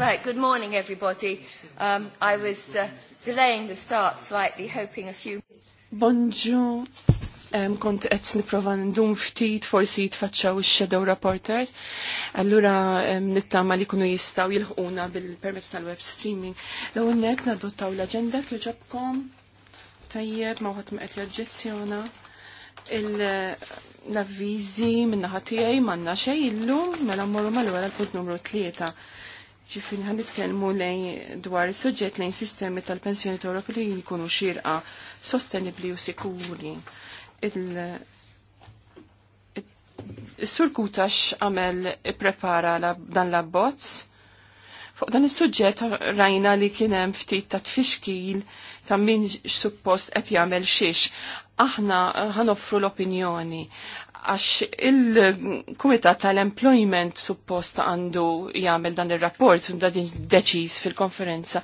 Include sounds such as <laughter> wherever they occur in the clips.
Right, good morning everybody. Um, I was uh, delaying the start slightly, hoping a few... Bonjour. um, kont qed niprova ndum ftit forsi jitfaċċaw ix-shadow reporters. Allura um, nittama li kunu jistgħu jilħquna bil-permezz tal-web streaming. L-ewwel net nadottaw l-aġenda kjoġobkom tajjeb ma wħadd ma qed jaġġezzjona l avviżi minnaħa tiegħi manna xejn illum mela mmorru mal-wara l-punt numru tlieta' ġifin għan nitkelmu lejn dwar suġġett lejn sistemi tal-pensjoni Ewropa li jkunu xirqa sostenibli u sikuri. Il-sur Kutax għamel prepara dan la bozz. Fuq dan il-suġġett rajna li kienem ftit ta' tfixkil ta' min suppost qed jagħmel xiex. Aħna ħanoffru l-opinjoni għax il-Kumitat tal-Employment suppost għandu jagħmel dan ir-rapport da deċiż fil-konferenza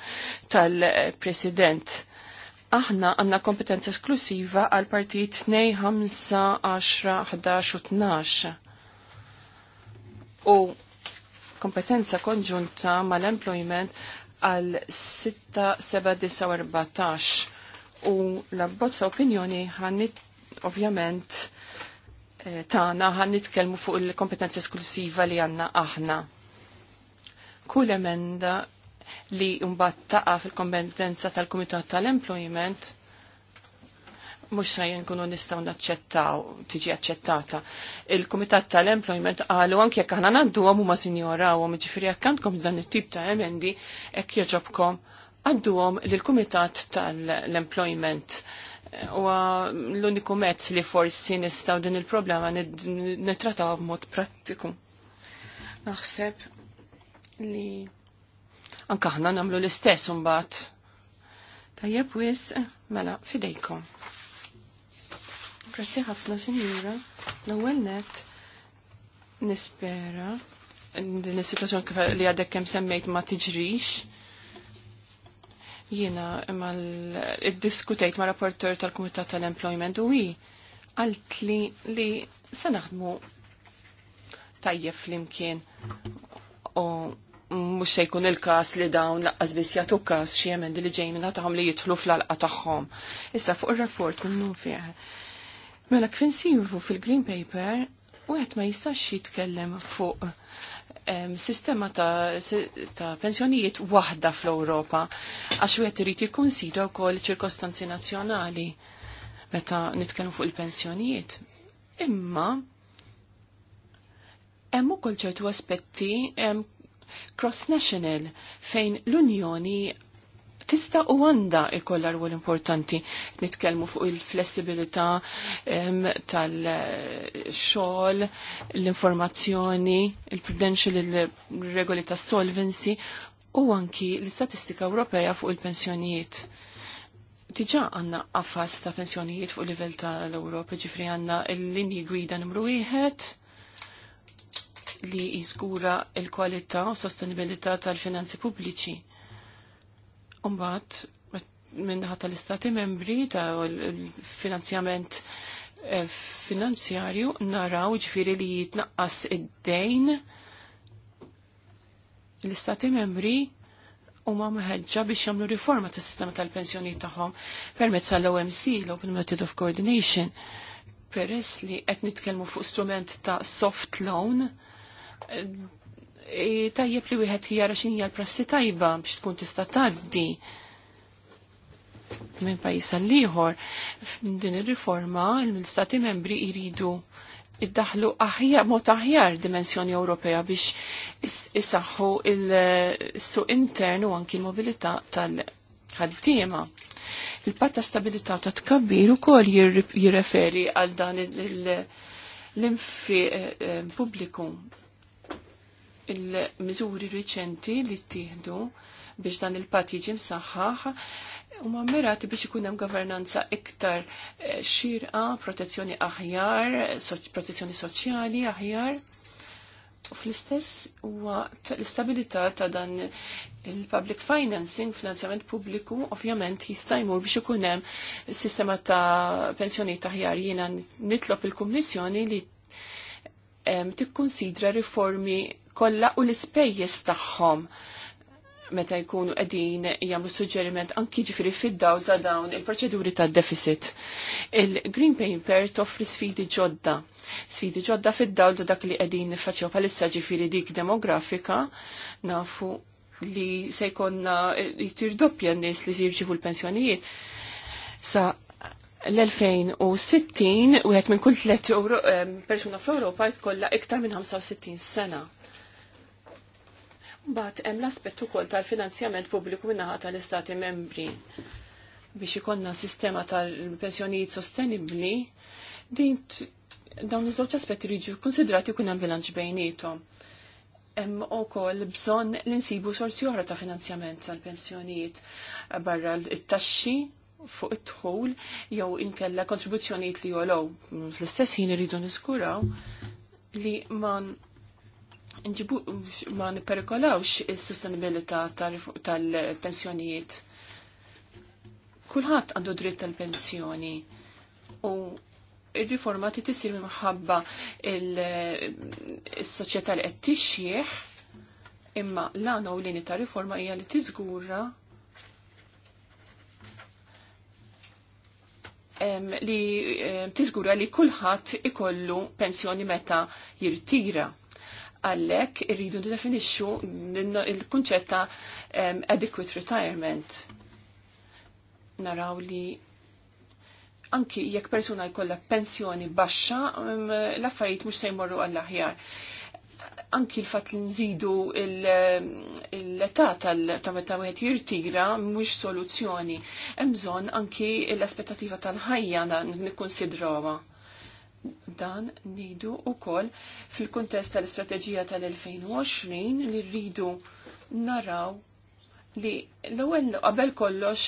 tal-President. Aħna għanna kompetenza esklusiva għal partit 2, 5, 10, 11 u 12. U kompetenza konġunta mal-employment għal 6, 7, 14. U l bozza opinjoni għannit ovvjament Eh, Tana ħan nitkellmu fuq il-kompetenza esklusiva li għandna aħna. Kull emenda li mbagħad taqa' fil-kompetenza tal-Kumitat tal-Employment mux sajjen kunu nistaw naċċettaw, tiġi aċċettata. Il-Komitat tal-Employment għalu anke jekk aħna għandu għamu ma sinjora u għom jiġifieri dan it-tip ta' emendi, hekk jirġobkom għaddu għom l-Komitat tal-Employment u l-uniku mezz li forsi nistaw din il-problema nitrataw b'mod prattiku. Naħseb li anka ħna namlu l-istess mbagħad. Tajjeb wis, mela, fidejkom. Grazzi ħafna, sinjura. L-ewwel net nispera din is-sitwazzjoni li għadek kemm semmejt ma tiġrix Jiena l diskutejt ma' rapporter tal-Kumitat tal-Employment u għalt li li se naħdmu tajjeb flimkien u mhux se jkun il-każ li dawn laqqas biss jagħtu każ xi emendi li ġej minn tagħhom li jidħlu fl-alqa tagħhom. Issa fuq ir-rapport minnu fih. Mela kif fil-Green Paper u ma jistax jitkellem fuq sistema ta', ta pensjonijiet waħda fl-Ewropa għax wieħed irid jikkunsidra wkoll ċirkostanzi nazzjonali meta nitkellmu fuq il-pensjonijiet. Imma hemm ukoll ċertu aspetti cross-national fejn l-Unjoni tista' u għandha ikolla rwol importanti. Nitkelmu fuq il-flessibilità tal-xogħol, l-informazzjoni, il-prudential, il-regoli tas-solvency u anki l-istatistika Ewropea fuq il-pensjonijiet. Diġà għandna għaffas ta' pensjonijiet fuq livell tal-Ewropa, ġifri għandna l-linji gwida numru wieħed li jiżgura l kwalità u sostenibilità tal-finanzi pubbliċi Umbat, minnaħat tal-istati membri ta' l-finanzjament eh, finanzjarju naraw ġifiri li jitnaqqas id-dejn l-istati membri u ma meħedġa biex jamlu riforma tas sistema tal-pensjoni tagħhom permezz tal-OMC, l-Open Method of Coordination, peress li qed nitkellmu fuq strument ta' soft loan, tajjeb li wieħed jara x'inja l-prassi tajba biex tkun tista' tgħaddi minn pajjiż għal ieħor. Din ir-riforma l-istati membri jridu iddaħlu aħjar, mod aħjar dimensjoni Ewropea biex issaħħu il-suq intern u anki l-mobilità tal-ħaddiema. Il-patta stabilità ta' tkabbir ukoll jirreferi għal dan l-infi eh, eh, pubbliku il-miżuri riċenti li ttieħdu biex dan il-pat jiġi msaħħaħ u mirat biex ikun hemm governanza iktar eh, xirqa, protezzjoni aħjar, protezzjoni soċjali aħjar. U fl-istess huwa l-istabilità ta' dan il-public financing, finanzjament pubbliku, ovvjament jista' jmur biex ikun hemm sistema ta' pensjoni aħjar jiena nitlob il-Kummissjoni li tikkunsidra riformi Kolla u l-ispejjeż tagħhom meta jkunu qegħdin jagħmlu suġġeriment anki ġifieri fid-dawl ta' dawn il-proċeduri ta' deficit. Il-Green Paper toffri sfidi ġodda. Sfidi ġodda fid-dawl ta' dak li qegħdin niffaċċjaw bħalissa ġifieri dik demografika nafu li se jkollna jtir doppja n-nies li jirġifu l-pensjonijiet. Sa l-2060 u għet minn kull 3 persuna fl-Europa jtkolla iktar minn 65 sena Bat hemm l-aspett ukoll tal-finanzjament pubbliku minnaħa tal-Istati membri biex ikonna sistema tal-pensjonijiet sostenibbli, din dawn iż-żewġ aspetti jiġu konsidrati kun hemm bilanċ bejnietom. Hemm ukoll bżonn li nsibu sorsi oħra ta' finanzjament tal-pensjonijiet barra it-taxxi fuq id-dħul jew inkella kontribuzzjonijiet li jolow. Fl-istess ħin iridu niskuraw li man nġibu ma niperikolawx il sustenibilita tal-pensjonijiet. Kulħadd għandu dritt tal-pensjoni u il-riforma ti tisir minħabba il-soċjetà li qed tixjieħ imma l-għana u l-lini ta' riforma hija li tiżgura li tiżgura li kulħadd ikollu pensjoni meta jirtira għallek irridu nidefinixxu il-kunċett ta' um, adequate retirement. Naraw li anki jekk persuna jkollha pensjoni baxxa, um, l-affarijiet mhux se jmorru għall-aħjar. Anki l-fat li nżidu l-età ta' meta wieħed jirtira mhux soluzzjoni. Hemm bżonn anki l-aspettativa tal-ħajja nikkonsidrawha dan nidu u koll fil-kontest tal-istrateġija tal-2020 li rridu naraw li l-ewwel qabel kollox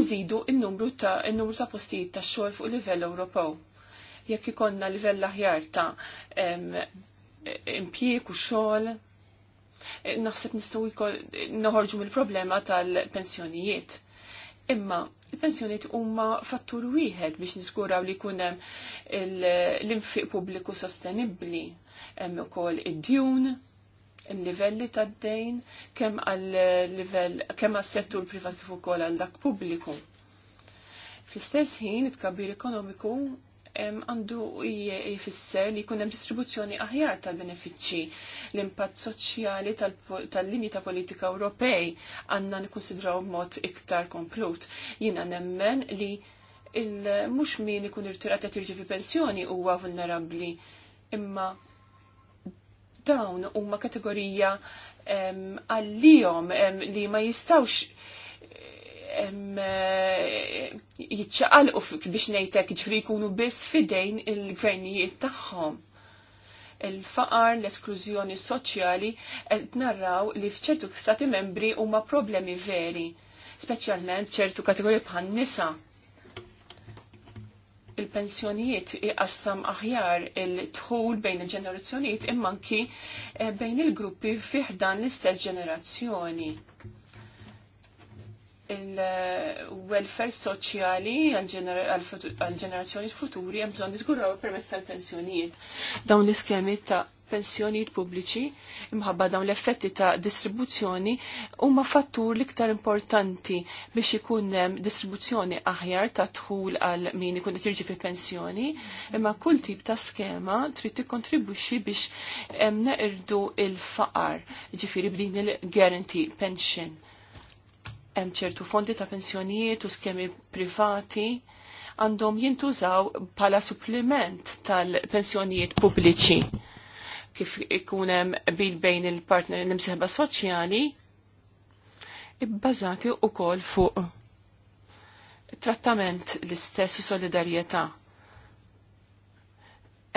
nżidu n-numru ta' numru ta' postijiet ta' xogħol fuq livell Ewropew. Jekk ikonna livell aħjar ta' impjieg u xogħol, eh, naħseb nistgħu noħorġu mill-problema tal-pensjonijiet Imma il-pensjoniet huma fattur wieħed biex niskuraw li jkun hemm l-infiq pubbliku sostenibbli hemm ukoll id-djun, il-livelli tad-dejn kemm għal-livell kemm għas-settur privat kif ukoll għal dak pubbliku. Fl-istess ħin it-kabbir ekonomiku għandu jfisser li jkun hemm distribuzzjoni aħjar tal-benefiċċji. L-impatt soċjali tal-linji ta' politika Ewropej għandna nikonsidraw mod iktar komplut. Jiena nemmen li il-mux min ikun irtirat qed fi pensjoni huwa vulnerabbli imma dawn huma kategorija għallijom li ma jistawx Eh, jitċaqalqu biex nejtek ġifri jkunu biss fidejn il-gvernijiet tagħhom. Il-faqar, l-esklużjoni soċjali, narraw li fċertu stati membri huma problemi veri, speċjalment ċertu kategoriji bħan nisa il-pensjonijiet iqassam aħjar il-tħul bejn il-ġenerazzjonijiet ki eh, bejn il-gruppi fiħdan l-istess ġenerazzjoni il-welfare soċjali għal-ġenerazzjoni futuri hemm bżonn niżguraw permezz tal-pensjonijiet. Dawn l-iskemi ta' pensjonijiet pubbliċi imħabba dawn l-effetti ta' distribuzzjoni huma fattur l-iktar importanti biex ikun hemm distribuzzjoni aħjar ta' dħul għal min ikun qed jirġi fi pensjoni, imma kull tip ta' skema trid tikkontribwixxi biex hemm neqirdu il-faqar, ġifieri b'din il-guarantee pension Hemm ċertu fondi ta' pensjonijiet u skemi privati għandhom jintużaw bħala suppliment tal-pensjonijiet pubbliċi kif ikun hemm bil bejn il-partner l-imsieħba soċjali ibbażati wkoll fuq trattament l-istess u solidarjetà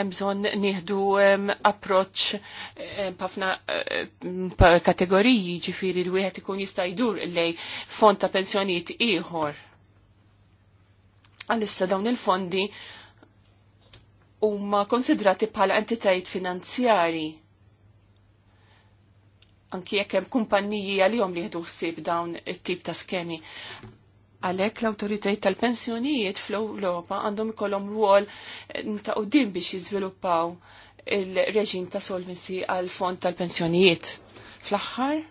bżon nieħdu approċ b'ħafna kategoriji ġifiri l wieħed ikun jista' jdur lej fond ta' pensjonijiet ieħor. Għalissa dawn il-fondi huma konsidrati bħala entitajiet finanzjari. Anki jekk hemm kumpanniji għalihom li jieħdu ħsieb dawn it-tip ta' skemi Għalek l autoritajt tal-pensjonijiet fl-Europa għandhom ikollhom rwol eh, ta' uddim biex jizviluppaw il-reġim ta' solvency għal fond tal-pensjonijiet. Fl-aħħar,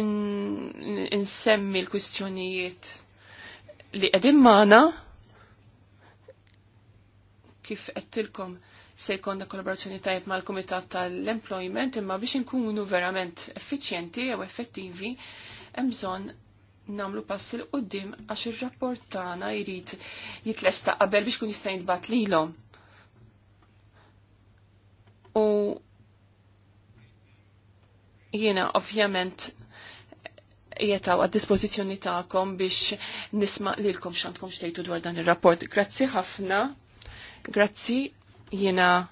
insemmi in l-kwistjonijiet li qegħdin magħna kif qedtilkom se jkollna kollaborazzjoni tajjeb mal-Kumitat tal-Employment imma biex inkunu verament effiċjenti jew effettivi hemm bżonn nagħmlu passi l qudiem għax ir-rapport tagħna jrid jitlesta qabel biex kun jista' jintbagħat lilhom. U jiena ovvjament jietaw għad dispożizzjoni tagħkom biex nisma' lilkom x'għandkom xtejtu dwar dan ir-rapport. Grazzi ħafna. Grazzi Jiena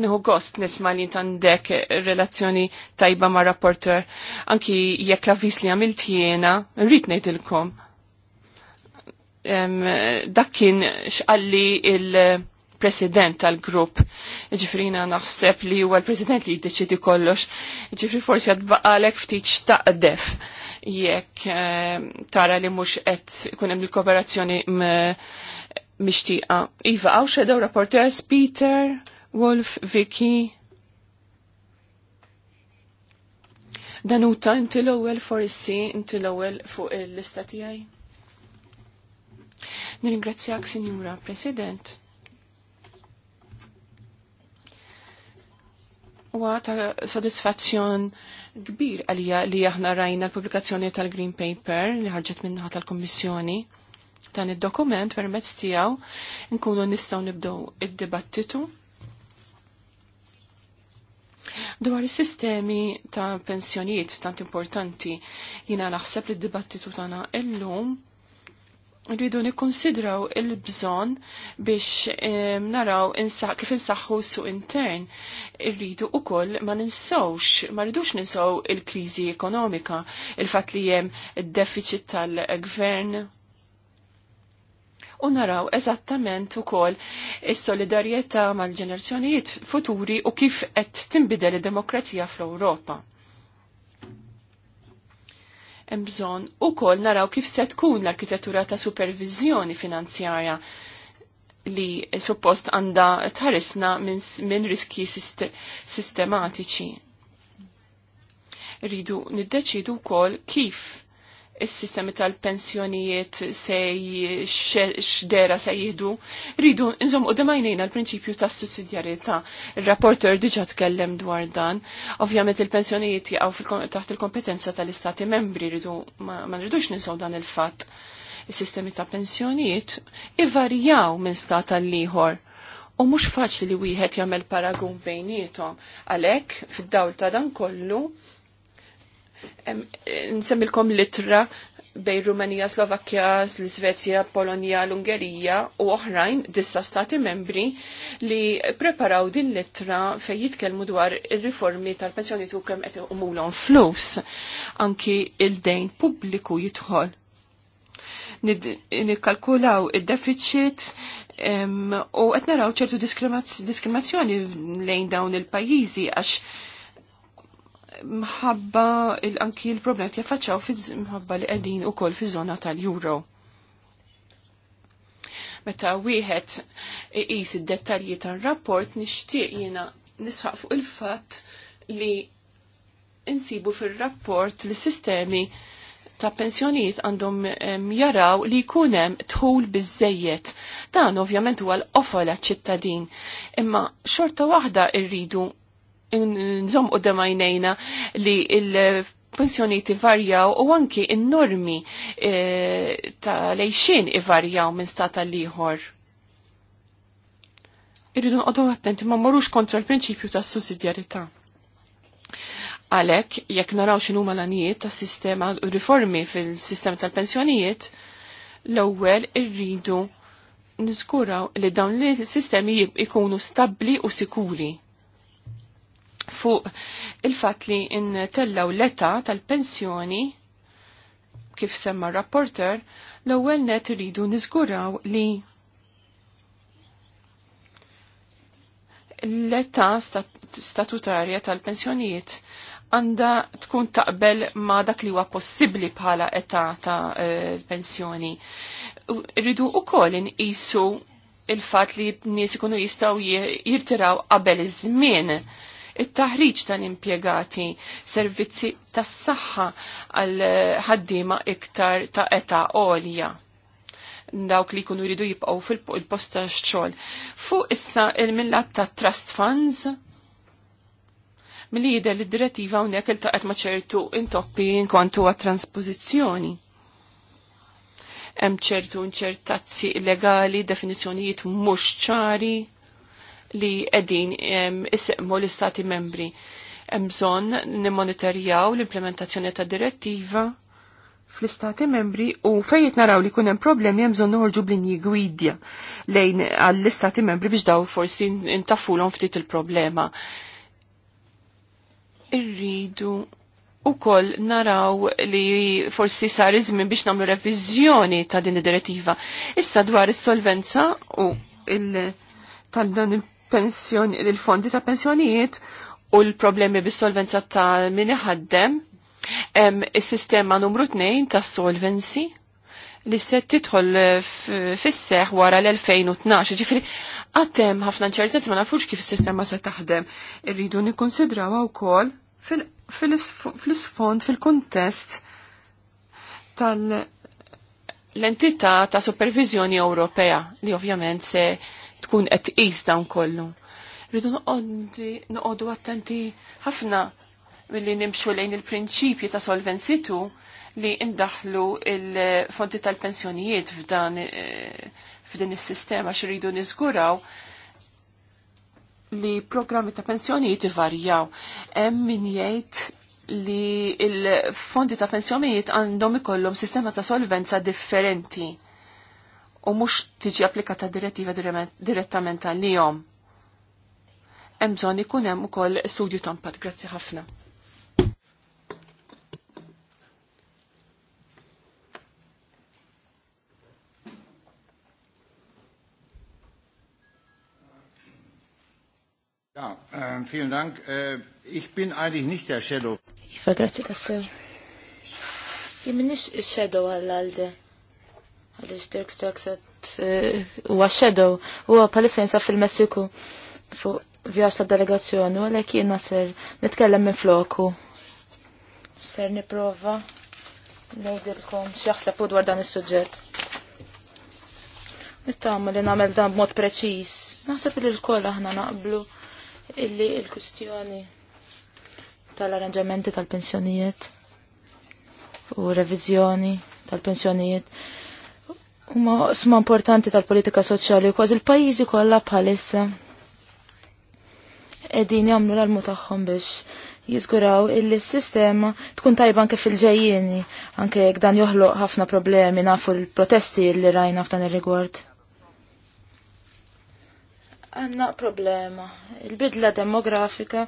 nħu gost nisma li għandek relazzjoni tajba ma' rapporter, anki jekk l vis li għamilt jiena, rrit ngħidilkom. Dak kien xqalli il-president tal-grupp, ġifrina naħseb li huwa l-president li jiddeċidi kollox, ġifri forsi għadbaqalek ftit xtaqdef jekk tara li mhux qed kunem hemm kooperazzjoni mixtieqa. Iva, għaw xedaw rapporters Peter, Wolf, Vicky. Danuta, inti l-ewwel issi, inti l-ewwel fuq il-lista tiegħi. Nirringrazzjak, Sinjura President. Huwa ta' sodisfazzjon kbir għalija li aħna rajna l-pubblikazzjoni tal-Green Paper li ħarġet minnaħa tal-Kommissjoni dan id-dokument permezz tiegħu nkunu nistgħu nibdew id-dibattitu Dwar is-sistemi ta' pensjonijiet tant importanti jina naħseb li d-dibattitu tagħna illum rridu nikkonsidraw il-bżon biex naraw insa, kif insaħħu suq intern. Irridu koll ma ninsawx, ma rridux ninsaw il-kriżi ekonomika, il-fatt li hemm id-deficit tal-gvern u naraw eżattament ukoll is-solidarjetà mal-ġenerazzjonijiet futuri u kif qed tinbidel id-demokrazija fl-Ewropa. Hemm bżonn ukoll naraw kif se tkun l-arkitettura ta' supervizjoni finanzjarja li suppost għanda tħarisna minn min riski sistematiċi. Ridu niddeċidu kol kif is-sistemi tal-pensjonijiet se xdera se jihdu, rridu nżom u demajnejna l-prinċipju ta' sussidjarieta. Il-rapporter diġa tkellem dwar dan. Ovvjament il-pensjonijiet jaqgħu taħt il-kompetenza tal-istati membri, ridu, ma nridux ninsaw dan il-fatt. il sistemi ta' pensjonijiet ivarjaw minn stat għal liħor u mhux faċli li wieħed jagħmel paragun bejnietom. Għalhekk fid-dawl ta' dan kollu Nsemmilkom litra bej Rumanija, Slovakkja, l-Svezja, Polonja, l-Ungerija u oħrajn dissa stati membri li preparaw din litra fej jitkellmu dwar ir-riformi tal-pensjoni tu kemm qed flus anki il-dejn pubbliku jidħol. Nikkalkulaw id-deficit u qed naraw ċertu diskriminazzjoni lejn dawn il-pajjiżi għax mħabba anki l-problem jaffaċċaw mħabba li qegħdin ukoll fi żona tal-Euro. Meta wieħed iqis id-dettalji tar-rapport nixtieq jiena nisħaq fuq il-fatt li insibu fil-rapport li sistemi ta' pensjoniet għandhom jaraw li jkunem tħul bizzejiet. Dan ovvjament huwa l-ofola ċittadin. Imma xorta waħda irridu nżom u demajnejna li il-pensjoniet varjaw u anki il-normi e, ta' lejxin varjaw minn stata liħor. Irridu nqodu attenti ma marrux kontra l-prinċipju ta' sussidjarità. Għalek, jekk naraw x'inhuma l-anijiet ta' sistema u riformi fil-sistema tal-pensjonijiet, l-ewwel irridu niskuraw li dawn li sistemi ikunu stabbli u sikuri fuq il-fat li intellaw l-età tal-pensjoni kif semma rapporter, l-ewwel net iridu niżguraw li l-età statutarja tal-pensjonijiet għanda tkun taqbel ma dak li huwa possibbli bħala età ta' eh, pensjoni. Rridu ukoll inqisu il-fatt li nies ikunu jistgħu jirtiraw qabel iż-żmien it-taħriġ tal-impjegati, servizzi tas-saħħa għal ħaddiema iktar ta' età għolja dawk li jkunu jridu jibqgħu fil posta xċol. xogħol. Fuq issa il-millat ta' trust funds, mill-li jider l-direttiva unnek il-taqet maċertu intoppi inkontu għat transpozizjoni. Hemm ċertu inċertazzi illegali, definizzjonijiet mhux ċari li edin isseqmu l-istati membri. Emżon nimmonitorjaw l-implementazzjoni ta' direttiva fl-istati membri u fejjet naraw li kunem problemi jemżon noħorġu b'linji gwidja lejn għall-istati membri biex daw forsi intafulhom ftit il-problema. Irridu u koll naraw li forsi sar iżmin biex namlu revizjoni ta' din id-direttiva. Issa dwar is-solvenza u il- tal dan il il-fondi ta' pensjonijiet u l-problemi bis-solvenza ta' min iħaddem, is-sistema numru 2 ta' solvency li se titħol fisseħ wara l-2012. ġifri, għattem ħafna ċertet ma nafux kif is-sistema se taħdem. Irridu nikkonsidrawa wkoll fil-isfond, fil-kontest tal- l-entità ta' supervizjoni Ewropea li ovvjament se tkun qed tqis dawn kollu. Rridu noqogħdu attenti ħafna milli nimxu lejn il-prinċipji ta' solvensitu li indaħlu il fonti tal-pensjonijiet f'dan eh, f'din is-sistema rridu niżguraw li programmi ta' pensjonijiet ivarjaw. Hemm min jgħid li il-fondi ta' pensjonijiet għandhom ikollhom sistema ta' solvenza differenti u mux tiġi applikata direttiva direttament għalihom. Hemm bżonn ikun u koll studju tampat. impatt. Grazzi ħafna. Ja, um, vielen Dank. Uh, Ich bin eigentlich nicht der Shadow. Ich Iva, grazie Ich bin nicht shadow għall-għalde. Għalix Dirk Jackset eh, u għaxedow u għapalissa jinsaf fil-Messiku fuq vjaġġ ta' delegazzjoni u għalek jien ser nitkellem minn floku. Ser niprofa nejdilkom x'jaħseb u dwar dan is-suġġett. Nittama li nagħmel dan b'mod preċiż. Naħseb li l-koll aħna naqblu illi l-kustjoni tal-arranġamenti tal-pensjonijiet u reviżjoni tal-pensjonijiet huma sma importanti tal-politika soċjali u kważi l-pajjiżi kollha bħalissa qegħdin jagħmlu l-almu tagħhom biex jiżguraw illi s-sistema tkun tajba anke fil-ġejjieni anke jekk dan joħloq ħafna problemi nafu l-protesti li rajna f'dan ir-rigward. Għanna problema. Il-bidla demografika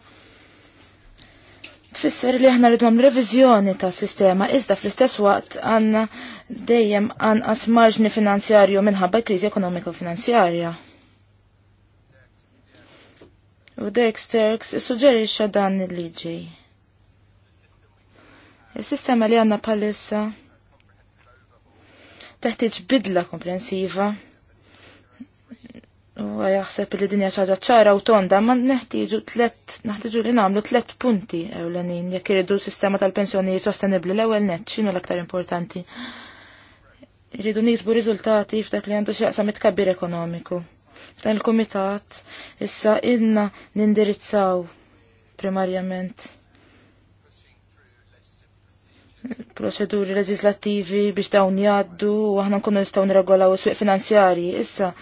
tfisser li aħna ridhom reviżjoni ta' sistema iżda fl-istess waqt għandna dejjem anqas marġni finanzjarju minħabba kriżi ekonomika finanzjarja. U Derek Sterks suġġeri dan il-liġi. Is-sistema li għandna bħalissa teħtieġ bidla komprensiva U jaħseb li dinja xaġa ċara u tonda, ma neħtiġu tlet, neħtiġu li namlu tlet punti ewlenin, jekk s sistema tal-pensjonijiet sostenibli l-ewel net, xinu l-aktar importanti. Jiridu nisbu riżultati f'dak li għandu xaqsa mitkabbir ekonomiku. F'dan il-komitat, issa inna nindirizzaw primarjament proċeduri leġislativi biex dawn jaddu u aħna nkunu nistgħu nregolaw is-swieq finanzjarji. Issa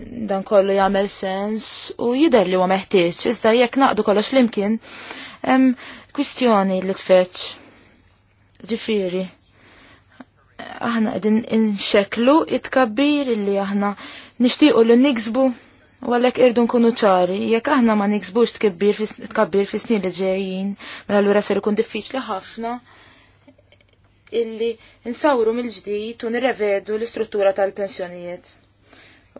dan kollu jagħmel sens u jidher li huwa meħtieġ, iżda jekk naqdu kollox flimkien hemm kwistjoni li tfeċ. Ġifieri, aħna qegħdin inxeklu it-kabbir illi aħna nixtiequ li niksbu u għalhekk irdu nkunu ċari, jekk aħna ma niksbux tkabbir fi snin li ġejjin, mela allura ser ikun diffiċli ħafna illi nsawru mill-ġdid u nirrevedu l-istruttura tal-pensjonijiet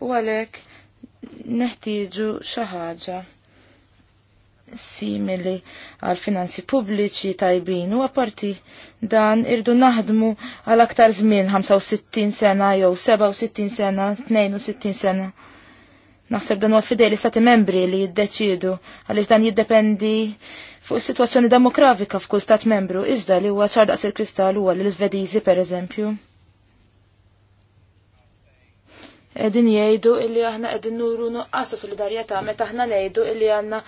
u għalhekk neħtieġu xi ħaġa simili għal finanzi pubbliċi tajbin u apparti dan irdu naħdmu għal aktar żmien 65 sena jew 67 sena, 62 sena. Naħseb dan huwa fidej l membri li jiddeċidu għaliex dan jiddependi fuq is-sitwazzjoni demografika f'kull stat membru iżda li huwa ċardaqs il kristallu huwa l svedizi pereżempju. eżempju edin jgħidu illi aħna edin nuru nuqqas ta' solidarjetà meta aħna ngħidu illi għandna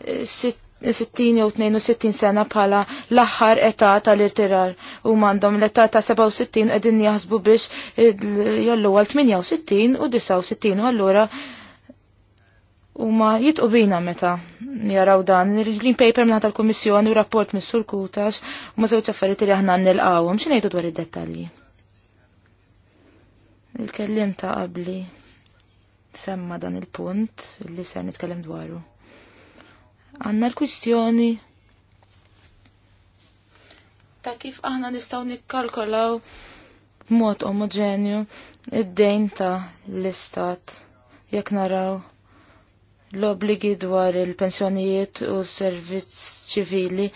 60 eh, jew 62 sena bħala l-aħħar età tal-irtirar u m'għandhom l-età ta' 67 qegħdin jaħsbu biex jollu għal 68 u 69 u allura huma bina meta jaraw dan il-Green Paper minna tal-Kummissjoni u rapport mis-Sur Kutax u ma żewġ affarijiet li aħna nilqawhom x'ngħidu dwar id-dettalji. Il-kellim ta' qabli semma dan il-punt li ser nitkellem dwaru. Għanna l-kwistjoni ta' kif aħna nistaw nikkalkolaw mod omogenju id-dejn ta' l-istat jekk naraw l-obligi dwar il-pensjonijiet u s-servizz ċivili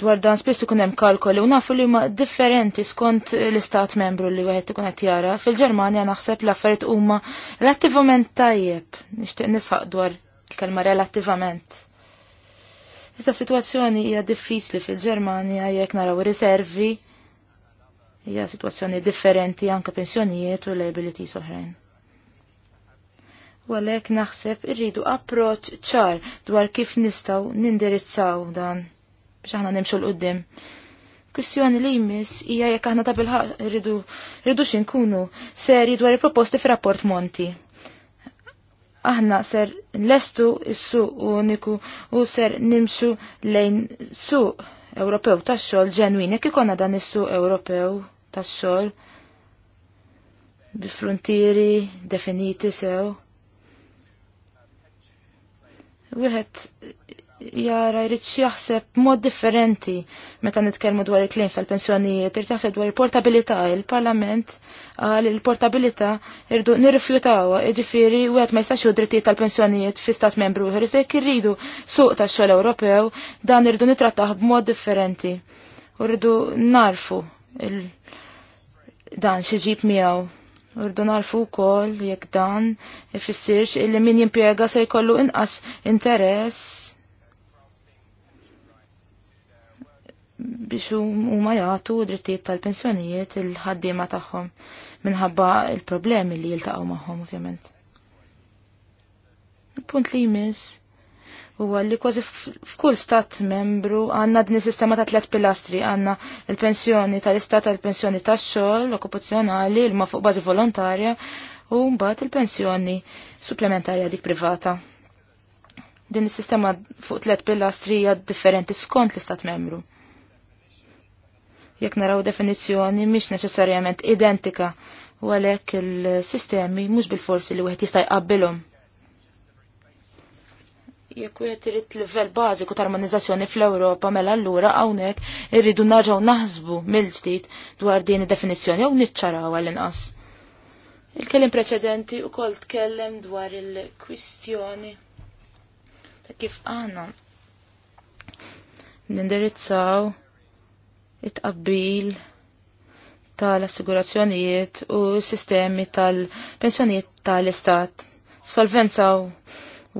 dwar dan spiss ikun hemm kalkoli u nafu li huma differenti skont l-istat membru li wieħed ikun qed jara. fil ġermania naħseb l-affarijiet huma relattivament tajjeb. Nixtieq nisaq dwar il relativament. relattivament. Iżda situazzjoni hija diffiċli fil-Ġermanja jekk naraw riservi hija situazzjoni differenti anke pensjonijiet u liability oħrajn. U għalhekk naħseb irridu approċċ ċar dwar kif nistgħu nindirizzaw dan biex aħna nimxu l-qoddim. Kwistjoni li jmiss hija jekk aħna ta' bilħaq rridu rridu xinkunu seri dwar il-proposti fir-rapport Monti. Aħna ser lestu s-suq uniku u ser nimxu lejn suq Ewropew tax-xogħol ġenwin jekk ikonna dan is-suq Ewropew tax-xogħol bi frontieri definiti sew. Wieħed jara jrid jaħseb mod differenti meta nitkellmu dwar il-claims tal-pensjonijiet, irid jaħseb dwar il-portabilità, il-Parlament għal il-portabilità irdu nirrifjutawha, jiġifieri wieħed ma jistax drittijiet tal-pensjonijiet fi stat membru ieħor iżdejk irridu suq tax-xogħol Ewropew dan irdu nitrattah b'mod differenti. U rridu narfu dan xi ġib miegħu. Urdu narfu wkoll jekk dan ifissirx illi min jimpjega se jkollu inqas interess biex huma jagħtu drittijiet tal-pensjonijiet il-ħaddiema tagħhom minħabba il-problemi li jiltaqgħu magħhom ovvjament. Il-punt li jmiss huwa li kważi f'kull stat membru għandna din is-sistema ta' tliet pilastri għandna il-pensjoni tal-istat tal-pensjoni tax-xogħol okkupazzjonali l ma fuq bażi volontarja u mbagħad il-pensjoni supplementarja dik privata. Din is-sistema fuq tliet pilastri hija differenti skont l-istat membru jekk naraw definizzjoni mhix neċessarjament identika u għalhekk il-sistemi mhux bil-forsi li wieħed jista' jqabbilhom. Jekk wieħed irid livell bażiku ta' armonizzazzjoni fl-Ewropa mela allura hawnhekk irridu naġgħu naħsbu mill-ġdid dwar din id-definizzjoni jew niċċaraw għall-inqas. Il-kelim preċedenti u kol tkellem dwar il-kwistjoni ta' kif għana nindirizzaw it-qabbil tal-assigurazzjonijiet u s-sistemi tal-pensjonijiet tal-istat. Solvenza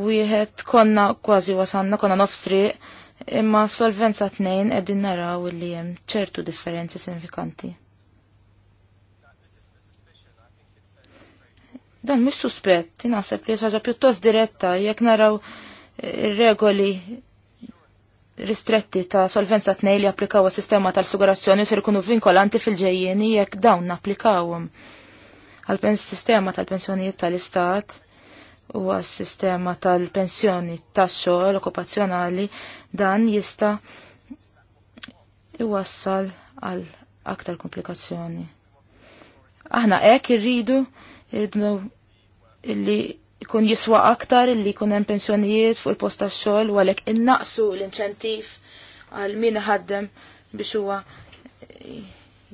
wieħed konna kważi wasanna konna nofsri imma f'solvenza tnejn qegħdin naraw li hemm ċertu differenzi sinifikanti. Dan mhux suspett, naħseb li ħaġa pjuttost diretta jekk naraw ir-regoli ristretti ta' solvenza tnej li applikaw sistema tal sugurazzjoni ser kunu vinkolanti fil-ġejjeni jekk dawn applikawhom għal-sistema tal-pensjonijiet tal-istat u għal-sistema tal-pensjoni tax-xogħol okupazzjonali dan jista' iwassal għal aktar komplikazzjoni. Aħna hekk irridu irridu illi ikun jiswa aktar li jkun hemm pensjonijiet fuq il-post tax-xogħol u għalhekk innaqsu l-inċentiv għal min iħaddem biex huwa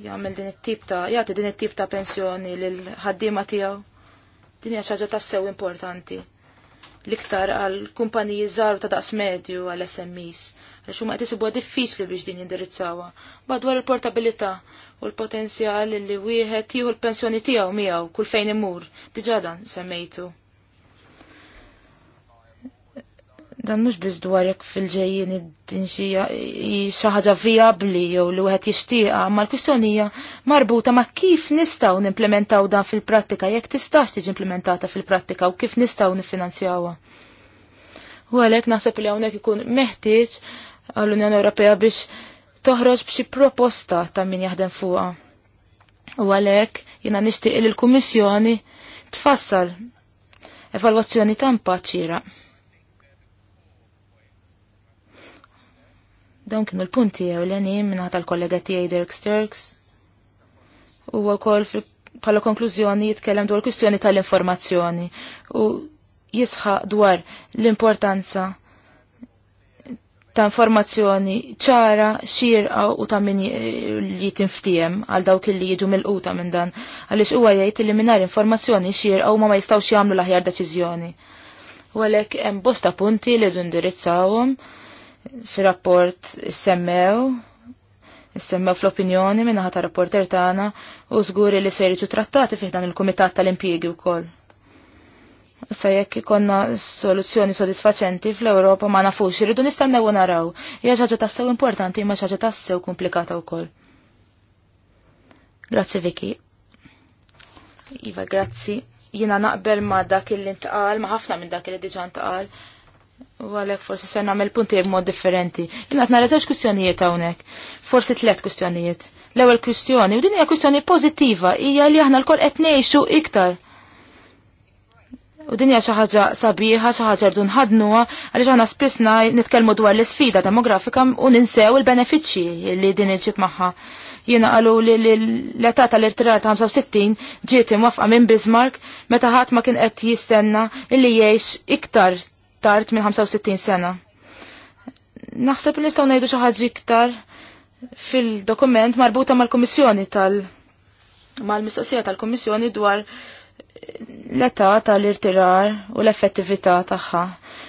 jagħmel din it-tip ta' jagħti din it-tip ta' pensjoni lil ħaddiema tiegħu. Din hija xi ħaġa tassew importanti l-iktar għal kumpaniji żgħar ta' daqs medju għal SMEs, għax huma qed isibuha diffiċli biex din jindirizzawha. Madwar il-portabilità u l-potenzjal li wieħed jieħu l-pensjoni tiegħu miegħu kull fejn imur, diġà dan semmejtu. dan mhux biss dwar jekk fil id din xi ħaġa vijabbli jew li wieħed jixtieqha, ma l-kwistjoni marbuta ma' kif nistgħu implementaw dan fil-prattika jekk tistax tiġi implementata fil-prattika u kif nistgħu niffinanzjawha. U għalhekk naħseb li hawnhekk ikun meħtieġ għall-Unjoni Ewropea biex toħroġ b'xi proposta ta' min jaħdem fuqha. U għalhekk jiena nixtieq li l-Kummissjoni tfassal evalwazzjoni ta' impatt Dawn kienu l-punti jew l-enim minna tal-kollega tiegħi Dirk Sturks. U wkoll bħala konklużjoni jitkellem dwar kwistjoni tal-informazzjoni u jisħa dwar l-importanza ta' informazzjoni ċara, xirqa u ta' min li tinftijem għal dawk li jiġu mill-quta minn dan għaliex huwa jgħid li mingħajr informazzjoni xirqa u ma ma jistgħux jagħmlu l-aħjar deċiżjoni. U għalhekk hemm bosta punti li indirizzaw fir-rapport semmew semmew fl-opinjoni minna ħata rapporter tagħna u żguri li se jiġu trattati fih dan il-Kumitat tal-Impjiegi wkoll. Sa jekk konna soluzzjoni sodisfaċenti fl-Ewropa ma nafux irridu nistennew u naraw. Hija xi ħaġa tassew importanti imma xi tassew komplikata wkoll. Grazzi Viki. Iva, grazzi. Jina naqbel ma dak il-intqal, ma ħafna minn dak il-diġan taqal. U għalek forsi se nagħmel punti b'mod differenti. Jien qed nara żewġ kwistjonijiet hawnhekk. Forsi tliet kwistjonijiet. L-ewwel kwistjoni, u din hija kwistjoni pożittiva, hija li aħna lkoll qed ngħixu iktar. U din hija xi ħaġa sabiħa, xi ħaġa rdu nħadnuha, għaliex aħna spiss nitkellmu dwar l-isfida demografika u ninsew il-benefiċċji li din iġib magħha. Jiena qalu li l-età tal-irtirar ta' 65 ġiet imwafqa minn Bismarck meta ħadd ma kien qed jistenna illi jgħix iktar tard minn 65 sena. Naħseb li nistgħu ngħidu xi ħaġa iktar fil-dokument marbuta mal-Kummissjoni tal- mal-mistoqsija tal-Kummissjoni dwar l-età tal-irtirar u l-effettività tagħha.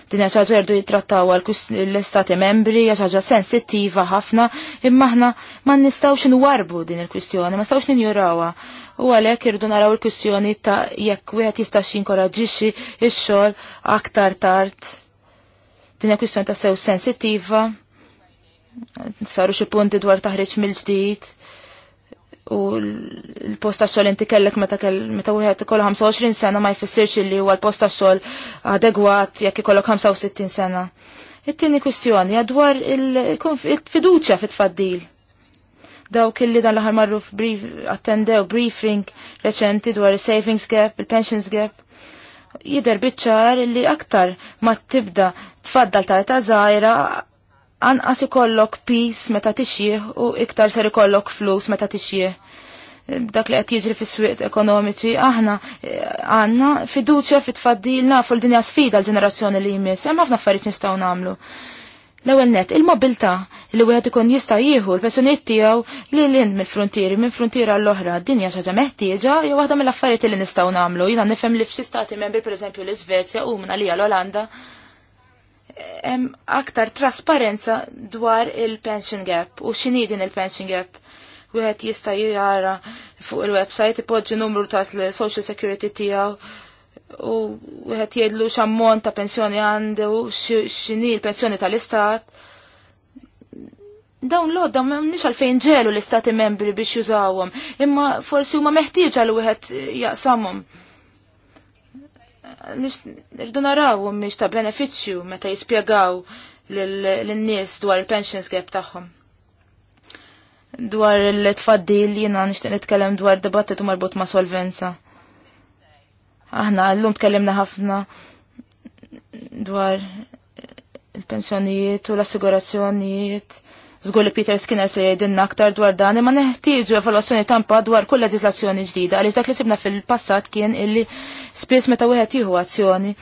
Din hija xaġa jerdu jittrattaw l-istati membri, hija xaġa sensittiva ħafna, imma aħna ma nistgħux nwarbu din il-kwistjoni, ma nistgħux ninjurawha u għalhekk irridu naraw il kussjoni ta' jekk wieħed jista' xinkoraġixxi x-xogħol aktar tard. Din hija kwistjoni ta' sew sensittiva. Saru xi punti dwar taħriġ mill-ġdid u l-posta xol inti kellek meta kell meta wieħed ikollu 25 sena ma jfissirx li huwa l-posta xol adegwat jekk ikollok 65 sena. It-tieni kwistjoni dwar il-fiduċja fit-tfaddil dawk illi dan l-aħħar marru brief, attendew briefing reċenti dwar il-savings gap, il-pensions gap. Jider bitċar li aktar ma tibda tfaddal ta' ta' zaħira anqas ikollok pis meta tixjih u iktar ser ikollok flus meta tixjih dak li qed jiġri fis-swieq ekonomiċi, aħna eh, għandna fiduċja fit tfaddilna fuq dinja sfida l-ġenerazzjoni li jmiss, hemm ħafna affarijiet nistgħu nagħmlu. L-ewwel net, il-mobilità li wieħed ikun jista' jieħu l-persunijiet tiegħu li lin mill-frontieri minn frontiera l oħra d-dinja xaġa meħtieġa jew waħda mill-affarijiet li nistgħu nagħmlu. Jiena nifhem li f'xi stati membri pereżempju l-Iżvezja u minn għalija l-Olanda hemm aktar trasparenza dwar il-pension gap u x'inhi din il-pension gap. Wieħed jista' jara fuq il-website ipoġġi numru ta' social security tiegħu u għet jedlu xammont ta' pensjoni għandu, xini l-pensjoni tal-istat. Dawn l dawn ma' nix għalfejn ġelu l-istati membri biex jużawom, imma forsi huma meħtieġ għal wieħed jaqsamhom. Nirdu narawhom miex ta' benefiċċju meta jispjegaw lin-nies dwar il-pensions gap tagħhom dwar l-tfaddil jina nishtiq nitkellem dwar dibattitu marbut ma' solvenza. Aħna llum tkellimna ħafna dwar il-pensjonijiet u l-assigurazzjonijiet. Zgulli li Peter Skinner se jgħidilna aktar dwar dan, imma neħtieġu evoluzzjoni tampa dwar kull leġislazzjoni ġdida, għaliex dak li sibna fil-passat kien illi spiss meta wieħed jieħu azzjoni,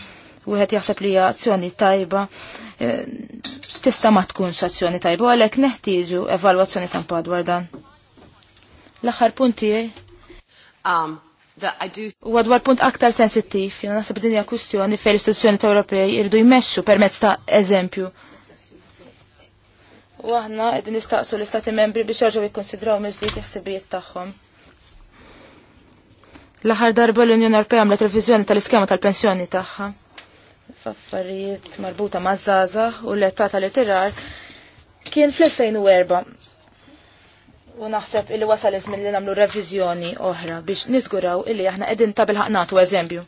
wieħed jaħseb li hija azzjoni tajba, eh, tista' ma tkunx azzjoni tajba, għalhekk neħtieġu evalwazzjoni tampa dwar dan. L-aħħar punt tiegħi. Um, U għadwar punt aktar sensittiv, jina nasib dinja kustjoni fej l istituzjoni ta' Ewropej irdu jmexxu permezz ta' eżempju. U aħna qed nistaqsu l-istati membri biex jorġu jikkonsidraw miżdiet jħsibijiet taħħom. tagħhom. L-aħħar darba l-Unjoni Ewropea għamlet revizjoni tal-iskema tal-pensjoni tagħha. F'affarijiet marbuta maż-żgħażagħ u l etta tal-itirar kien fl-2004 U naħseb illi wasal iżmin li namlu reviżjoni oħra biex niżguraw illi aħna qegħdin ta' bil nagħtu eżempju.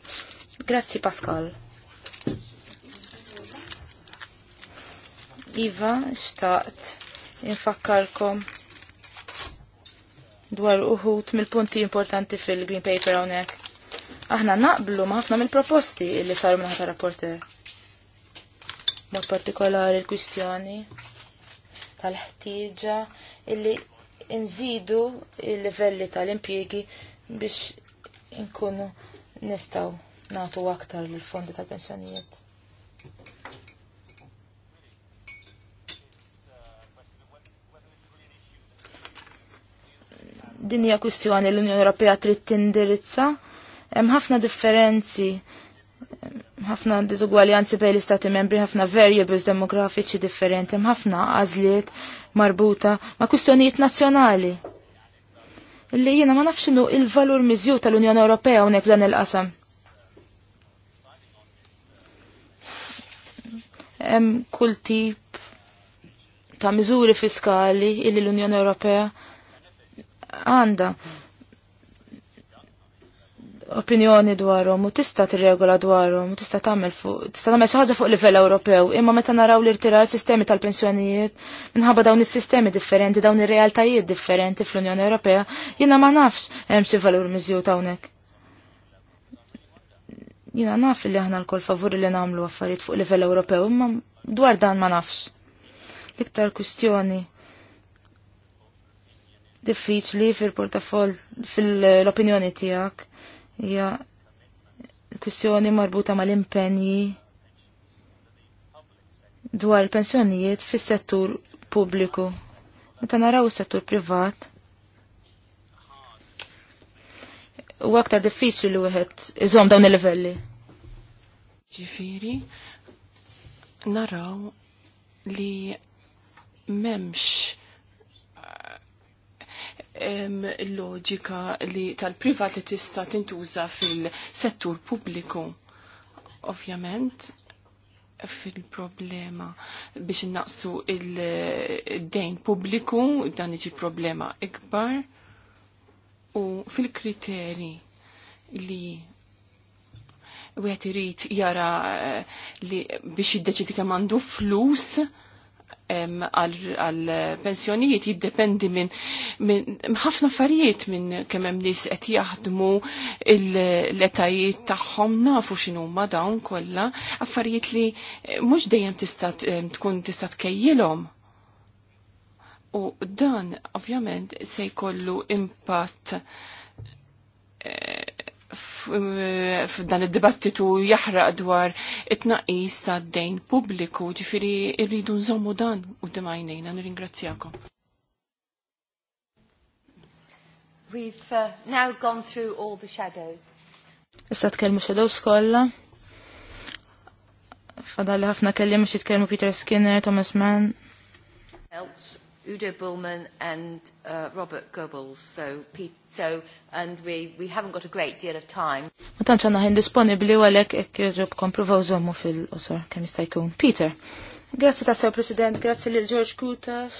Grazzi Pascal. Iva, xtaqt infakkarkom dwar uħut mill-punti importanti fil-Green Paper hawnhekk. Aħna naqblu ma' ħafna mill-proposti illi saru minn ħata rapporter. Mod partikolari l-kwistjoni tal-ħtieġa illi nżidu il-livelli tal-impjiegi biex inkunu nistaw natu aktar l-fondi tal-pensjonijiet. Din hija kwistjoni l-Unjoni Ewropea trid tindirizza. Hemm ħafna differenzi ħafna diżugwaljanzi bejn l-istati membri, ħafna variables demografiċi differenti, hemm ħafna għażliet marbuta ma' kwistjonijiet nazzjonali. Illi jiena ma nafx inhu il-valur miżju tal-Unjoni Ewropea hawnhekk f'dan il-qasam. Hemm kull tip ta' miżuri fiskali illi l-Unjoni Ewropea għandha opinjoni dwarhom u tista' tirregola dwarhom u tista' tagħmel fuq tista' tagħmel xi ħaġa fuq livell Ewropew, imma meta naraw li rtirar sistemi tal-pensjonijiet minħabba dawn is-sistemi differenti, dawn ir-realtajiet differenti fl-Unjoni Ewropea, jiena ma nafx hemm xi valur miżjud hawnhekk. Jiena naf li aħna lkoll favur li nagħmlu affarijiet fuq livell Ewropew, imma dwar dan ma nafx. L-iktar kwistjoni diffiċli fil-portafol fil-opinjoni tiegħek Ja, kwistjoni marbuta mal-impenji dwar il-pensjonijiet fis-settur pubbliku. Meta naraw is-settur privat, u aktar diffiċli li wieħed iżom dawn il-livelli. Ġifiri, naraw li memx il loġika li tal-privat li tista' tintuża fil-settur pubbliku. Ovvjament, fil-problema biex naqsu il-dejn pubbliku, dan iġi problema ikbar, u fil-kriteri li u għet jara eh, li biex jiddeċidi kemm għandu flus, għal pensjonijiet jiddependi minn ħafna affarijiet minn kemm hemm nies qed jaħdmu l-etajiet tagħhom nafu x'inhuma dawn kollha, affarijiet li eh, mhux dejjem tista' tkun tista' tkejjilhom. U dan ovvjament se jkollu impatt eh, f'dan id-dibattitu jaħraq dwar it-naqis ta' dejn pubbliku, ġifiri irridu nżommu dan u d-dimajnejna, nirringrazzjakom. We've uh, now gone through all the shadows. Issa tkellmu shadows Fadalli ħafna kelli mhux jitkellmu Peter Skinner, Thomas Mann. Else. Udo Bullman and uh, Robert Goebbels. So, so and we, we haven't got a great deal of time. Ma tantx għandna ħin disponibli u għalhekk hekk irrobkom provaw żommu fil-qosor kemm jista' jkun. Peter. Grazzi ta' sew President, grazzi lil George Kutas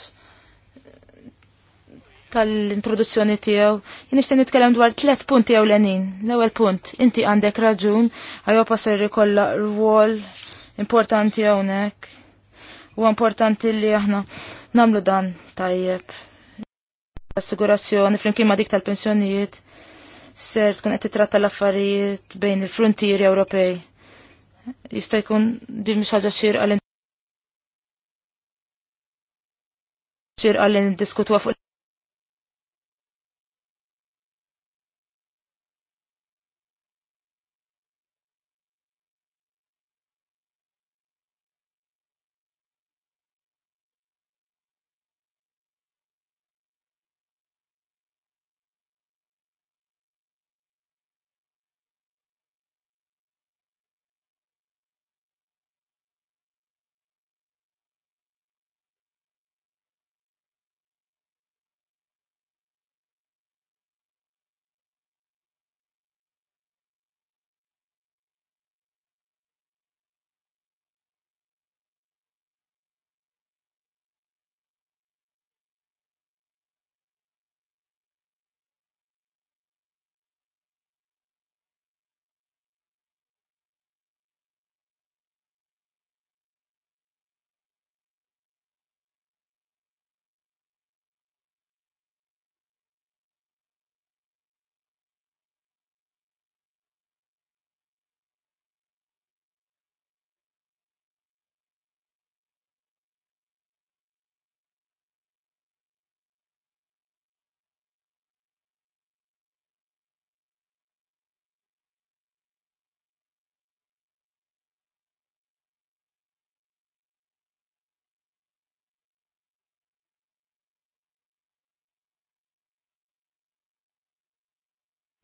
tal-introduzzjoni tiegħu. Jien nixtieq nitkellem dwar tliet punti ewlenin. L-ewwel punt, inti għandek raġun, għajwa passer ikollha rwol importanti hawnhekk U importanti li aħna namlu dan tajjeb. Assigurazzjoni flimkien ma dik tal-pensjonijiet ser tkun qed titratta l-affarijiet bejn il-frontieri Ewropej. Jista' jkun din mhux ħaġa xirqa l xirqa fuq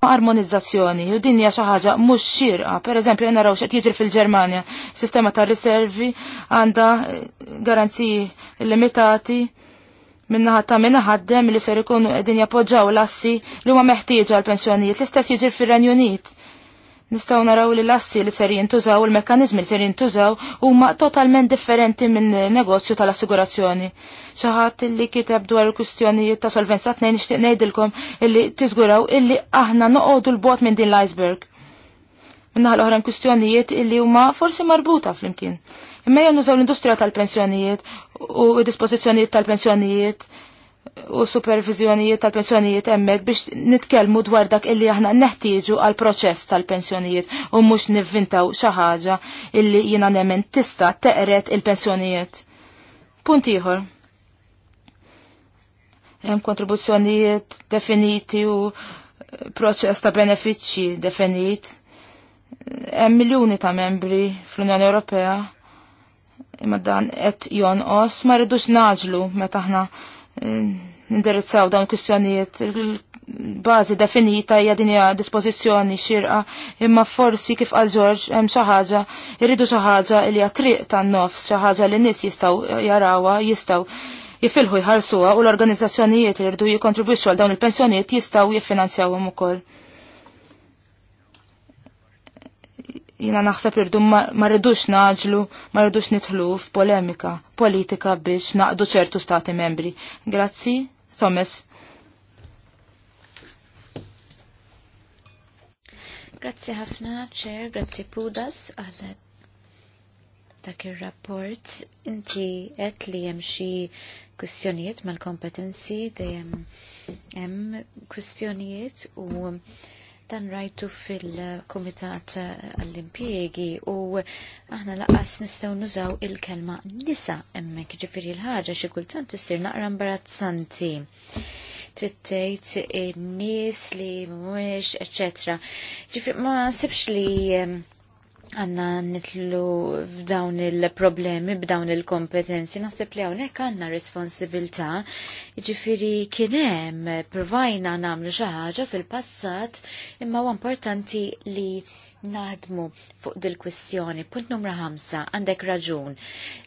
armonizzazzjoni u din hija xi ħaġa mhux xirqa. Pereżempju qed naraw x'qed jiġri fil-Ġermanja, sistema ta' riservi għandha eh, garanziji limitati minnaħa ta' minna ħaddem li ser ikunu qegħdin jappoġġaw l-assi li huma meħtieġa għall pensjonijiet L-istess jiġri fir-Renju Unit. Nistaw naraw li l-assi li ser jintużaw, il mekanizmi li ser jintużaw huma totalment differenti minn negozju tal-assigurazzjoni. Xaħat li kiteb dwar il-kwistjonijiet ta' solvenza tnejn nixtieq ngħidilkom illi tiżguraw illi aħna noqogħdu l-bot minn din l-iceberg. Minnaħal oħra kwistjonijiet illi huma forsi marbuta flimkien. Imma jew nużaw l-industrija tal-pensjonijiet u d-dispożizzjonijiet tal-pensjonijiet u supervizjonijiet tal-pensjonijiet emmek biex nitkelmu dwar dak illi aħna neħtieġu għal proċess tal-pensjonijiet u mhux nivvintaw xi ħaġa illi jiena nemmen tista' teqret il-pensjonijiet. Punt ieħor. Hemm kontribuzzjonijiet definiti u proċess ta' benefiċċji definit. Hemm miljuni ta' membri fl-Unjoni Ewropea imma dan qed jonqos ma rridux naġlu meta aħna indirizzaw dawn kwistjonijiet. Bażi definita hija din hija dispożizzjoni xirqa, imma forsi kif qal George hemm xi ħaġa, irridu xi ħaġa li hija triq tan-nofs, xi ħaġa li nies jistgħu jarawha, jistgħu jifilħu jħarsuha u l-organizzazzjonijiet li rridu jikontribwixxu għal dawn il-pensjonijiet jistgħu jiffinanzjawhom ukoll. jina naħseb irdu ma rridux naġlu, ma rridux nitħlu f'polemika politika biex naqdu ċertu stati membri. Grazzi, Thomas. Grazzi ħafna, ċer, grazzi Pudas, għal dak il-rapport. Inti għet li hemm xi kwistjonijiet mal-kompetenzi dejjem hemm kwistjonijiet u Dan rajtu fil-Komitat eh, għall-Impjegi u aħna laqas nistgħu nużaw il-kelma nisa hemmhekk ġifiri l-ħaġa xi kultant issir naqra imbarazzanti trittejt in-nies li mwix, eccetera. Ġifiri ma sibx li eh, għanna nitlu f'dawn il-problemi, b'dawn il-kompetenzi, naħseb li għonek għanna responsibilta, ġifiri kienem provajna namlu xaħġa fil-passat, imma u importanti li naħdmu fuq dil-kwistjoni. Punt numra 5, għandek raġun.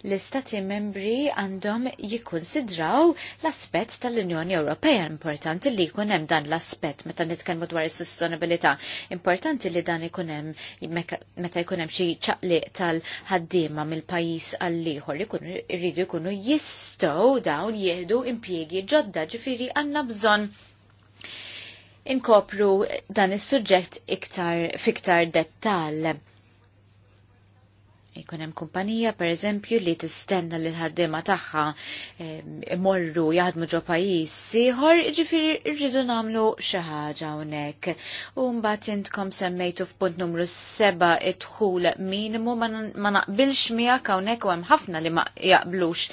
L-istati membri għandhom jikkonsidraw l-aspett tal-Unjoni Ewropea. Importanti li jkun hemm dan l-aspett meta nitkellmu dwar is-sostenibilità. Importanti li dan ikun hemm meta jkun hemm xi ċaqliq tal-ħaddiema mill-pajjiż għal ieħor jridu jkunu jistgħu dawn jieħdu impjiegi ġodda ġifieri għandna bżonn inkopru dan is-suġġett iktar fiktar dettal. Ikun hemm kumpanija pereżempju li tistenna li l ħaddiema tagħha morru jaħdmu ġo pajjiż ieħor, jiġifieri rridu nagħmlu xi ħaġa hawnhekk. U mbagħad intkom semmejtu f'punt numru seba' idħul minimu ma naqbilx miegħek hawnhekk u hemm ħafna li ma jaqblux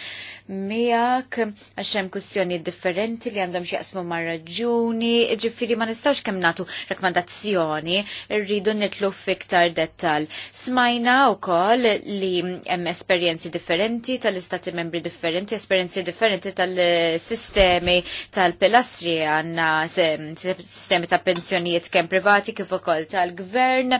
miegħek għax hemm kwistjoni differenti li għandhom x'jaqsmu ma' raġuni, ġifieri ma nistgħux kemm nagħtu rakkomandazzjoni, rridu nitlu f'iktar dettal. Smajna wkoll li hemm esperjenzi differenti tal-istati membri differenti, esperjenzi differenti tal-sistemi tal-pilastri għandna sistemi ta' pensjonijiet kemm privati kif ukoll tal-gvern,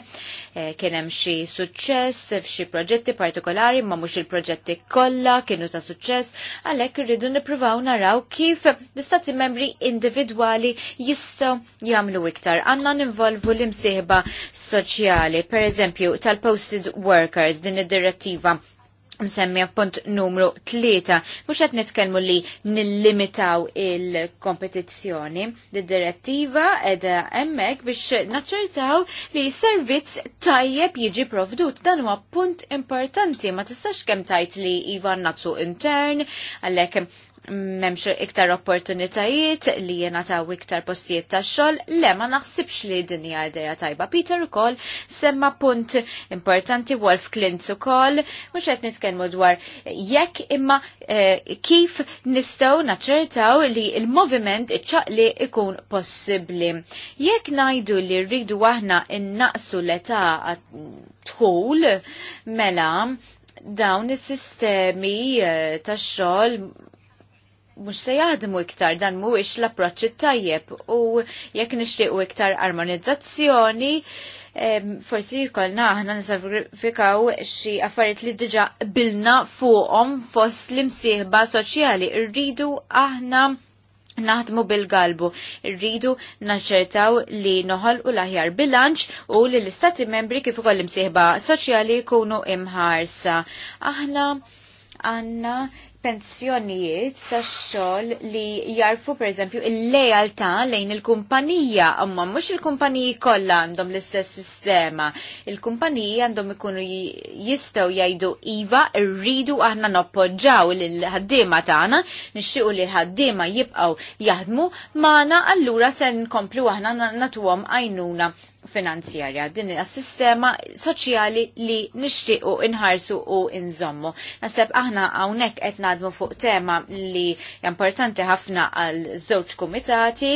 eh, kien hemm xi suċċess f'xi proġetti partikolari ma mhux il-proġetti kollha kienu ta' suċċess, għalhekk irridu nippruvaw naraw kif l-istati membri individwali jistgħu jagħmlu iktar. Għandna ninvolvu l-imsieħba soċjali, pereżempju tal-posted workers din direttiva msemmi appunt numru 3. Mux għet nitkellmu li nillimitaw il-kompetizjoni. Direttiva edha emmek biex naċċertaw li servizz tajjeb jiġi provdut. Dan huwa punt importanti. Ma tistax kem tajt li iva nazzu intern, għallek memx iktar opportunitajiet li jena taw iktar postijiet ta' xol, le ma naħsibx li dinja ideja tajba. Peter u kol semma punt importanti Wolf Klintz u kol, mux għet nitkenmu dwar jekk imma eh, kif nistaw naċertaw li il-moviment iċċaqli ikun possibli. Jekk najdu li rridu aħna innaqsu l-età tħul, mela, dawn is-sistemi eh, ta' xogħol mux se jaħdmu iktar dan mhuwiex l-approċċ tajjeb u jekk nixtiequ iktar armonizzazzjoni forsi jkollna aħna nisavrifikaw xi affarijiet li diġà bilna fuqhom fost l-imsieħba soċjali rridu aħna naħdmu bil-galbu. Rridu naċċertaw li noħol u laħjar bilanċ u li l-istati membri kif ukoll imsieħba soċjali jkunu imħarsa. Aħna għanna pensjonijiet tax xogħol li jarfu pereżempju il lejalta lejn il-kumpanija, imma mhux il-kumpaniji kollha għandhom l-istess sistema. Il-kumpaniji għandhom ikunu jistgħu jgħidu iva rridu aħna noppoġġaw lil-ħaddiema tagħna, nixxiequ li l-ħaddiema jibqgħu jaħdmu magħna allura se nkomplu aħna nagħtuhom għajnuna finanzjarja, din il sistema soċjali li nixtiequ inħarsu u inżommu. Naseb aħna hawnhekk qed nadmu fuq tema li importanti ħafna għal żewġ kumitati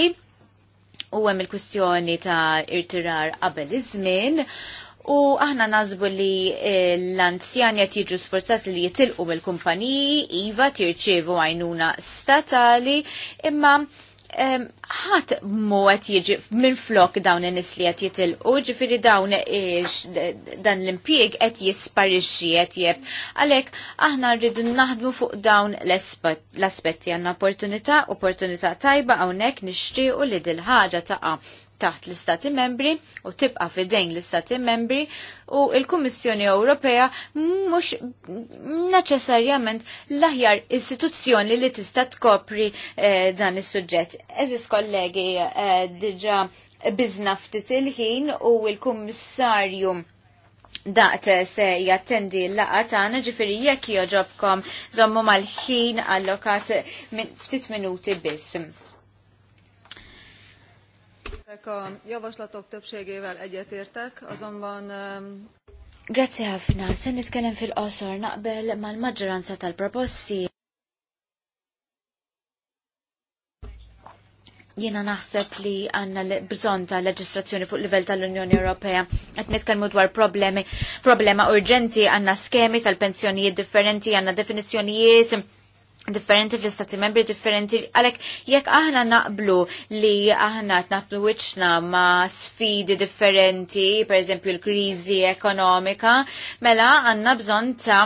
u hemm il-kwistjoni ta' irtirar qabel iż-żmien U aħna nazbu li l-anzjani qed jiġu sforzati li jitilqu mill-kumpaniji, iva tirċievu għajnuna statali, imma ħat mu għet jieġi minn flok dawn n-nis li għat jitil u ġifiri dawn dan l-impieg għet jisparixi għet jieb. Għalek, aħna rridu naħdmu fuq dawn l-aspetti għanna opportunità, opportunità tajba għonek nishti u li dil-ħagġa taqa taħt l-Istati membri u tibqa fidejn l-Istati membri u il-Kummissjoni Ewropea mhux neċessarjament l-aħjar istituzzjoni li tista' tkopri eh, dan is-suġġett. Eżis kollegi eh, diġà bizna ftit il-ħin u il-Kummissarju daqt eh, se jattendi l-laqa tagħna ġifieri jekk joġobkom żommu mal-ħin allokat minn ftit minuti biss. Ezek a javaslatok többségével egyetértek, azonban Grazzi ħafna, se nitkellem fil-qosor naqbel mal-maġġoranza tal-proposti. Jiena naħseb li għanna bżon ta' leġislazzjoni fuq livell tal-Unjoni Ewropea. Qed nitkellmu dwar problemi, problema urġenti għandna skemi tal-pensjonijiet differenti, għandna definizzjonijiet differenti fl-istati membri differenti għalek jekk aħna naqblu li aħna naqblu wiċna ma sfidi differenti per eżempju l-krizi ekonomika mela għanna bżon ta'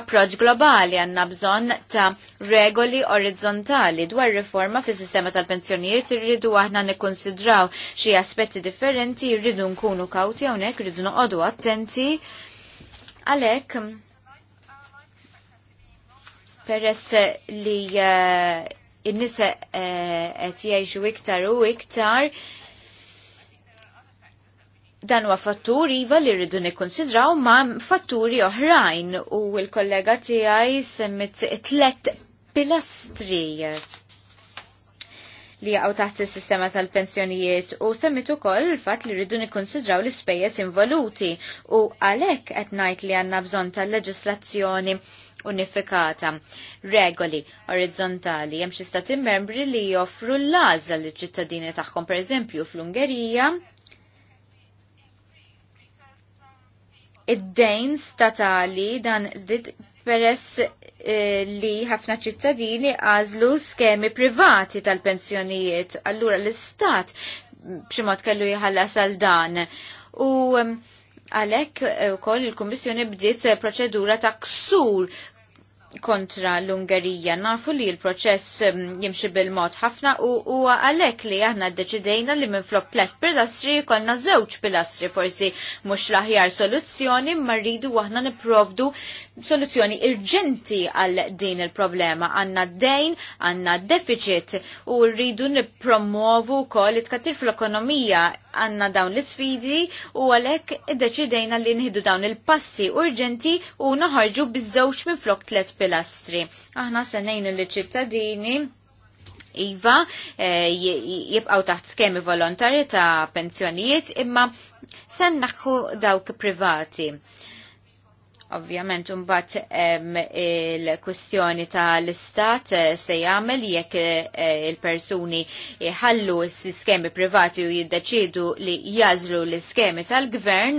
approċ globali għanna bżon ta' regoli orizzontali dwar riforma fis sistema tal-pensjonijiet irridu aħna nikkonsidraw xi aspetti differenti irridu nkunu kawti hawnhekk irridu noqogħdu attenti għalhekk Peress li eh, in-nisa eh, qed jgħixu iktar u iktar, dan huwa fattur iva li rridu nikkonsidraw ma' fatturi oħrajn u l-kollega tiegħi semmit tlet pilastri li għaw taħt is-sistema tal-pensjonijiet u semmitu ukoll il-fatt li rridu nikkonsidraw l-ispejjeż involuti u għalhekk qed ngħid li għandna bżonn tal-leġislazzjoni unifikata, regoli orizzontali, hemm xi stati membri li joffru l-għażla liċ-ċittadini tagħhom pereżempju fl-Ungerija id-dejn statali dan peress eh, li ħafna ċittadini għazlu skemi privati tal-pensjonijiet. Allura l-istat b'ximot kellu jħallas għal dan. U għalek eh, u koll il-Kommissjoni bdiet eh, proċedura ta' ksur kontra l-Ungerija. Nafu li l-proċess mm, jimxi bil-mod ħafna u huwa għalhekk li aħna ddeċidejna li minflok tlet pilastri jkollna żewġ pilastri forsi mhux l-aħjar soluzzjoni ma rridu aħna nipprovdu soluzzjoni irġenti għal din il-problema. Għanna d-dejn, għanna deficit u rridu nipromovu kol it-kattir fl-ekonomija għanna dawn l-sfidi u għalek id-deċidejna li nħidu dawn il-passi urġenti u naħarġu bizzewċ minn flok tlet pilastri. Aħna senajn l-ċittadini Iva eh, jibqaw taħt skemi volontari ta' pensjonijiet imma sen naħħu dawk privati. Ovvjament, unbat il-kwestjoni ta' l-istat eh, se jagħmel jekk eh, il-persuni jħallu s-skemi privati u jiddeċidu li jażlu l-iskemi tal-gvern.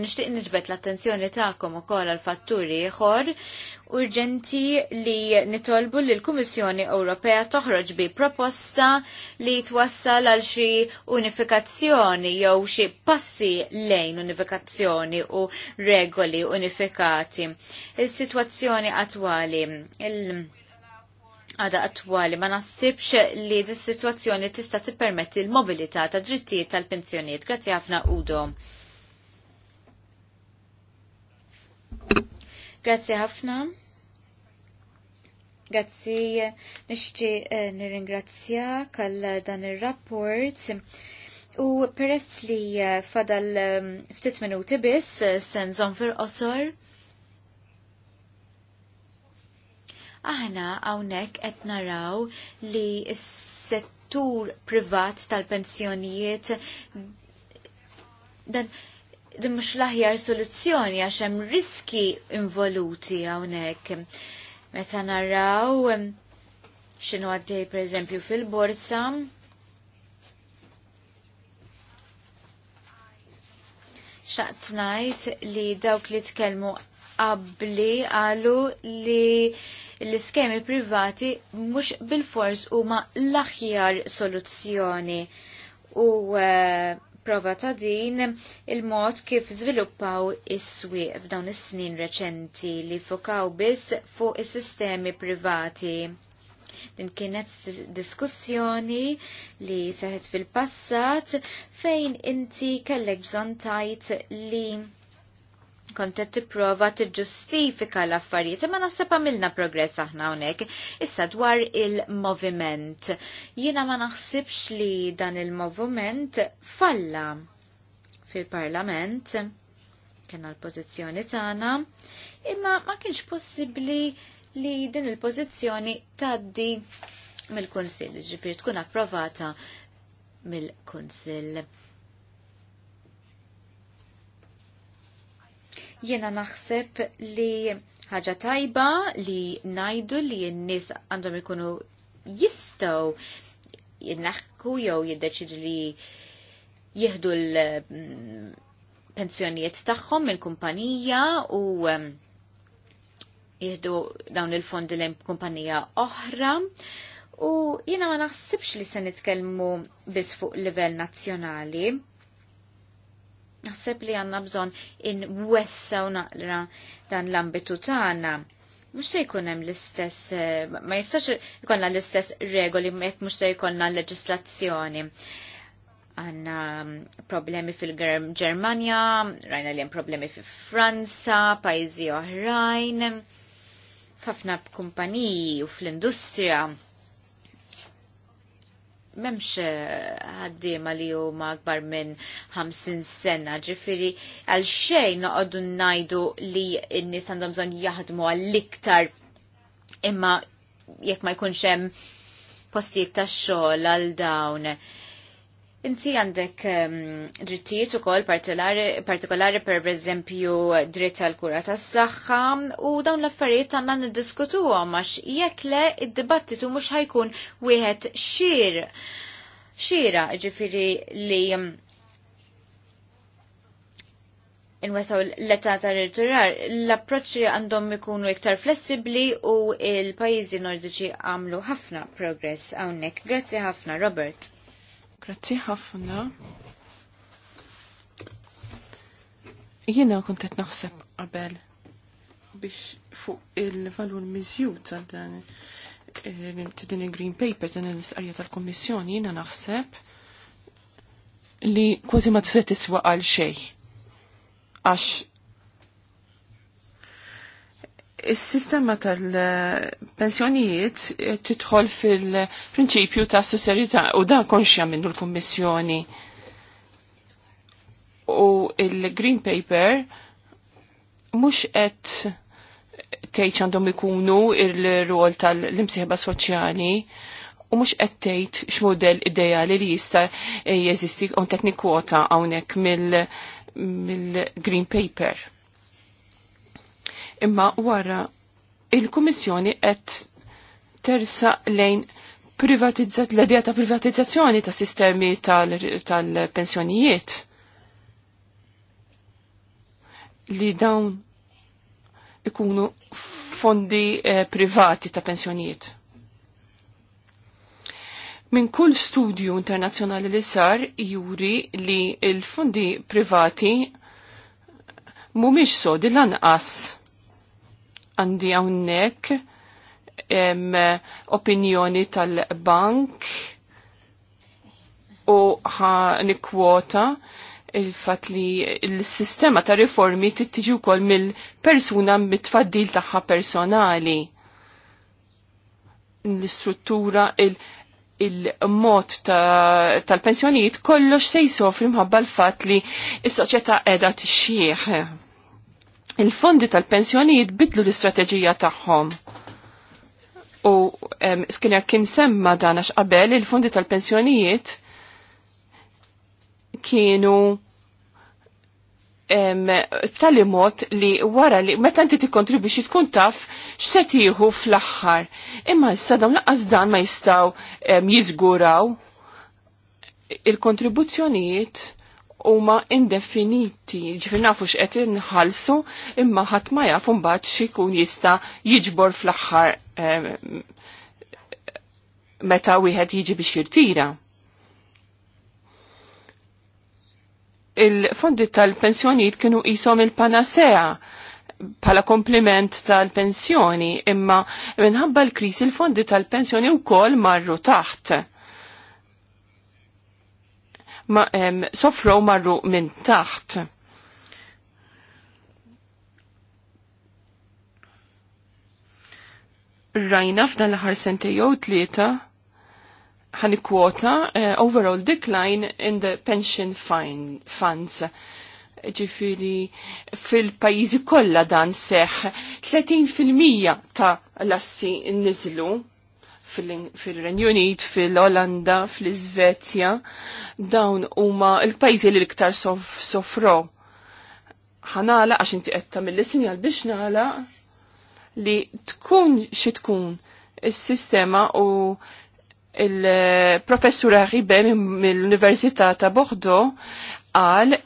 Nishtiq nġbet l-attenzjoni ta'kom u kol għal-fatturi ieħor urġenti li nitolbu li l-Kummissjoni Ewropea toħroġ bi proposta li twassal għal xi unifikazzjoni jew xi passi lejn unifikazzjoni u regoli unifikati. Is-sitwazzjoni attwali il- għada attwali ma nasibx li dis-sitwazzjoni tista' tippermetti l-mobilità ta' drittijiet tal-pensjoniet. Grazzi ħafna Udo. Grazzi ħafna. Grazzi, nixti eh, nirringrazzja għal dan il-rapport. U peress li eh, fadal eh, ftit minuti biss sen zonfir qosor. Aħna hawnhekk qed naraw li s-settur privat tal-pensjonijiet dan mhux l-aħjar soluzzjoni għax hemm riski involuti hawnhekk Meta naraw x'inhu għaddej pereżempju fil-borsa, xaqt najt li dawk li tkellmu qabli għalu li l-iskemi privati mux bil-fors u ma l-aħjar soluzzjoni u uh, prova ta' din il-mod kif żviluppaw is-swieq f'dawn is-snin reċenti li fokaw biss fuq is-sistemi privati. Din kienet diskussjoni li seħet fil-passat fejn inti kellek bżon tajt li kontet tipprova tiġġustifika l-affarijiet, imma naħseb għamilna progress aħna hawnhekk. Issa dwar il-moviment. Jiena ma naħsibx li dan il-moviment falla fil-parlament kena l-pozizjoni tagħna, imma ma kienx possibbli li din il-pozizjoni taddi mill-Kunsill, ġifir tkun approvata mill-Kunsill. Jena naħseb li ħaġa tajba li najdu li n-nis għandhom ikunu jistaw jinnaħku jew jiddeċidu li jihdu l-pensjonijiet mm, tagħhom mill-kumpanija u mm, jihdu dawn il-fondi l-kumpanija oħra. U jiena ma naħsibx li se nitkellmu biss fuq livell nazzjonali naħseb li għanna bżon in wessa u naqra dan l-ambitu tagħna. Mux se jkun hemm l-istess, eh, ma jistax jkollna l-istess regoli ma mux se jkollna l-leġislazzjoni. Għanna mm, problemi fil-Germania, rajna li hemm problemi fi Franza, pajjiżi oħrajn, ħafna kumpaniji u fl-industrija memx għaddima eh, li huma akbar minn 50 sena, ġifiri għal xejn noqogħdu ngħidu li n-nies għandhom bżonn jaħdmu għall-iktar imma jekk ma jkunx hemm postijiet tax-xogħol għal dawn Inti għandek ehm, drittijiet ukoll partikolari per eżempju dritt għal kura tas saħħa u dawn l-affarijiet għandna niddiskutuhom għax jekk le id-dibattitu mhux ħajkun wieħed xir xira ġifiri li ehm, inwesaw l-età ta' rittirar, l-approċċi għandhom ikunu iktar flessibli u il-pajjiżi nordiċi għamlu ħafna progress hawnhekk. Grazzi ħafna, Robert. Grazzi ħafna. Jiena kont qed naħseb qabel biex fuq il-valur miżjud ta' dan eh, din il-Green Paper dan l-isqarja tal-Kommissjoni jiena naħseb li kważi ma tista' tiswa għal xejn għax Is-sistema tal-pensjonijiet titħol fil-prinċipju ta' susserjetà u da' konxja minnu l-Kummissjoni. U il-Green Paper mhux qed tgħid għandhom ikunu il-rol tal-imsieħba soċjali u mhux qed tgħid x'modell ideali li jista' jeżisti qed nikkwota hawnhekk mill-Green Paper imma wara il-Kummissjoni qed tersaq lejn privatizzat l-idea ta' privatizzazzjoni ta' sistemi tal-pensjonijiet li dawn ikunu fondi eh, privati ta' pensjonijiet. Min kull studju internazzjonali li sar juri li il-fondi privati mumiex sodi lanqas għandi hawnhekk opinjoni tal-bank u ħa nikwota il-fat li il-sistema ta' riformi tittiġi wkoll mill-persuna mit-tfaddil tagħha personali. L-istruttura, il-mod tal-pensjonijiet kollox se jsofri mħabba l-fat li s-soċjetà qiegħda xieħ il-fondi tal-pensjonijiet bidlu l-istrateġija tagħhom. U skiener kien semma dan għax qabel il-fondi tal-pensjonijiet kienu b'tali mod li wara li meta inti tikkontribwixxi tkun taf x'se jieħu fl-aħħar. Imma issa dawn laqas dan ma jistgħu jiżguraw il-kontribuzzjonijiet huma indefiniti, ġifir nafu x'qed inħallsu imma ħadd ma jaf imbagħad x'ikun jista' jiġbor fl-aħħar eh, meta wieħed jiġi biex jirtira. Il-fondi tal-pensjonijiet kienu qishom il-panasea bħala kompliment tal-pensjoni, imma minħabba l-kris il-fondi tal-pensjoni wkoll marru taħt ma, em, sofrow marru minn taħt. Rajna f'dan l-ħar sente jew tlieta ħani kwota uh, overall decline in the pension fine, funds ġifiri fil-pajizi kollha dan seħ 30% ta' lassi nizlu fil-Renju Unit, fil-Olanda, fil-Svezja, dawn huma il-pajjiżi li l-iktar sofro. Ħanala għax inti qed mill sinjal biex nala li tkun xi tkun is-sistema u il-professur Arribe mill-Università ta' Bordeaux qal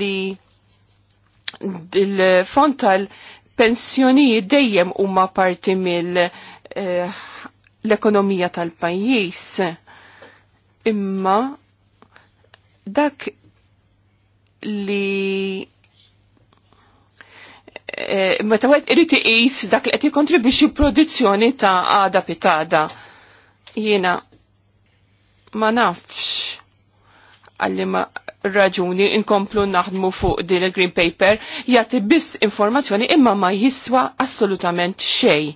li il-fond tal-pensjonijiet dejjem huma parti mill- eh, l-ekonomija tal-pajjiż. Imma dak li e, meta wieħed irid iqis dak li qed jikkontribwixxi produzzjoni ta' għada pitada. Jiena ma nafx għalli ma raġuni inkomplu naħdmu fuq din il-Green Paper jagħti biss informazzjoni imma ma jiswa assolutament xejn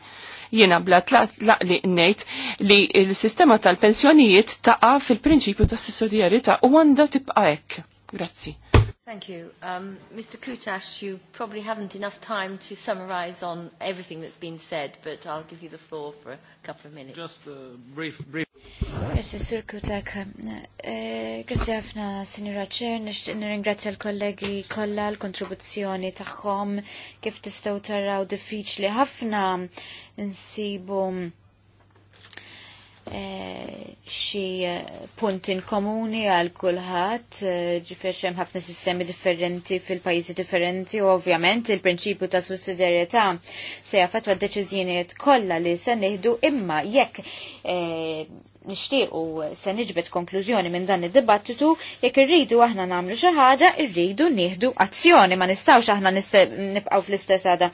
Jiena bla laqli nejt li l-sistema tal-pensjonijiet taqa fil-prinċipju ta' sussidjarjetà u għanda tibqa' hekk. Grazzi. Thank you. Um, Mr. Kutash, you probably haven't enough time to summarize on everything that's been said, but I'll give you the floor for a couple of minutes. Just a brief, brief. Grazie, Sir Kutak. Uh, Grazie għafna, Signora Cern, Ċer, nirringrazzja l-kollegi kolla l-kontribuzzjoni taħħom kif tistaw taraw diffiċli ħafna nsibu eh, xi eh, punti komuni għal kulħadd, eh, ġifier hemm ħafna sistemi differenti fil-pajjiżi differenti u ovvjament il-prinċipju ta' sussidjarjetà se jafetwa d-deċiżjonijiet kollha li se nieħdu imma jekk nixtiequ se niġbed konklużjoni minn dan id-dibattitu jekk irridu aħna nagħmlu xi ħaġa, irridu nieħdu azzjoni ma nistgħux aħna nibqgħu fl-istess għada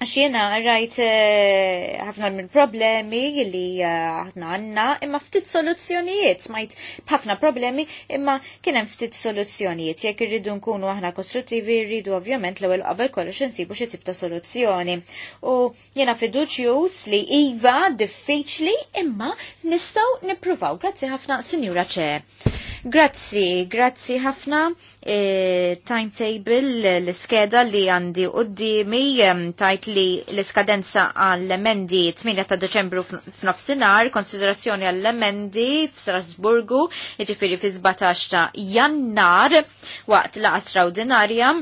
Xiena, rajt eh, ħafna minn problemi li eh, ħafna għanna imma ftit soluzzjonijiet, smajt ħafna problemi imma kien hemm ftit soluzzjonijiet. Jekk irridu nkunu aħna kostruttivi rridu ovvjament l-ewwel qabel kollox insibu xi tip ta' soluzzjoni. U jena fiduċjus li iva diffiċli imma nistgħu nippruvaw. Grazzi ħafna Sinjura Ċe. Grazzi, grazzi ħafna. E, timetable, l-skeda li għandi qoddimi tajt li l-iskadenza għall-emendi 8 ta' Deċembru f'nofsinhar, konsiderazzjoni għall-emendi f'Strasburgu, jiġifieri fi 17 ta' Jannar waqt laqgħa straordinarja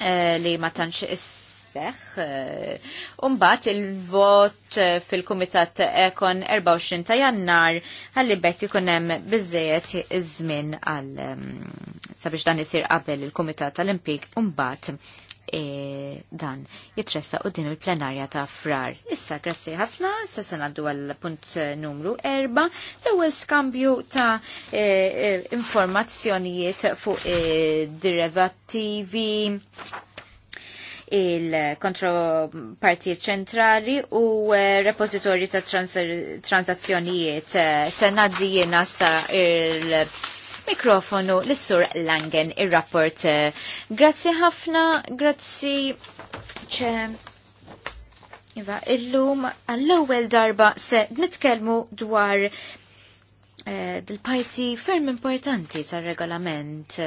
e, li ma tantx seħ eh, Umbat il-vot eh, fil-Kumitat Ekon 24 ta' jannar ħalli bekk ikun hemm iż-żmien għal mm, sabiex dan isir qabel il-Kumitat tal-Impik umbat E, dan jitressa u din il-plenarja ta' frar. Issa, grazzi ħafna, issa sena għaddu għal-punt numru 4 l-ewel skambju ta' e, informazzjonijiet fuq e, derivativi il-kontropartijiet ċentrali u eh, repozitorji ta' transazzjonijiet. Eh, Senaddi jena sa' il- mikrofonu l-sur Langen, il-rapport. Grazzi ħafna, grazzi ċe. Iva, illum għall-ewwel darba se nitkellmu dwar eh, dil-parti ferm importanti tar-regolament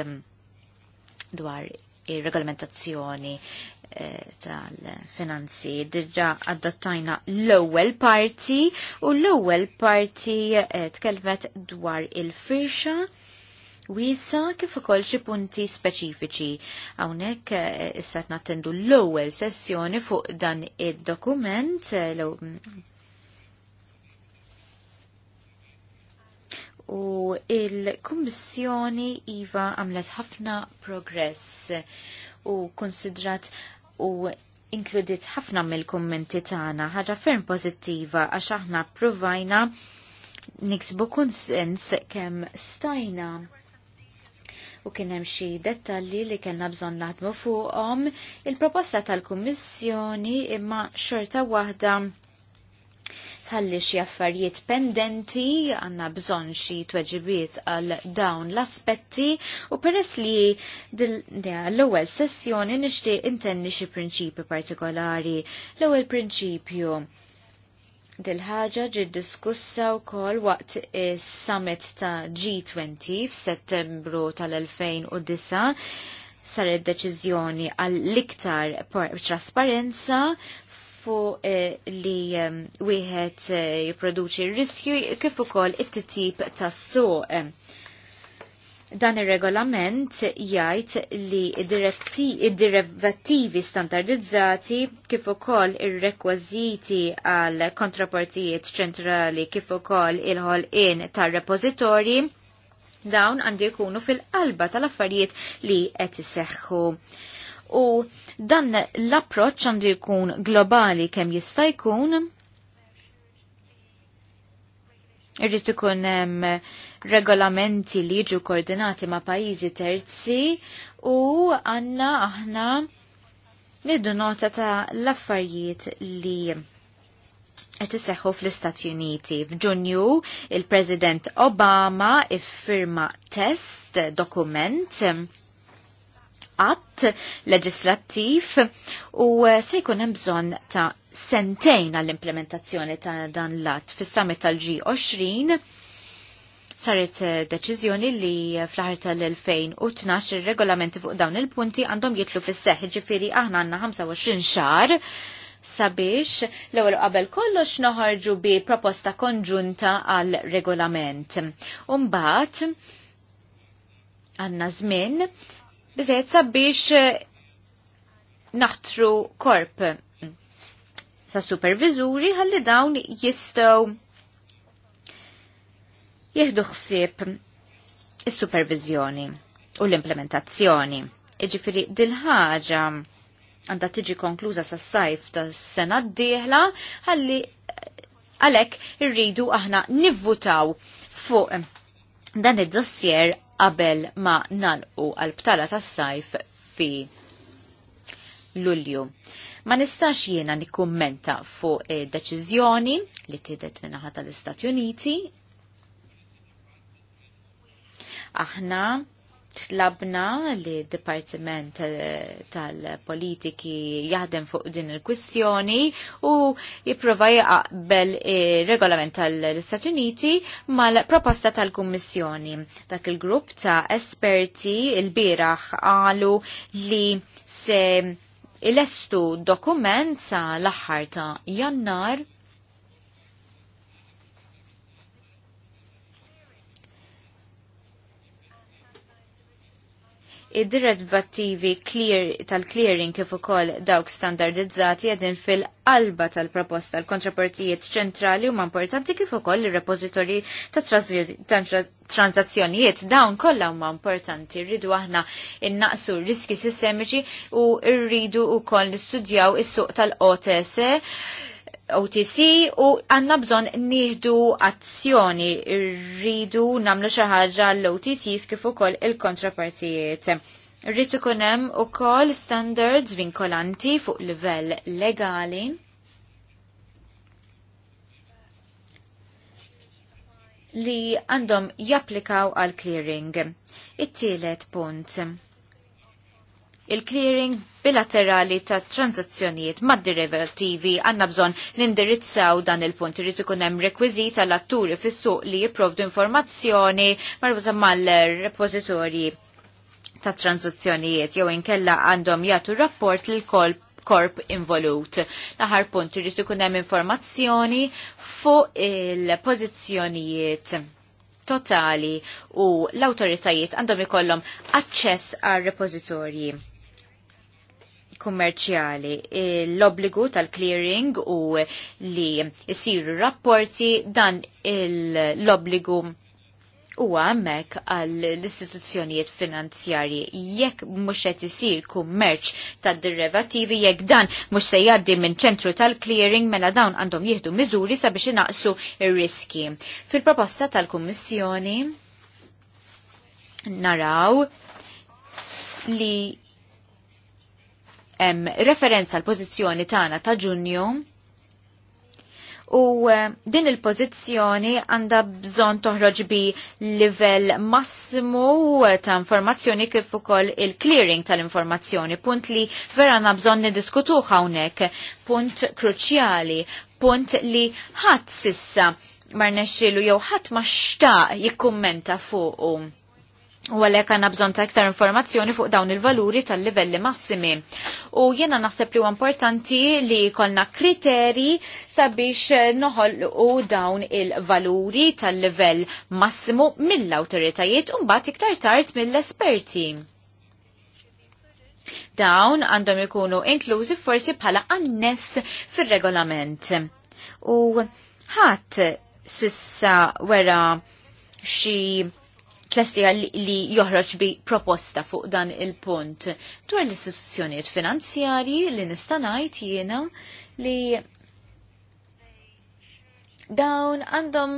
dwar ir-regolamentazzjoni Eh, tal-finanzi. Diġa adottajna l-ewwel parti u l-ewwel parti eh, tkellmet dwar il-firxa wisa kif ukoll xi punti speċifiċi. Hawnhekk eh, issa nattendu l-ewwel sessjoni fuq dan id-dokument u il-Kummissjoni Iva għamlet ħafna progress u konsidrat u inkludit ħafna mill-kummenti tagħna ħaġa ferm pożittiva għax aħna provajna niksbu konsens kemm stajna u kien hemm xi dettalji li kellna bżonn naħdmu fuqhom il-proposta tal-Kummissjoni imma xorta waħda tħalli xi affarijiet pendenti, għandna bżonn xi tweġibiet għal dawn l-aspetti u peress li l-ewwel sessjoni nixtieq intenni xi prinċipju partikolari. L-ewwel prinċipju Dil-ħaġa ġi diskussa u kol waqt is-summit ta' G20 f'Settembru tal-2009 saret deċiżjoni għall-iktar trasparenza fuq eh, li ehm, wieħed eh, jipproduċi riskju kif ukoll it-tip tas-suq. Dan ir-regolament jgħid li id-direttivi standardizzati kif ukoll ir-rekwiżiti għal kontrapartijiet ċentrali kif ukoll il-ħolqien tar-repożitorji dawn għandu jkunu fil-qalba tal-affarijiet li qed iseħħu u dan l-approċ għandu jkun globali kemm jista' jkun. Irrid ikun hemm regolamenti li jiġu koordinati ma' pajjiżi terzi u għandna aħna niddu nota ta' l-affarijiet li qed iseħħu fl-Istati Uniti. F'Ġunju il-President Obama iffirma test dokument għatt leġislattiv u eh, se jkun hemm bżonn ta' sentejn għall-implementazzjoni ta' dan l-att fis-summit tal-G20 saret eh, deċiżjoni li fl-ħar tal-2012 ir-regolamenti fuq dawn il-punti għandhom jitlu fis-seħ ġifieri aħna għandna 25 xahar sabiex l ewwel qabel kollox noħarġu bi proposta konġunta għal regolament. mbagħad għandna żmien biżejt biex eh, naħtru korp sa' supervizuri ħalli dawn jistgħu jieħdu ħsieb is-supervizjoni u l-implementazzjoni. Iġifiri dil-ħaġa għandha tiġi konkluża sas-sajf tas-sena d-dieħla għalli eh, għalhekk irridu aħna nivvutaw fuq dan id-dossier qabel ma nalqu għal-btala tas-sajf fi Lulju. Ma nistax jiena nikkummenta fuq e deċiżjoni li tidet ħata tal-Istati Uniti. Aħna tlabna li d-Dipartiment eh, tal-Politiki jaħdem fuq din il-kwistjoni u jipprova jaqbel eh, regolament tal-Istati Uniti mal-proposta tal-Kummissjoni. Dak il-grupp ta' esperti il-biraħ għalu li se il-estu dokument sa l-aħħar ta' jannar id-direttivi clear tal-clearing kif ukoll dawk standardizzati għedin fil-qalba tal-proposta l-kontrapartijiet ċentrali huma importanti kif ukoll ir-repożitorji ta' transazzjonijiet dawn kollha huma importanti rridu aħna innaqsu riski sistemiċi u rridu wkoll nistudjaw is-suq tal-OTS e OTC u għanna bżon nieħdu azzjoni, rridu namlu xi ħaġa l-OTCs kif ukoll il-kontrapartijiet. Rrid ikun hemm ukoll standards vinkolanti fuq livell legali. li għandhom japplikaw għal clearing. It-tielet punt il-clearing bilaterali ta' tranzazzjonijiet mad derivativi għanna bżon nindirizzaw dan il-punt irrid ikun hemm rekwiżita għal atturi fis-suq li jipprovdu informazzjoni marbuta mal-repożitorji ta' tranzazzjonijiet jew inkella għandhom jagħtu rapport lil kol korp involut. Naħar punt irrid ikun hemm informazzjoni fuq il-pożizzjonijiet totali u l-autoritajiet għandhom ikollhom aċċess għal repożitorji kummerċjali. E, l-obbligu tal-clearing u li jisiru rapporti dan l-obbligu u għamek għall-istituzzjonijiet finanzjarji jekk mux qed isir kummerċ tad derivativi jekk dan mhux se jgħaddi minn ċentru tal-clearing mela dawn għandhom jieħdu miżuri sabiex inaqsu ir-riski. Fil-proposta tal-Kummissjoni naraw li em, referenza l-pożizzjoni tagħna ta' Ġunju u eh, din il-pożizzjoni għandha bżonn toħroġ bi livell massimu eh, ta' informazzjoni kif ukoll il-clearing tal-informazzjoni, punt li vera għandna bżonn niddiskutuh hawnhekk, punt kruċjali, punt li ħadd sissa marnexxilu jew ħadd ma xtaq jikkummenta fuqu. U għalek għanna bżon ta' iktar informazzjoni fuq dawn il-valuri tal-livelli massimi. U jena naħseb li importanti li kolna kriteri sabiex noħol u dawn il-valuri tal-livell massimu mill-autoritajiet un bat iktar tart mill-esperti. Dawn għandhom ikunu inklużi forsi bħala annes fil-regolament. U ħadd sissa wera xi tlestija li joħroġ bi proposta fuq dan il-punt. Dwar l-istituzzjonijiet finanzjarji li nista' ngħid jiena li dawn għandhom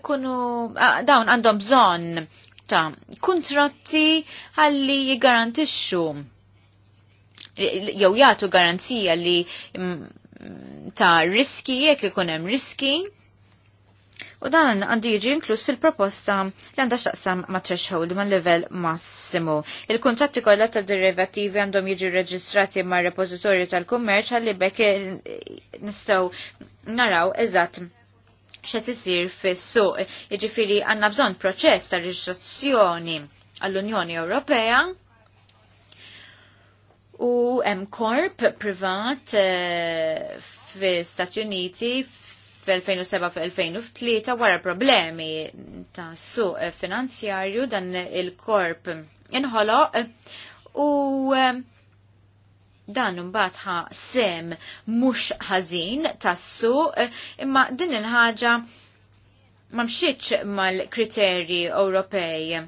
ikunu dawn għandhom bżonn ta' kontratti għalli jiggarantixxu jew jagħtu garanzija li mm, ta' riski jekk ikun hemm riski U dan għandu jiġi inkluż fil-proposta li għandha xaqsam ma' threshold ma' level massimu. Il-kuntratti kollha tad derivativi għandhom jiġi reġistrati ma' repożitorju tal-kummerċ għalli bekk nistgħu naraw eżatt xet isir fis-suq. Jiġifieri għandna bżonn proċess ta' reġistrazzjoni għall-Unjoni Ewropea u hemm korp privat e, eh, fl-Stati Uniti f 2007 2003 wara problemi ta' suq finanzjarju dan il-korp inħoloq u eh, dan mbagħad ħa sem mhux ħażin tas su eh, imma din il-ħaġa ma mal-kriterji Ewropej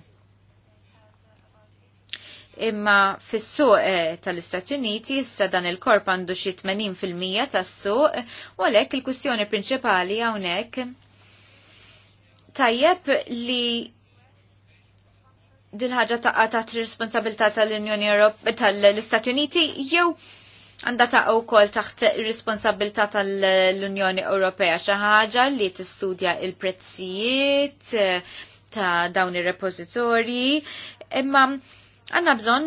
imma fis-suq eh, tal-Istati Uniti issa dan il-korp għandu xi 80% tas-suq u għalhekk il-kwistjoni prinċipali hawnhekk tajjeb li din ħaġa taqa' taħt responsabilità tal-Unjoni Ewropea tal-Istati Uniti jew għandha taqgħu wkoll taħt responsabilità tal-Unjoni Ewropea xi ħaġa li tistudja il-prezzijiet eh, ta' dawn ir-repożitorji imma Għanna bżon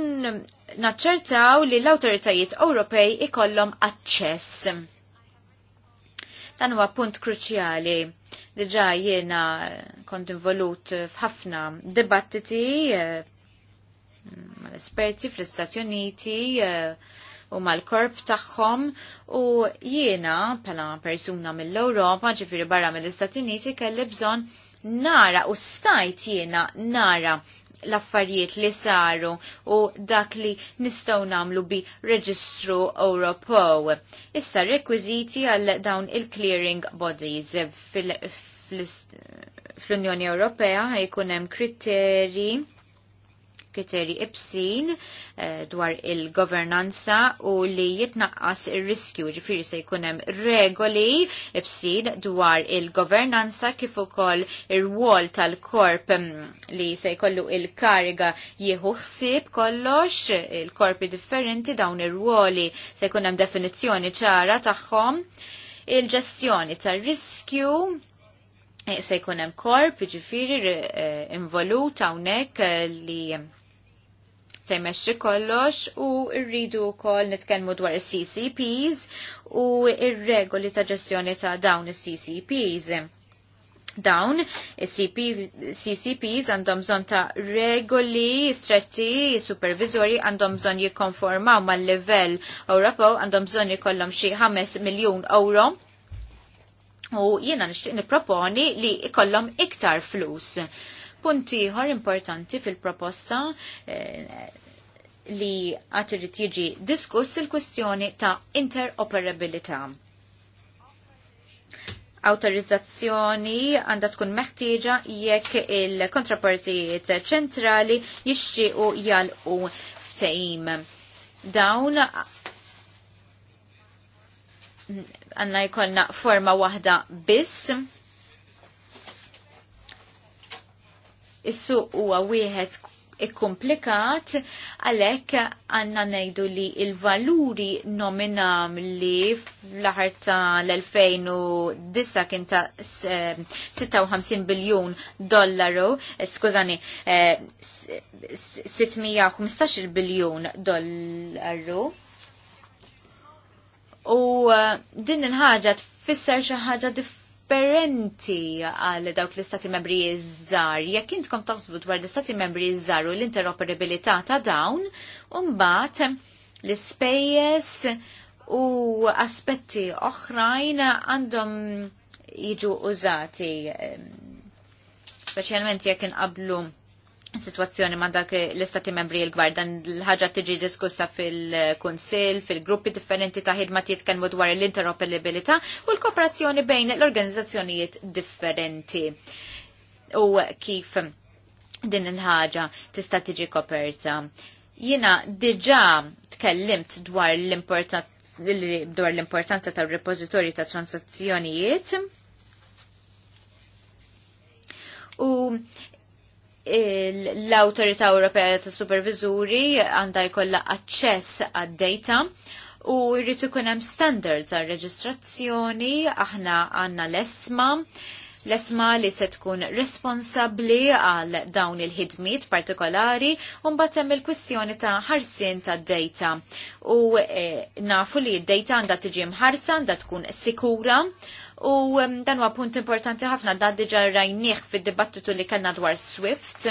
naċċertaw li l-autoritajiet Ewropej ikollhom aċċess. Dan huwa punt kruċjali. Diġà jiena kont involut f'ħafna dibattiti eh, mal-esperti fl-Istati Uniti eh, u mal-korp tagħhom u jiena pala persuna mill-Ewropa, ġifieri barra mill-Istati Uniti kelli bżonn nara u stajt jiena nara l-affarijiet li saru u dak li nistaw namlu bi Reġistru Europo. Issa rekwiziti għal dawn il-clearing bodies fil-Unjoni Ewropea ħajkun hemm kriterji kriteri ibsin eh, dwar il-governanza u li jitnaqqas ir-riskju ġifiri se jkun hemm regoli ibsin dwar il-governanza kif ukoll ir-wol tal-korp mm, li se jkollu il-kariga jieħu ħsieb kollox il-korpi differenti dawn ir-woli se jkun hemm definizzjoni ċara tagħhom il-ġestjoni tar-riskju eh, se jkun hemm korp ġifiri eh, involuta hawnhekk li se jmexxi kollox u rridu wkoll nitkellmu dwar is-CCPs u ir-regoli ta' ġestjoni ta' dawn is-CCPs. Dawn is-CCPs għandhom bżonn ta' regoli stretti supervizori għandhom bżonn jikkonformaw mal-livell Ewropew għandhom bżonn jkollhom xi 5 miljun euro u jiena nixtieq nipproponi li jkollhom iktar flus Punti ħor importanti fil-proposta eh, li għatirit jiġi diskuss il-kwestjoni ta' interoperabilità autorizzazzjoni għandha tkun meħtieġa jekk il-kontrapartijiet ċentrali jixtiequ jalqu ftehim. Dawn għanna jkollna forma waħda biss Is-suq huwa wieħed ikkomplikat għalhekk għandna ngħidu li il-valuri nominali fl-aħar ta' l-2009 kien ta' 56 biljun dollaru, skużani, 615 eh, biljun dollaru. U eh, din il-ħaġa tfisser xi ħaġa differenti differenti għal dawk l-istati membri jizzar, Jekk intkom taħsbu dwar l-istati membri jizzar u l-interoperabilità ta' dawn, umbat l-ispejjeż u aspetti oħrajn għandhom jiġu użati, eh, speċjalment jekk inqablu situazzjoni ma' dak l-istati membri il-gwar dan l-ħagġa tiġi diskussa fil-konsil, fil-gruppi differenti ta' ħidma jitkellmu dwar l-interoperabilità u l-kooperazzjoni bejn l-organizzazzjonijiet differenti. U kif din il-ħaġa tista' tiġi koperta. Jina diġa tkellimt dwar l-importanza tal-repozitorji ta' transazzjonijiet U l-Autorità Ewropea ta' Supervizuri għandha jkollha aċċess għad-data u jrid ikun hemm standards għal reġistrazzjoni aħna għandna l-esma l-esma li se tkun responsabbli għal dawn il-ħidmiet partikolari u mbagħad hemm il-kwistjoni ta' ħarsien tad-data. U e, nafu li d-data għandha tiġi mħarsa, għandha tkun sikura U dan huwa punt importanti ħafna da diġa rajnieħ fid-dibattitu li kellna dwar Swift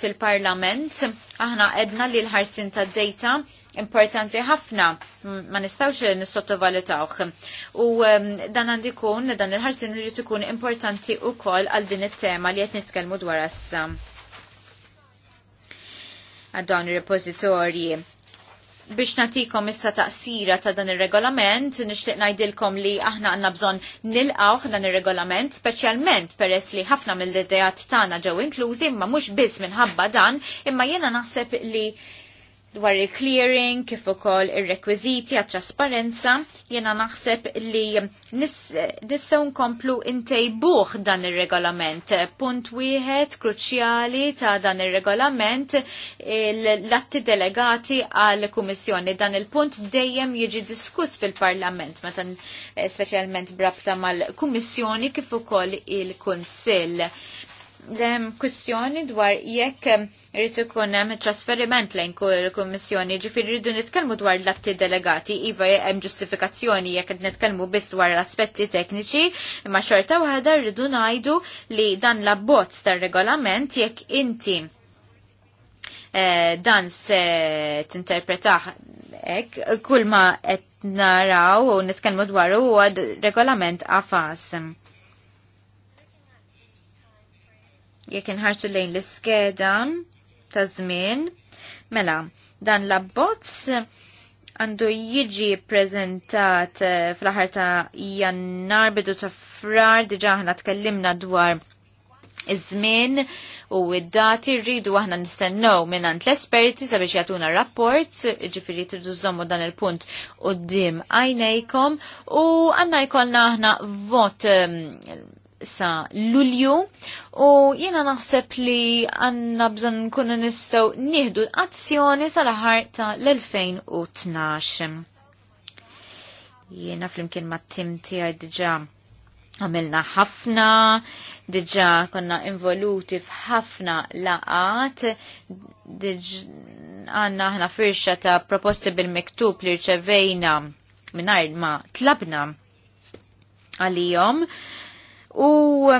fil-Parlament. Aħna edna li l-ħarsin ta' data importanti ħafna ma nistawx nissottovalutawh. U dan għandi kun dan il-ħarsin irid ikun importanti wkoll għal din it-tema li qed nitkellmu dwar issa Għaddon dawn il-repozitorji biex natikom issa taqsira ta' dan il-regolament, nishtiq najdilkom li aħna għanna bżon nilqaw dan il-regolament, specialment peress li ħafna mill-idejat tagħna ġew inklużi, imma mhux biss minħabba dan, imma jiena naħseb li dwar il-clearing, kif ukoll ir-rekwiżiti għat trasparenza, jiena naħseb li nistgħu nkomplu ntejbuh dan ir-regolament. Punt wieħed kruċjali ta' dan ir-regolament l-atti delegati għal kummissjoni dan il-punt dejjem jiġi diskuss fil-Parlament, meta eh, speċjalment brabta mal-Kummissjoni kif ukoll il-Kunsill dem kwistjoni dwar jekk rritu ikun hemm trasferiment lejn kull kummissjoni, ġifieri rridu nitkellmu dwar l-atti delegati, iva hemm ġustifikazzjoni jekk qed nitkellmu biss dwar aspetti tekniċi, imma xorta waħda rridu ngħidu li dan l-abbozz tar-regolament jekk inti eh, dan se tinterpretaħ ek, kull ma qed naraw u nitkellmu dwar huwa regolament għafas. jekk inħarsu lejn l-iskeda ta' żmien, mela dan l-abbozz għandu jiġi prezentat eh, fl-aħar ta' jannar bidu ta' frar diġa ħna tkellimna dwar iż-żmien u id-dati rridu aħna nistennew minn l-esperti sabiex jagħtuna rapport, ġifieri tridu żommu dan il-punt quddiem għajnejkom u għandna jkollna aħna vot ehm, sa Lulju u jiena naħseb li għanna bżon nkunu nistgħu nieħdu azzjoni sa laħar ta' l-2012. Jiena flimkien ma' tim tiegħi diġà għamilna ħafna, diġà konna involuti f'ħafna laqat, għanna ħna firxa ta' proposti bil-miktub li rċevejna minnajr ma tlabna għalijom U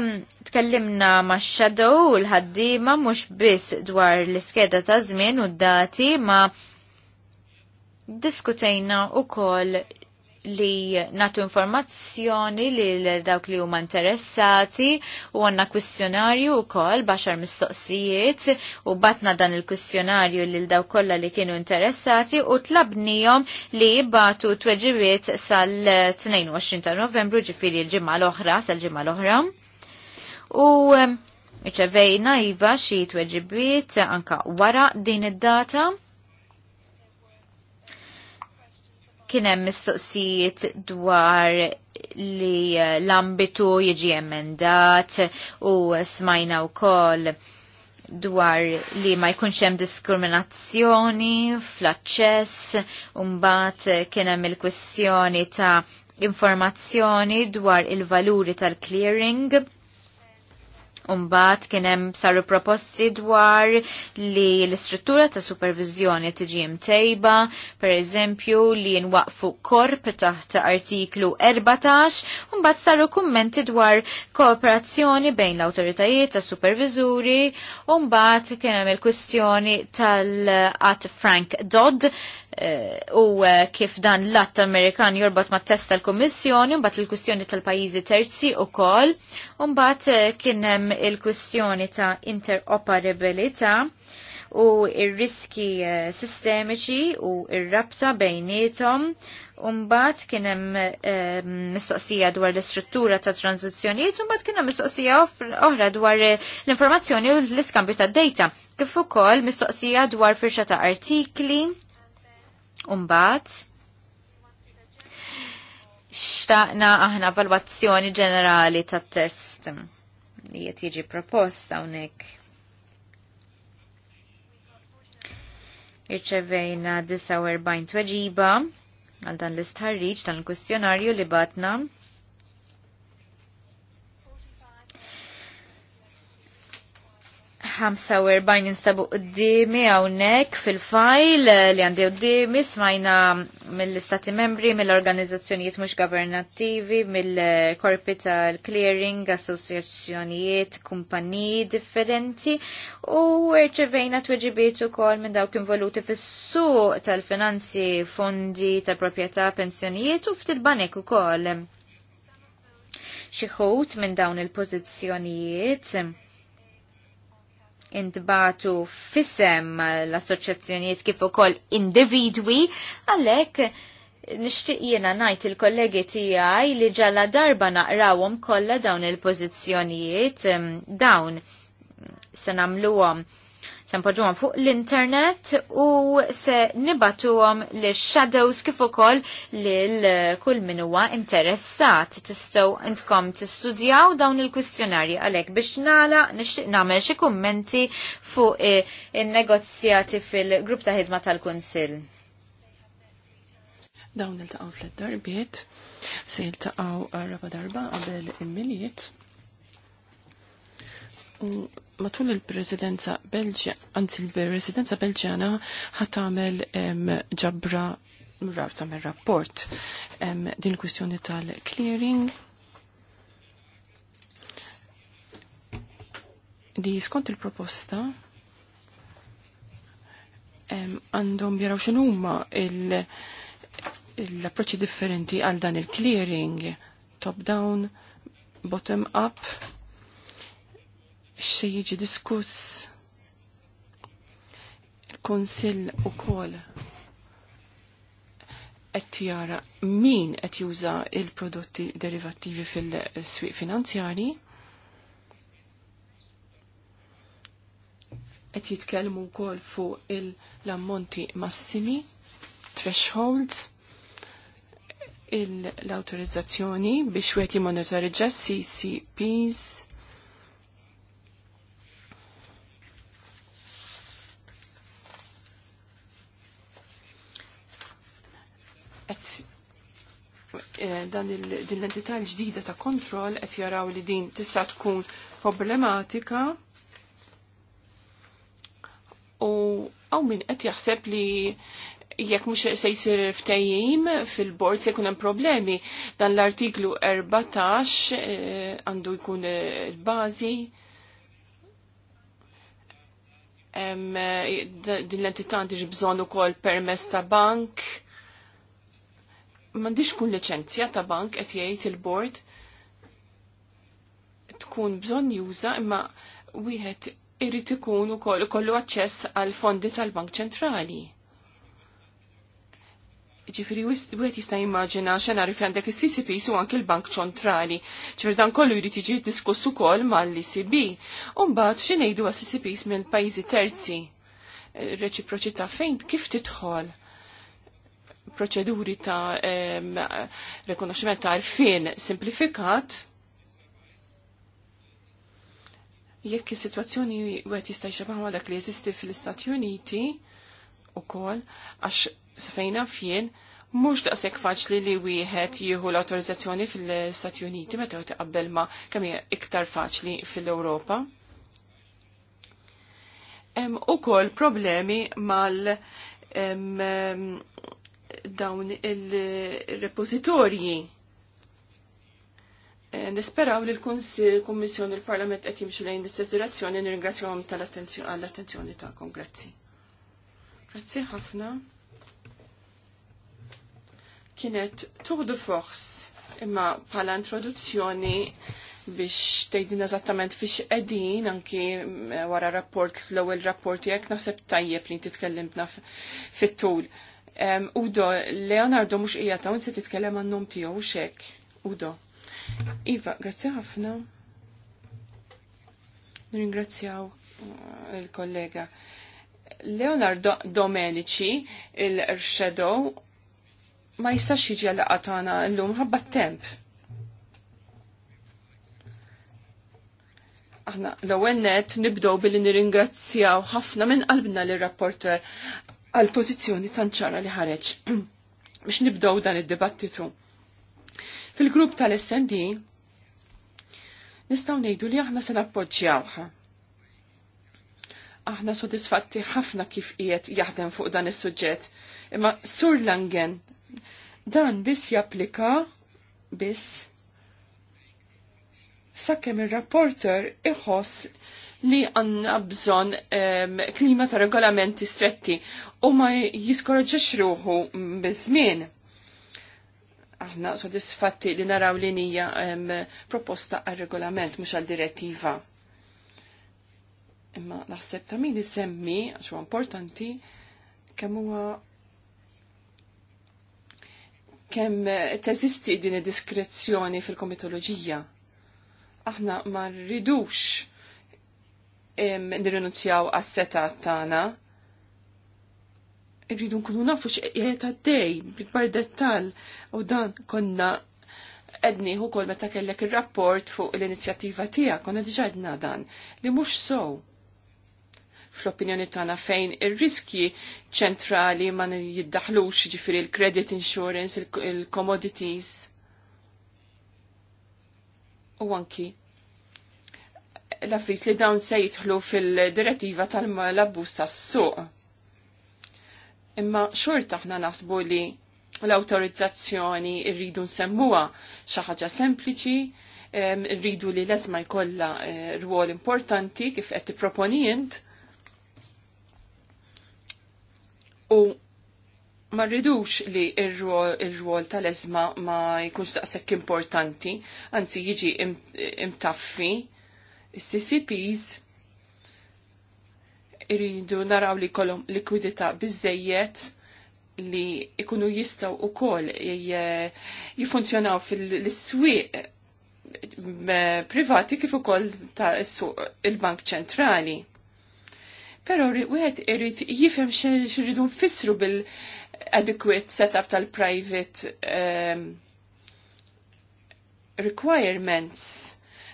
tkellimna ma' shadow l-ħaddima mhux biss dwar l-iskeda ta' żmien u d-dati ma' diskutejna u kol li natu informazzjoni li dawk li huma interessati u għanna kwestjonarju u kol baxar mistoqsijiet u batna dan il-kwistjonarju li dawk kolla li kienu interessati u tlabnijom li batu tweġibiet sal-22 ta' novembru ġifiri l-ġimma l-oħra sal-ġimma l-oħra u um, iċevejna jiva xie tweġibiet anka wara din id-data Kien hemm mistoqsijiet dwar li eh, l-ambitu jiġi emendat u smajna wkoll dwar li ma jkunx hemm diskriminazzjoni fl-aċċess u mbagħad kien hemm il-kwistjoni ta' informazzjoni dwar il-valuri tal-clearing Umbat kienem saru proposti dwar li l-istruttura ta' supervizjoni tiġi mtejba, per eżempju li nwaqfu korp taħt artiklu 14, umbat saru kummenti dwar kooperazzjoni bejn l-autoritajiet ta' supervizuri, umbat kienem il-kwistjoni tal-at Frank Dodd, eh, u eh, kif dan l-att Amerikan jorbot ma testa tal-Kommissjoni, mbagħad il-kwistjoni tal-pajjiżi terzi u kol, mbagħad eh, kien hemm il-kwistjoni ta' interoperabilità u ir-riski eh, sistemiċi u ir-rabta bejnietom Umbat kien hemm eh, mistoqsija dwar l-istruttura ta' tranzizzjonijiet, umbat kien hemm mistoqsija oħra dwar eh, l-informazzjoni u l-iskambju ta' data. Kif ukoll mistoqsija dwar firxa ta' artikli. Umbat xtaqna aħna valwazzjoni ġenerali tat test jiet jieġi jiġi proposta hawnhekk. Irċevejna 49 tweġiba għal dan l-istħarriġ tal-kwistjonarju li batna 45 instabu qdimi hawnhekk fil-fajl li għandi qdimi smajna mill-istati membri, mill-organizzazzjonijiet mhux governattivi, mill-korpi tal-clearing, assoċjazzjonijiet, kumpaniji differenti u rċevejna tweġibiet ukoll minn dawk involuti fis-suq tal-finanzi, fondi tal-proprjetà, pensjonijiet u ftit banek ukoll. Xi Xieħut minn dawn il-pożizzjonijiet intbatu fissem l-assoċjazzjonijiet kif ukoll individwi għalhekk nishtiq jiena najt il-kollegi tiegħi li ġalla darba naqrawhom kollha dawn il-pożizzjonijiet dawn se nagħmluhom tempoġuhom fuq l-internet u se nibatuhom li shadows kif ukoll lil eh, kull min huwa interessat. Tistgħu intkom tistudjaw dawn il-kwistjonarji għalhekk biex nala nixtieq nagħmel xi kummenti fuq eh, in-negozjati fil-grupp ta' ħidma tal-Kunsill. Dawn il-taqgħu fl-darbiet se jiltaqgħu eh, raba darba qabel il-miliet matul il-presidenza Belġja, anzi il-presidenza ħat ħatamel ġabra rabta mir rapport din din kwistjoni tal-clearing di skont il-proposta għandhom jaraw xinumma l-approċċi differenti għal dan il-clearing top-down, bottom-up xej jiġi diskuss il-Konsill ukoll qed jara min qed juża il-prodotti derivattivi fil-swieq finanzjari qed jitkellmu wkoll fuq l-ammonti massimi thresholds l-autorizzazzjoni biex wieħed il-ġessi CCPs Eh, dan din l-entità l-ġdida ta' kontrol qed jaraw li din tista' tkun problematika u għaw min qed jaħseb li jekk mhux se jsir ftejjim fil-bord se jkun hemm problemi. Dan l-artiklu 14 eh, għandu jkun eh, il-bażi din l-entità għandix bżonn ukoll permess ta' bank m'għandix kun licenzja ta' bank qed jgħid il-bord tkun bżonn juża imma wieħed irid ikun ukoll kollu aċċess għal fondi tal-Bank Ċentrali. Ġifiri, u għet jista jimmaġina xenari għandek il-CCP su anki l-Bank ċentrali. ċifiri, dan kollu jrid jiġi diskussu kol mal-ECB. Umbat, xinejdu għas-CCPs minn pajzi terzi? Reċiproċità fejn kif titħol? proċeduri ta' rekonoxximent ta' arfin simplifikat, jekk is-sitwazzjoni wieħed jista' jxabaħ dak li jeżisti fl-Istati Uniti kol, għax fjen, mux mhux daqshekk faċli li wieħed jieħu l-awtorizzazzjoni fil istati Uniti meta tiqabbel ma kemm hija iktar faċli fil-Ewropa. U ukoll problemi mal dawn il-repozitorji. Eh, nisperaw li l-Kunsil, Kummissjoni, l-Parlament qed jimxu lejn l-istess direzzjoni nirringrazzjahom tal-attenzjoni ta' kongrazzi. Grazzi ħafna. Kienet tuħdu fors imma bħala introduzzjoni biex tgħidin eżattament fiex edin anki eh, wara rapport, l-ewwel rapport jekk naħseb tajjeb li titkellimna fit-tul. Udo, Leonardo mux ija ta' unse titkellem għannom tijaw xek. Udo. Iva, grazzi ħafna. Ringrazzjaw eh, il-kollega. Leonardo Domenici, il-Shadow, ma jistax jiġi għatana tagħna llum ħabba temp. Aħna l-ewwel net nibdew billi nirringrazzjaw ħafna minn qalbna lir rapporter għal pożizzjoni tanċara li ħareġ <clears throat> biex nibdow dan id-dibattitu. Fil-grupp tal-SND nistgħu ngħidu li aħna se nappoġġjawha. Aħna sodisfatti ħafna kif qiegħed jaħdem fuq dan is-suġġett, imma Sur Langen dan biss japplika biss sakemm ir-rapporter iħoss li għanna bżon um, klima ta' regolamenti stretti u ma jiskoraġġax ruħu bizmin. Aħna sodisfatti li naraw li nija um, proposta għal regolament mux għal direttiva. Imma naħseb ta' min semmi, għax importanti, kemm huwa kemm teżisti din id-diskrezzjoni fil-komitoloġija. Aħna ma rridux nirrinunzjaw għas-seta tagħna. Irridu nkunu nafu x'qiegħed għaddej bikbar dettall u dan konna edni u kol meta kellek il-rapport fuq l-inizjattiva tija, konna diġadna dan, li mux sow. Fl-opinjoni tana fejn il-riski ċentrali ma jiddaħlux ġifiri l credit insurance, il-commodities. U anki l-affis li dawn se jitħlu fil-direttiva tal-abbuż tas-suq. Imma xorta aħna nasbu li l-autorizzazzjoni rridu nsemmuha xi ħaġa sempliċi, rridu li l jkollha eh, rwol importanti kif qed tipproponijent. U ma rridux li ir-rwol tal-ezma ma jkunx daqshekk importanti, anzi jiġi imtaffi CCPs irridu naraw li kolom likwidita bizzejiet li ikunu jistaw u kol jifunzjonaw fil-swiq eh, privati kif ukoll ta' il-Bank Ċentrali. Pero wieħed irid jifhem x'iridu nfissru bil-adequate setup tal-private um, requirements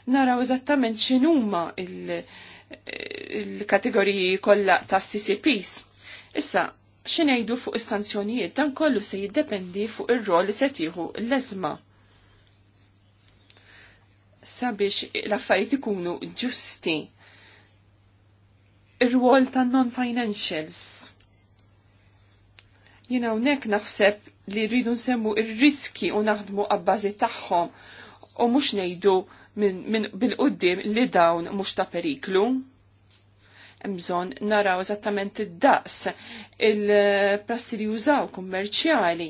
naraw eżattament x'inhuma il-kategoriji il kollha ta' CCPs. Issa, xinejdu fuq istanzjonijiet dan kollu se jiddependi fuq ir-rol li se tieħu l-eżma. Sabiex l-affarijiet ikunu ġusti. Ir-rol ta' non-financials. Jina hawnhekk naħseb li rridu nsemmu ir-riski u naħdmu għabbażi tagħhom u mhux ngħidu bil-qoddim li dawn mhux ta' periklu. Mżon naraw eżattament id-daqs il-prassi li jużaw kummerċjali.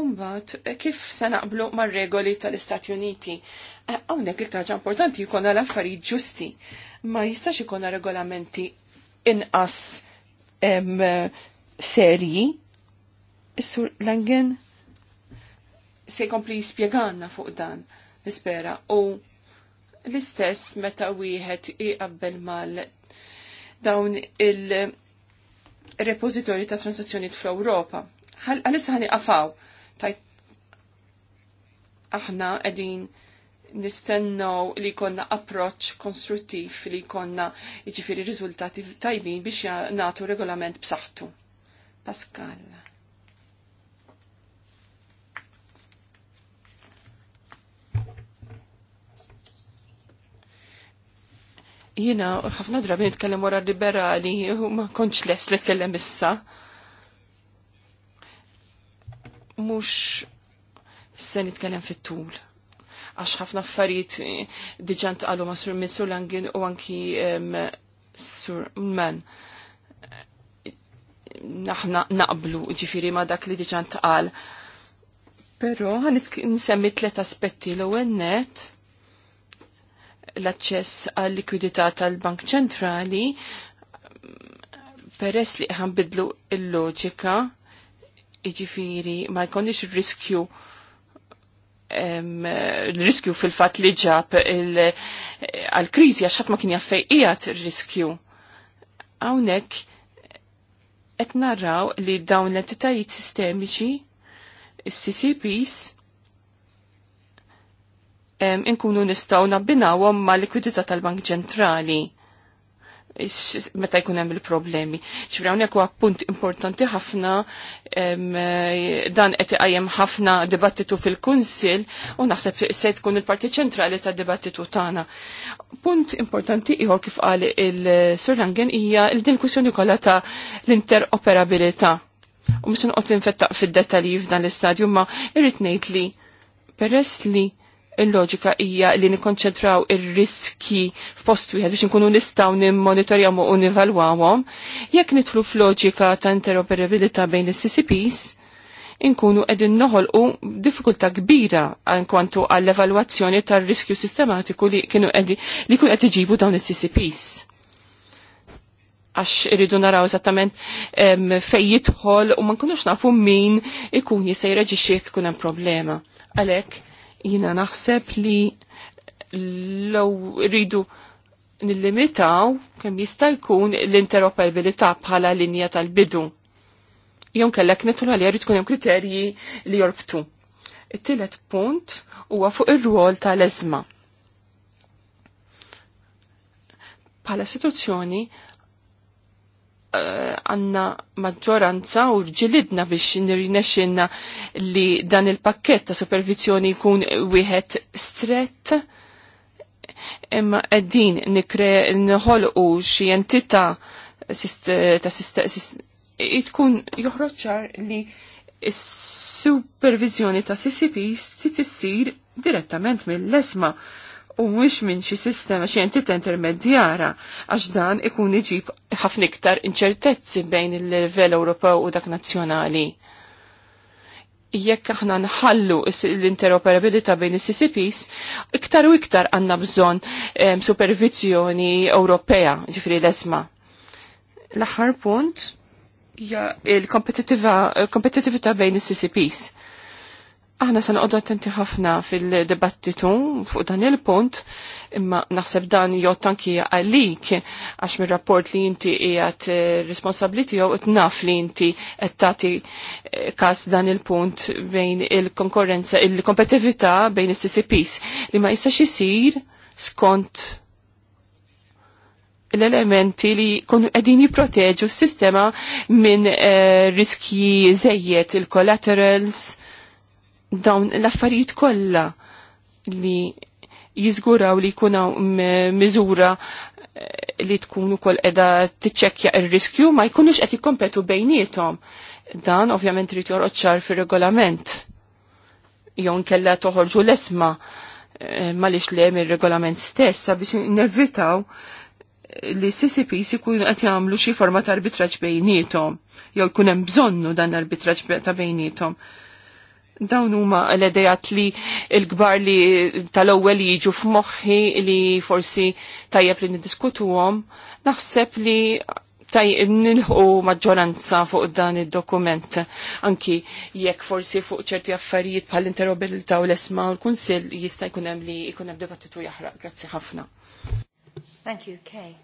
Umbat, kif se naqblu mar-regoli tal-Istati Uniti? Eh, hawnhekk li ħaġa importanti jkollna l-affarijiet ġusti. Ma jistax jikona regolamenti inqas serji. Is-sur Langen se jkompli jispjegana fuq dan nispera u l-istess meta wieħed iqabbel mal dawn il-repozitorji ta' transazzjoni fl-Ewropa. Għalissa ħani għafaw, tajt aħna qegħdin nistennaw li konna approċ konstruttiv li konna iġifiri riżultati tajbin biex nagħtu regolament b'saħħtu. Pascal. Jina, ħafna drabi nitkellem wara liberali, u ma konċ les li nitkellem issa. Mux se nitkellem fit-tul. Għax ħafna affarijiet eh, diġant għalu ma sur minn sur langin u anki sur men. naħna naqblu ġifiri ma dak li diġan tqal. Pero għan nsemmi tlet aspetti l ewwel l-aċċess għal likwidità tal-Bank Ċentrali peress li bidlu il-loġika iġifiri ma jkonix riskju l-riskju fil-fat li ġab għal-krizi għaxħat ma kien ijat il-riskju. Għawnek et narraw li dawn l-entitajiet sistemiċi, il-CCPs, inkunu nistgħu nabbinawhom ma' likwidità tal-Bank Ċentrali meta jkun hemm il-problemi. Ċifra hawnhekk huwa punt importanti ħafna dan qed iqajjem ħafna dibattitu fil-Kunsill u naħseb se tkun il-parti ċentrali tad-dibattitu tagħna. Punt importanti ieħor kif qal il-Sur Langen hija il din il-kwissjoni kollha ta' l-interoperabilità. U mhux inqgħod infettaq fid-dettalji f'dan l-istadju ma irrid ngħid li peress li il-loġika hija li nikkonċentraw ir-riski f'post wieħed biex nkunu nistgħu nimmonitorjawhom u nivalwawhom, jekk nidħlu f'loġika ta' interoperabilità bejn is-CCPs, inkunu qegħdin noħolqu diffikultà kbira kwantu għall-evalwazzjoni tar-riskju sistematiku li kienu qegħdin li jkunu qed iġibu dawn is-CCPs għax irridu naraw eżattament fej jidħol u ma nkunux nafu min ikun jista' jreġixxi jekk ikun hemm problema. Għalhekk Jina naħseb li law rridu nillimitaw kemm jista' jkun l-interoperabilità bħala linja tal-bidu. Jew kellek nitlu għalija jrid tkun hemm kriterji li jorbtu. It-tielet punt huwa fuq ir-rwol tal-eżma. Bħala istituzzjoni Eh, għanna maġġoranza u ġilidna biex nirnexxinna li dan il-pakket ta' supervizjoni jkun wieħed strett imma qegħdin nikre nħolqu xi entità ta' tkun joħroġ li s-supervizjoni ta' CCP tissir direttament mill-lesma' u mhux minn xi sistema xie entita intermedjara għax dan ikun iġib ħafna iktar inċertezzi bejn il-livell Ewropew u dak nazzjonali. Jekk aħna nħallu l-interoperabilità bejn is-CCPs, iktar u iktar għandna bżonn supervizjoni Ewropea, ġifri l-esma. L-aħħar punt il kompetitivita kompetitività bejn is-CCPs Aħna se noqogħdu attenti ħafna fil-dibattitu fuq dan il-punt, imma naħseb dan jgħod anki għalik għax mir-rapport li inti jgħat responsabbli tiegħu qed naf li inti qed tagħti eh, każ dan il-punt bejn il-konkurrenza, il kompetivita bejn is-CCPs li ma jistax isir skont l-elementi li kun għedin jiproteġu s-sistema minn eh, riski zejiet il-collaterals, dawn l-affarijiet kollha li jizguraw li jkunaw miżura eh, li tkun ukoll qiegħda tiċċekkja ir-riskju ma jkunux qed jikkompetu bejnietom. Dan ovvjament trid jorqod ċar fir-regolament. Jew nkella toħorġu l-esma eh, lix li hemm ir-regolament stessa sabiex nevitaw li CCPs jkunu qed jagħmlu xi forma ta' arbitraġġ bejnietom jew jkun hemm bżonnu dan l-arbitraġġ ta' bejnietom dawn huma l-idejat li l-kbar li tal-ewwel jiġu f'moħħi li forsi tajjeb li niddiskutuhom, naħseb li taj nilħu maġġoranza fuq dan id-dokument. Anki jekk forsi fuq ċerti affarijiet bħal interoperabilità u l-esma u l-kunsill jista' jkun hemm li jkun hemm dibattitu jaħraq. Grazzi ħafna. Thank you, Kay.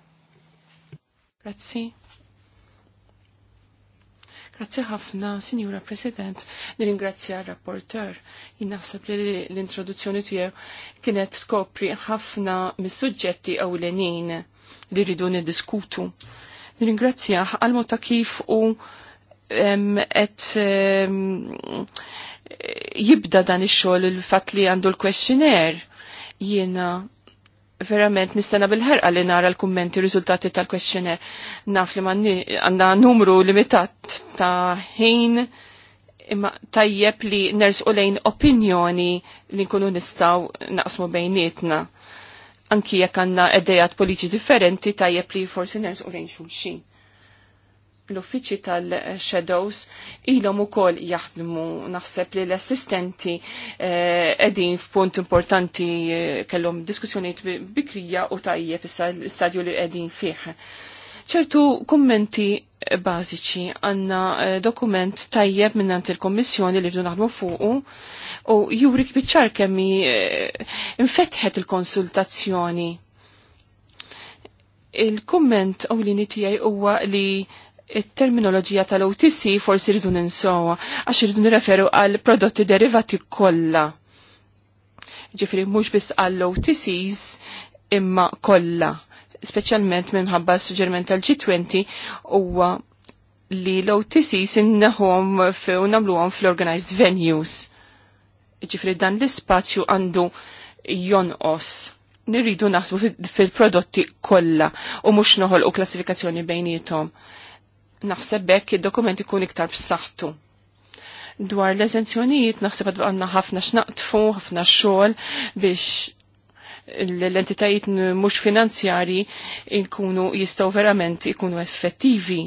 Grazzi. Grazzi ħafna, Signora President, nirringrazzja r rapporteur Jinnaħseb li l-introduzzjoni tiegħu kienet tkopri ħafna mis-suġġetti ewlenin li rridu niddiskutu. Nirringrazzja għalmu ta' kif u qed jibda dan ix-xogħol il-fatt li għandu l-questionnaire jiena verament nistana bil-ħerqa li nara l-kummenti riżultati tal questioner Naf li manni għanna numru limitat ta' ħin imma tajjeb li nersqu lejn opinjoni li nkunu nistaw naqsmu bejnietna. Anki jekk għanna eddejat politiċi differenti tajjeb li forsi u lejn xulxin l-uffiċi tal-Shadows ilhom ukoll jaħdmu naħseb li l-assistenti qegħdin eh, f'punt importanti eh, kellhom diskussjonijiet bikrija u tajjeb l stadju li qegħdin fih. ċertu kummenti bażiċi għanna eh, dokument tajjeb minnant il-Kommissjoni li rridu naħdmu fuqu u jurik biċċar kemmi infetħet il-konsultazzjoni. Il-komment u li nitijaj huwa li it-terminoloġija tal-OTC forsi rridu ninsowa, għax rridu nirreferu għal prodotti derivati kollha. Ġifri mhux biss għall otcs imma kollha, speċjalment minħabba suġġerment tal-G20 huwa li l-OTCs fi u nagħmluhom fl-organized venues. Ġifri dan l-ispazju għandu jonqos nirridu naħsbu fil-prodotti kollha u mhux noħolqu klassifikazzjoni bejnietom naħseb il id-dokument ikun iktar b'saħħtu. Dwar l-eżenzjonijiet naħseb għad għanna ħafna x'naqtfu, ħafna xogħol biex l-entitajiet mhux finanzjari jkunu jistgħu verament ikunu effettivi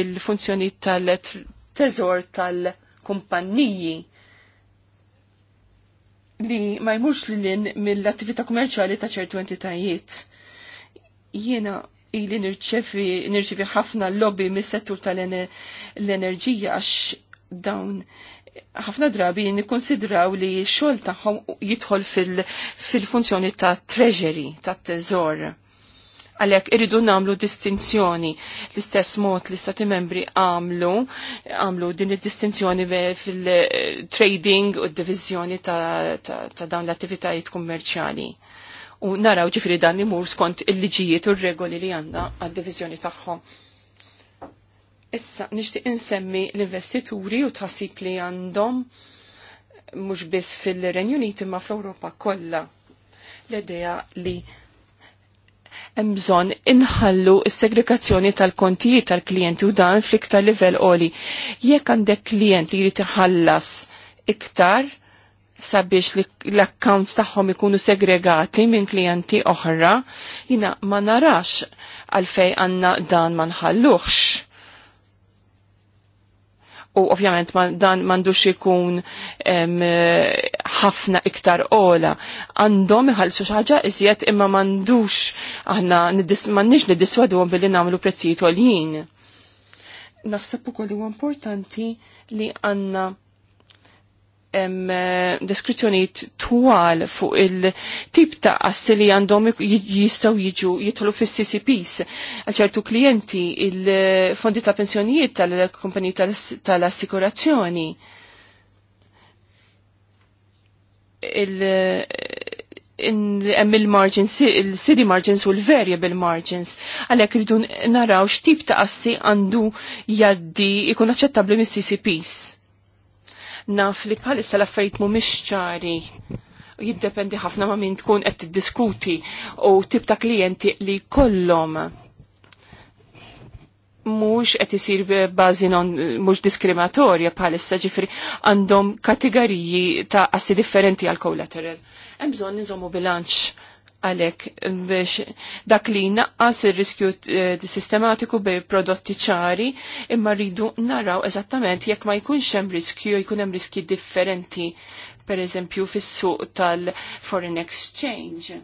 il-funzjoni tal-teżor tal-kumpanniji li ma jmux l mill-attività kummerċjali ta' ċertu entitajiet. Jiena ili nirċefi ħafna lobby mis-settur tal-enerġija għax dawn ħafna drabi nikkonsidraw li xogħol taħħom jidħol fil-funzjoni fil ta' treasury, ta' teżor. Għalhekk irridu nagħmlu distinzjoni l-istess mod li stati membri għamlu għamlu din id-distinzjoni fil-trading u d divizjoni ta', ta, ta dawn l-attivitajiet kummerċjali u naraw ġifri dan li mur skont il-liġijiet u r-regoli li għanna għad-divizjoni tagħhom. Issa nixtieq insemmi l-investituri u tħassib li għandhom mhux biss fil-Renju Uniti ma fl-Ewropa kollha. L-idea li hemm bżonn inħallu s-segregazzjoni tal-kontijiet tal-klijenti u dan fl-iktar livell qoli. Jekk għandek klient li jrid iħallas iktar, sabiex l-accounts tagħhom ikunu segregati minn klijenti oħra, jina ma narax għalfej għanna dan ma nħalluħx. U ovvjament dan mandux ikun ħafna iktar ola. Għandhom iħallsu xaġa iżjed imma mandux aħna m'għandniex nidiswadu billi nagħmlu prezzijiet għoljien. Naħseb ukoll huwa importanti li għandna Eh, deskrizzjonijiet twal fuq il-tip ta' assi li għandhom jistaw jiġu jitlu fis ccps ċertu klienti il-fondi ta' pensjonijiet tal-kompanji tal-assikurazzjoni. Hemm il-margins, il-city margins u l-variable margins. Għalhekk rridu naraw x'tip ta' assi għandu jaddi ikun aċċettabbli mis-CCPs Naf li bħalissa l-affarijiet mhumiex ċari jiddependi ħafna ma' min tkun qed tiddiskuti u tip ta' klijenti li kollhom mhux qed isir bażi non mhux diskriminatorja bħalissa ġifri għandhom kategoriji ta' assi differenti għal collateral. Hemm bżonn bilanċ għalek biex dak li naqqas il-riskju eh, sistematiku bej prodotti ċari imma rridu naraw eżattament jekk ma jkunx hemm riskju jkun hemm riski differenti per eżempju fis-suq tal-foreign exchange.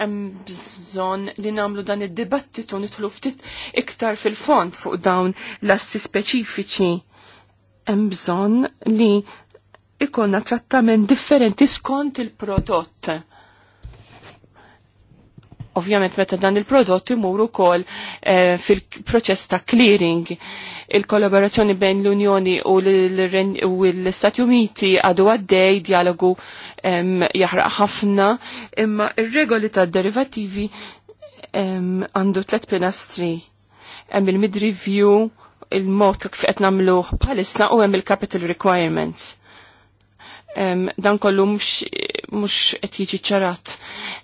Hemm bżonn li nagħmlu dan id-dibattitu nidħlu ftit iktar fil-fond fuq dawn l-assi speċifiċi. Hemm bżonn li ikonna trattament differenti skont il-prodott. Ovvjament meta dan il-prodott imur ukoll eh, fil-proċess ta' clearing. Il-kollaborazzjoni bejn l-Unjoni u l-Istati Uniti għadu għaddej dialogu jaħraq ħafna, imma ir-regoli tad derivativi għandu tlet pilastri. Hemm il-mid review, il-mod kif qed nagħmluh bħalissa u hemm il-capital requirements dan kollu mux qed jiġi ċarat.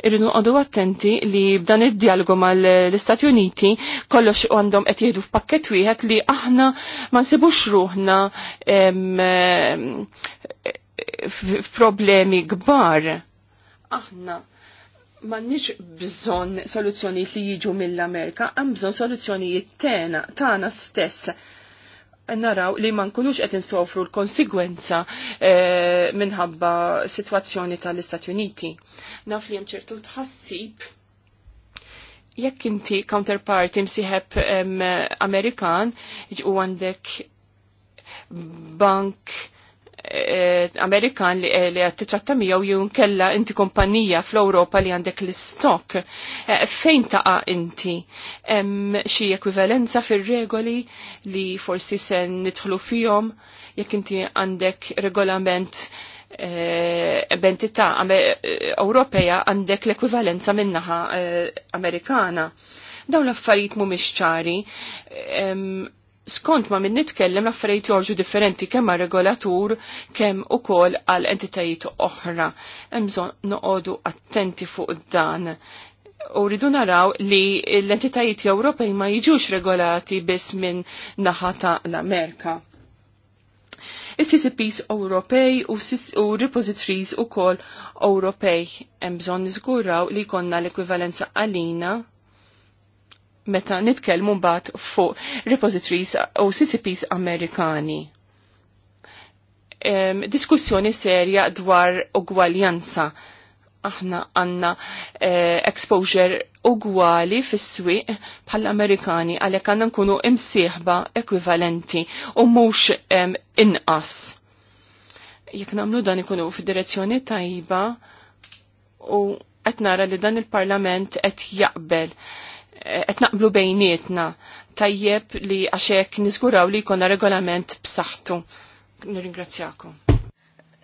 Irridu għadu attenti li b'dan id-dialogu mal-Istati Uniti kollox għandhom qed jieħdu f'pakkett wieħed li aħna ma nsibux ruħna f'problemi kbar. Aħna nix bżon soluzzjonijiet li jiġu mill-Amerika, għam bżon soluzzjonijiet jittena, tana stess naraw li ma nkunux qed insofru l-konsegwenza eh, minħabba situazzjoni tal-Istati Uniti. Naf li hemm ċertu tħassib jekk inti counterpart imsiħeb Amerikan u għandek bank Eh, Amerikan li eh, għed titratta miegħu jew kella inti kumpanija fl-Ewropa li għandek l-istok. Eh, fejn taqa inti? xi ekwivalenza fir-regoli li forsi se nidħlu fihom jekk inti għandek regolament b'entità Ewropea għandek l-ekwivalenza minnaħa Amerikana. Dawn l-affarijiet mhumiex ċari skont ma minn nitkellem affarijiet jorġu differenti kemm għal regolatur kemm ukoll għal entitajiet oħra. Hemm bżonn noqogħdu attenti fuq dan. U rridu naraw li l-entitajiet Ewropej ma jiġux regolati biss minn naħa l-Amerika. Is-CCPs Ewropej u, u repositories ukoll Ewropej hemm bżonn niżguraw li jkollna l ekvivalenza għalina meta nitkellmu mbagħad fuq repositories u CCPs Amerikani. Um, diskussjoni serja dwar ugwaljanza. Aħna għanna uh, eh, exposure ugwali fis-swieq bħall-Amerikani għalhekk għandna nkunu imsieħba ekwivalenti u mhux um, inqas. Jekk nagħmlu dan ikunu fid-direzzjoni tajba u qed nara li dan il-Parlament qed jaqbel qed naqblu bejnietna tajjeb li għaxek niżguraw li jkollna regolament b'saħħtu. Nirringrazzjakom.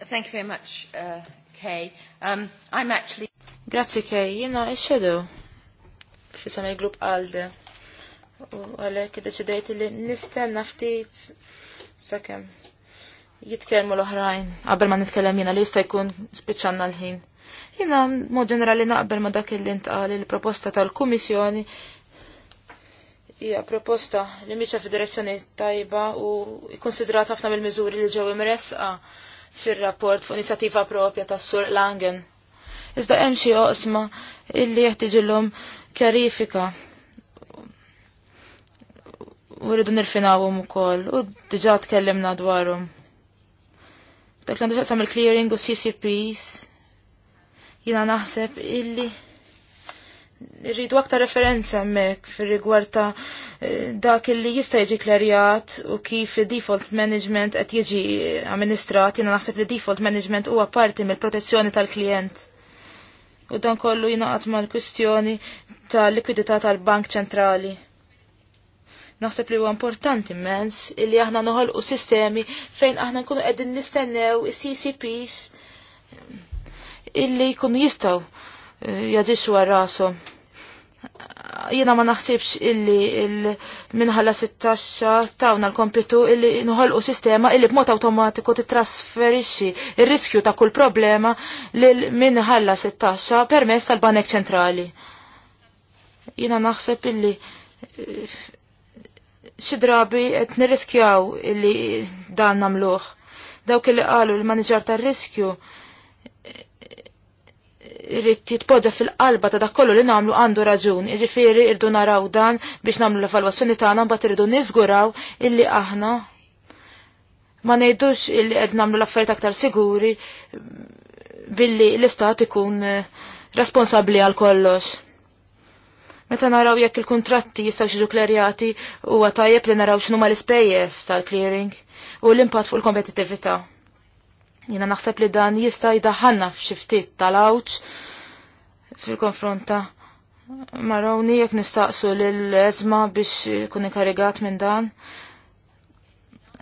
Thank you very much, uh, Kay. Um, I'm actually... Grazzi Kay, Jena, il Fisam il-grupp għalde. U għalek id-deċidejt li nistenna ftit sakem jitkellmu l-oħrajn qabel ma nitkellem jiena li jista' jkun spiċċanna l-ħin. Jina mod ġenerali naqbel ma dak li ntqal il-proposta tal-Kummissjoni hija proposta li mhixha f'direzzjoni tajba u konsidrat ħafna mill-miżuri li ġew imresqa fir-rapport fuq inizjattiva propja tas Sur Langen. Iżda hemm xi oqsma illi tiġilhom kjarifika u rridu nirfinawhom ukoll u diġà tkellimna dwarhom. Dak l-għandu xaqsam il-clearing u CCPs Jina naħseb illi rridu aktar referenza mek fir rigward ta' eh, dak illi jista' jiġi klerjat u kif default management qed jiġi amministrat, jiena naħseb li default management huwa parti mill-protezzjoni tal-klient. U dan kollu jingħaqad mal-kwistjoni ta' likwidità tal-Bank Ċentrali. Naħseb li huwa importanti immens illi aħna noħolqu sistemi fejn aħna nkunu qegħdin nistennew is-CCPs illi jkunu jistaw eh, jadissu għal Jena Jiena ma naħsibx illi ill minħalla 16 tawna l-kompitu illi nħolqu sistema illi b'mod automatiku titrasferixxi il riskju ta' kull problema lil minħalla 16 permess tal-Banek Ċentrali. Jiena naħseb illi eh, xi drabi qed nirriskjaw illi dan nagħmluh. Dawk illi qalu l-maniġar tar-riskju irrid jitpoġġa fil-qalba ta' dak kollu li nagħmlu għandu raġun. Iġifieri irdu naraw dan biex nagħmlu l-evalwazzjoni tagħna mbagħad irridu niżguraw illi aħna ma ngħidux illi qed nagħmlu l-affarijiet aktar siguri billi l-istat ikun eh, responsabbli għal kollox. Meta naraw jekk il-kontratti jistgħu jiġu klerjati huwa tajjeb li naraw x'numa l-ispejjeż tal-clearing u l-impatt fuq il-kompetittività jina naħseb li dan jista jidaħanna f'xiftit tal-awċ fil-konfronta Marawni jek nistaqsu l-ezma biex kun inkarigat minn dan.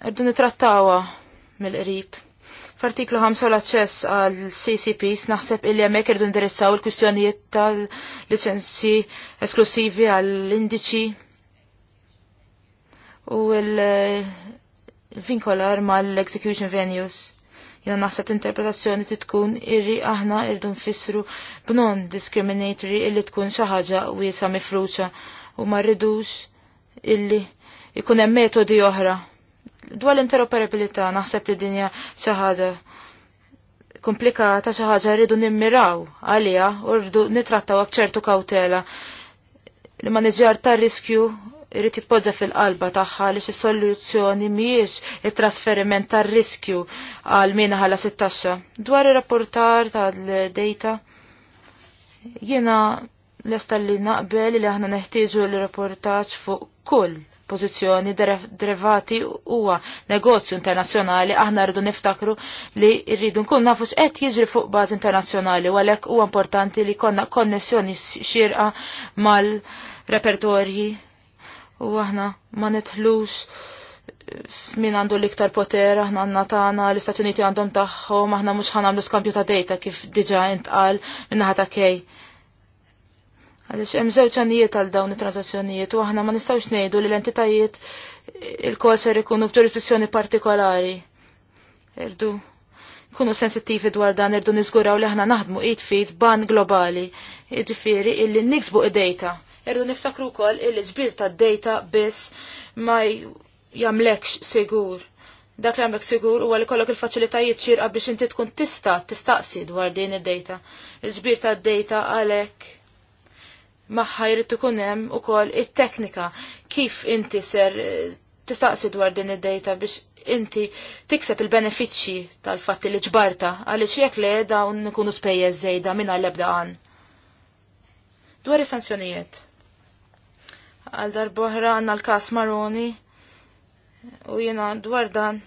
Irdu nitrattawa mill-qrib. F'artiklu 5 l-aċċess għal CCPs naħseb illi hemmhekk irdu ndirizzaw il-kwistjonijiet tal-liċenzji esklusivi għall-indiċi u l-vinkolar mal-execution venues jina naħseb l-interpretazzjoni titkun tkun irri aħna irdu nfissru b'non discriminatory illi tkun xi ħaġa wiesa mifruċa u ma rridux illi ikun hemm metodi oħra. Dwar l-interoperabilità naħseb li dinja xi ħaġa komplikata xi ħaġa rridu nimmiraw għaliha u rridu nitrattaw b'ċertu kawtela li ma niġġar ta' riskju irrit jitpoġġa fil-qalba tagħha li xi soluzzjoni mhijiex it-trasferiment tar-riskju għal min ħala sit-taxxa. Dwar ir-rapportar tal-data jiena lesta li naqbel li aħna neħtieġu l-rapportaġġ fuq kull pożizzjoni derivati huwa negozju internazzjonali aħna rridu niftakru li rridu nkun nafu x'qed jiġri fuq bażi internazzjonali u għalhekk huwa importanti li konna konnessjoni xirqa mal-repertorji u aħna ma netħlux min għandu l-iktar poter, aħna għanna tagħna l-Istati Uniti għandhom tagħhom, aħna mhux ħanamlu skambju ta' dejta kif diġà intqal minnaħa ta' kej. Għaliex hemm żewġ għanijiet għal dawn it-transazzjonijiet u aħna ma nistgħux ngħidu li l-entitajiet il-kol ikunu f'ġurisdizzjoni partikolari. Irdu kunu sensittivi dwar dan irdu niżguraw li aħna naħdmu id fid ban globali, jiġifieri illi niksbu id-dejta. Erdu niftakru wkoll il ġbil ta' data biss ma jamlekx sigur. Dak li għamlek sigur u għalli kollok il-faċilitajiet xirqa biex inti tkun tista' tistaqsi dwar din id-data. Il-ġbir ta' data għalhekk magħha jrid ikun hemm ukoll it-teknika kif inti ser eh, tistaqsi dwar din id-data biex inti tikseb il-benefiċċji tal-fatti li ġbarta għaliex jekk le dawn ikunu spejjeż żejda minn għall ebda għan. Dwar is-sanzjonijiet għal darboħra għanna l-kas maroni u jena dwar dan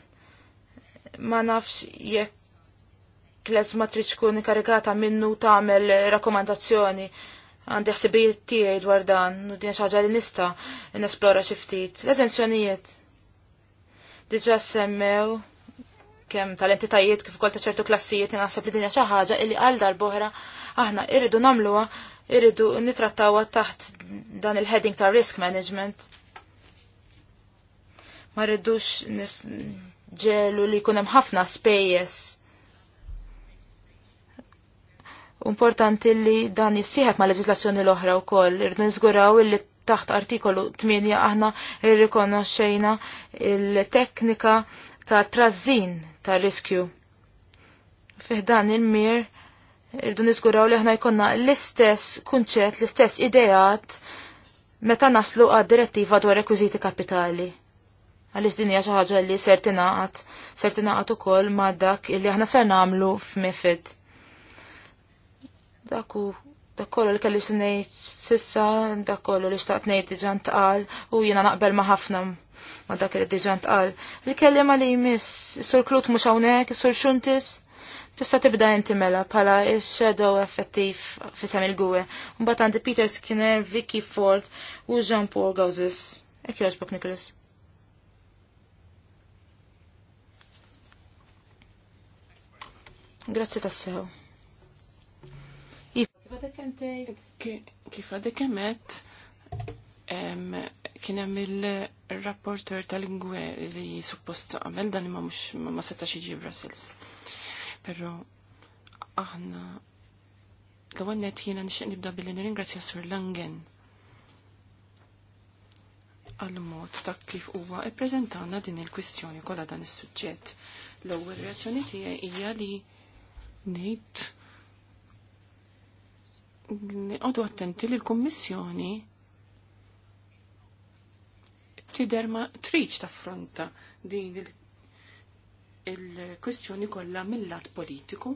ma nafx jekk l-ezma tkun karikata minnu tagħmel rakkomandazzjoni għandi ħsibijiet tiegħi dwar dan u din xaġa li nista' nesplora xi ftit. L-eżenzjonijiet diġà semmew kemm tal-entitajiet kif ukoll ta' ċertu klassijiet naħseb li dinja xi ħaġa li għal darboħra aħna irridu nagħmluha irridu nitrattawa taħt dan il-heading ta' risk management. Ma rridux ġelu li kunem ħafna spejjes. Importanti li dan jissieħeb ma' leġislazzjoni l-oħra u koll, irridu nizguraw li taħt artikolu 8 aħna irrikonoxxejna il-teknika ta' trażin ta' riskju. dan il-mir Irdu niżguraw li aħna jkollna l-istess kunċett, l-istess ideat meta naslu għad direttiva dwar rekwiżiti kapitali. Għaliex din hija xi ħaġa li ser tingħaqad, ser tingħaqad ukoll ma' dak illi aħna ser nagħmlu f'Mifid. Daku dak kollu li kelli ngħid sissa, dak kollu li xtaqt ngħid diġà ntqal u jiena naqbel ma' ħafna ma' dak li diġà ntqal. il ma li jmiss, is-sur Klut mhux hawnhekk, is-sur Xuntis. Tista' tibda inti mela pala il-shadow effettiv fi sam il-gwe. Mbagħad għandi Peter Skinner, Vicky Ford u Jean Paul Gauzes. Ek jogħġbok Nicholas. Grazzi tassew. Iva, kif għadek kemet kien hemm il-rapporter tal-lingwe li suppost għamel dan imma mhux ma setax jiġi Brussels. Però aħna l għonnet jina jiena nixtieq nibda billi nirringrazzja Sur Langen għal mod ta' kif huwa ippreżentana din il-kwistjoni kollha dan is-suġġett. L-ewwel reazzjoni tiegħi hija li ngħid għodu attenti li l-Kummissjoni tider ma triċ taffronta din il il-kwistjoni kollha mill-lat politiku.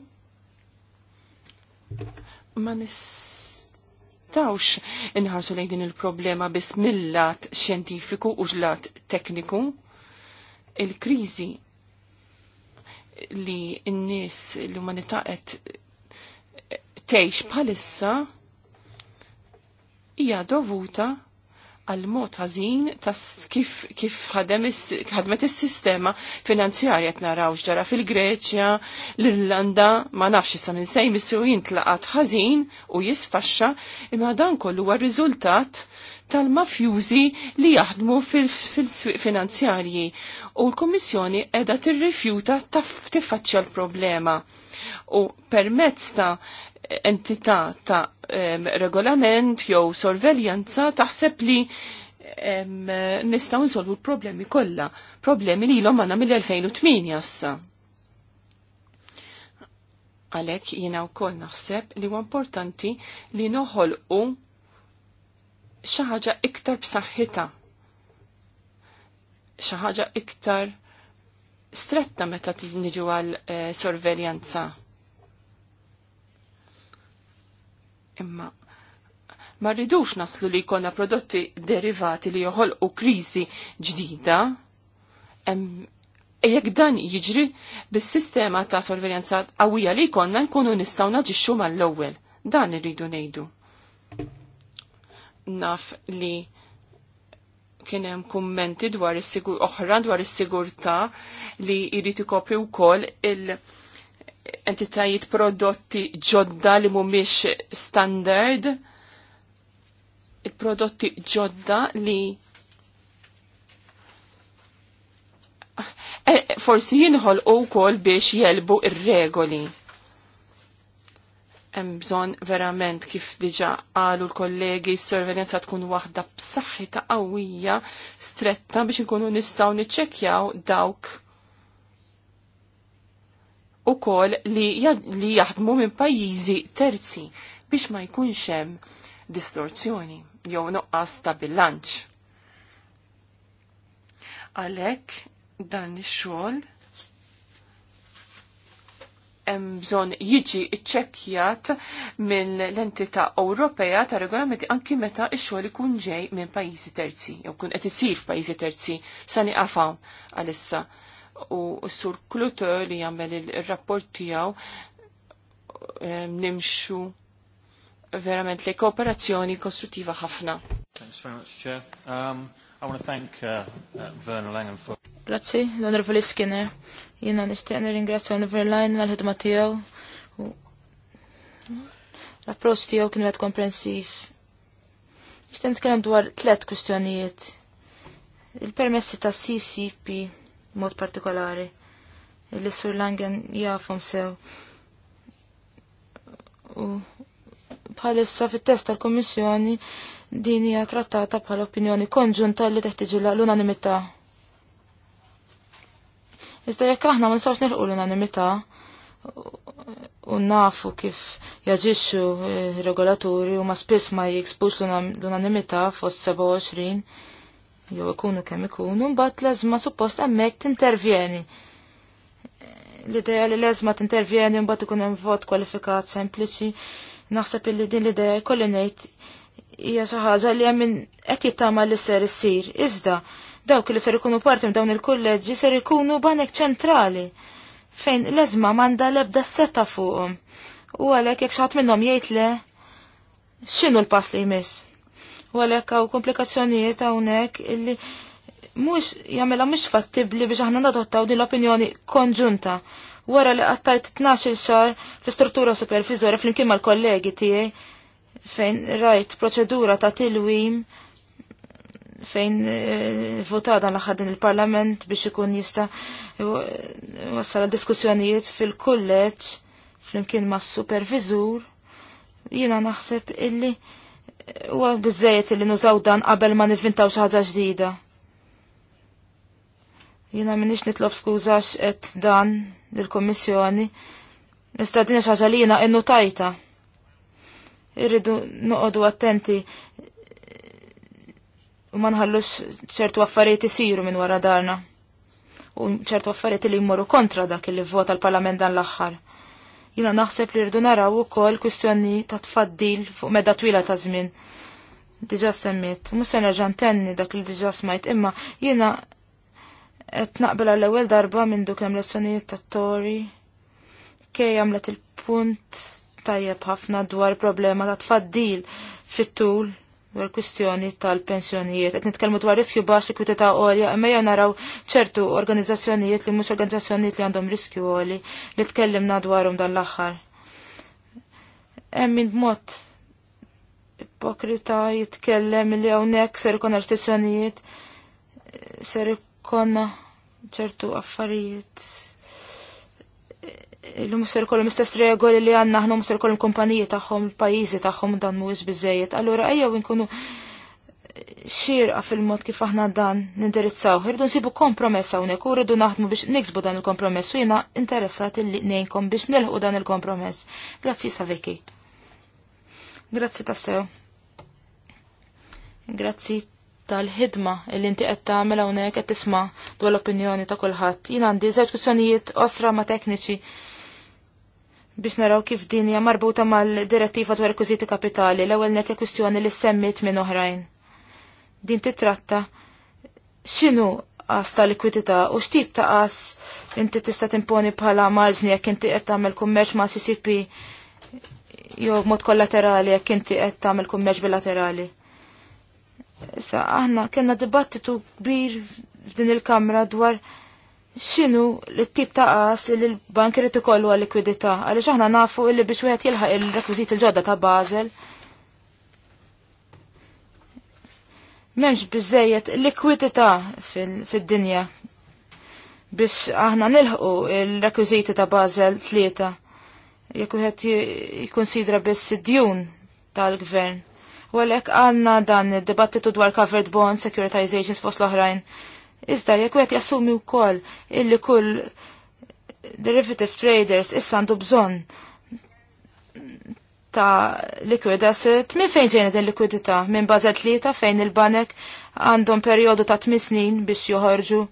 Ma nistawx inħarsu lejn din il-problema biss mill-lat xjentifiku u l-lat tekniku. Il-kriżi li n-nies l-umanità qed tgħix bħalissa hija dovuta għal mod ħażin kif kif ħadmet is-sistema finanzjarja t naraw ġara fil-Greċja, l-Irlanda, ma nafx sa minn sejn missu jintlaqat ħażin u jisfaxxa imma dan kollu għal riżultat tal-mafjużi li jaħdmu fil-swiq finanzjarji u l-Kommissjoni edha tirrifjuta tiffaċċja l-problema u permezz ta' entità ta' regolament jew sorveljanza taħseb li nistaw nsolvu l-problemi kollha, problemi li l-om għanna mill-2008 jassa. Għalek jina u koll naħseb li u importanti li noħolqu xaħġa ħaġa iktar b'saħħita, Xi ħaġa iktar stretta meta niġu għal eh, sorveljanza. Imma ma rridux naslu li jkollna prodotti derivati li joħolqu kriżi ġdida, jekk dan jiġri bis-sistema ta' sorveljanza qawwija li jkollna nkunu nistgħu naġixxu mal-ewwel. Dan irridu ngħidu naf li kien hemm kummenti dwar is-sigur oħra dwar is-sigurtà li jrid ikopri wkoll il- entitajiet prodotti ġodda li mhumiex standard il-prodotti ġodda li eh, forsi jinħol u kol biex jelbu ir-regoli hemm bżonn verament kif diġà qalu l-kollegi s-sorveljanza tkun waħda b'saħħi ta' qawwija stretta biex inkunu nistgħu niċċekkjaw dawk ukoll li, li jaħdmu minn pajjiżi terzi biex ma jkunx hemm distorzjoni jew noqqas ta' bilanċ. Għalhekk dan ix-xogħol hemm bżonn jiġi ċċekkjat mill-entità Ewropea ta' regolamenti anki meta x-xogħol ikun ġej minn pajjiżi terzi jew kun qed isir f'pajjiżi terzi sa niqafam għalissa. U s-sur Kluto li jagħmel ir-rapport tiegħu nimxu verament li kooperazzjoni kostruttiva ħafna. Um, uh, uh, Grazzi, Grazie, l-Onorevole Skinner jina nishtiq nirringrazzja l-Verlajn għal-ħidma tiegħu. L-approċċ tiegħu kien wieħed komprensiv. Nixtieq nitkellem dwar tliet kwistjonijiet. Il-permessi tas CCP mod partikolari. li sur Langen jafhom sew. U bħalissa fit-test tal-Kommissjoni din hija trattata bħal opinjoni konġunta li teħtiġi l-unanimità. Iżda jekk aħna ma nistgħux nilħu l-unanimità u nafu kif jaġixxu eh, regolaturi u ma spiss ma jikspux l-unanimità fost 27 jew ikunu kemm ikunu, mbagħad leżma suppost hemmhekk tintervjeni. L-idea li leżma tintervjeni mbagħad ikun hemm vot kwalifikat sempliċi, naħseb illi din l-idea jkolli ngħid hija xi ħaġa li hemm qed jittama li ser issir. Iżda Dawk li ser ikunu parti minn dawn il kolleġi ser ikunu banek ċentrali fejn l-eżma manda lebda setta fuqhom. U għalhekk jekk xaħat minnhom jgħid le x'inhu l-pass li jmiss. U għalhekk hawn komplikazzjonijiet hawnhekk illi mhux jagħmilha mhux fattibbli biex aħna nadottaw din l-opinjoni konġunta wara li għattajt 12 xar fi struttura supervizora flimkien mal-kollegi tiegħi fejn rajt proċedura ta' tilwim fejn eh, vota dan l din il-parlament biex ikun jista wassal diskussjonijiet fil-kulleġġ flimkien ma' supervizur jina naħseb illi huwa biżejjed illi nużaw dan qabel ma nivvintaw xi ħaġa ġdida. Jina minix nitlob skużax qed dan lill-Kummissjoni, Nista' din xi ħaġa li jiena innu tajta irridu noqodu attenti u ma nħallux ċertu affarijiet isiru minn wara darna. U ċertu affarijiet li jmorru kontra dak li vota l-Parlament dan l-aħħar. Jina naħseb li rridu naraw ukoll kwistjoni ta' tfaddil fuq medda twila ta' żmien. Diġà semmit, mhux se nerġa' ntenni dak li diġà smajt, imma jiena qed naqbel għall-ewwel darba minn duk l lezzjonijiet ta' tori Kej għamlet il-punt tajjeb ħafna dwar problema ta' tfaddil fit-tul għal kwistjoni tal-pensjonijiet. Qed nitkellmu dwar riskju baxx ta' għolja, imma jew naraw ċertu organizzazzjonijiet li mhux organizzazzjonijiet li għandhom riskju għoli li tkellimna dwarhom dan l-aħħar. Hemm min mod ipokrita jitkellem li hawnhekk ser ikun artizzjonijiet ser ikon ċertu affarijiet l-lum ser kolum mistess regoli li għanna ħnu ser kolum kompaniji taħħom, pajizi taħħom dan mux bizzejiet. Allura ejja nkunu xirqa fil-mod kif aħna dan nindirizzaw. Irridu nsibu kompromessa unek u rridu naħdmu biex niksbu dan il-kompromess u jina interessat li nejnkom biex nilħu dan il-kompromess. Grazzi Saviki. Grazzi ta' sew. Grazzi tal-ħidma li inti qed tagħmel hawnhekk qed tisma' dwar l-opinjoni ta' kulħadd. Jien għandi żewġ kwistjonijiet osra ma' tekniċi biex naraw kif din hija marbuta mal-direttiva dwar kwiżiti kapitali l-ewwel netja kwistjoni li semmit minn oħrajn. Din titratta x'inhu qas ta' likwidità u x'tip ta' qas inti tista' timponi bħala marġni jekk inti qed tagħmel kummerċ ma' CCP jew mod kollaterali jekk inti qed tagħmel kummerċ bilaterali. Issa aħna kellna dibattitu kbir f'din il-kamra dwar xinu l-tip ta' qas li l-bank irid ikollu għal likwidità għaliex aħna nafu li biex wieħed jilħaq il-rekwiżiti il ġodda ta' Basel. M'hemmx biżejjed likwidità fid-dinja biex aħna nilħqu il-rekwiżiti ta' Basel tlieta jekk wieħed jikkonsidra biss id-djun tal-gvern. U għalhekk għandna dan id-dibattitu dwar covered bonds, securitizations fost l-oħrajn Iżda jekk qed jassumi wkoll illi kull derivative traders issa għandu bżonn ta' liquid asset, minn fejn ġejna din likwidità? Minn bażet li ta' fejn il-banek għandhom perjodu ta' 8 snin biex joħorġu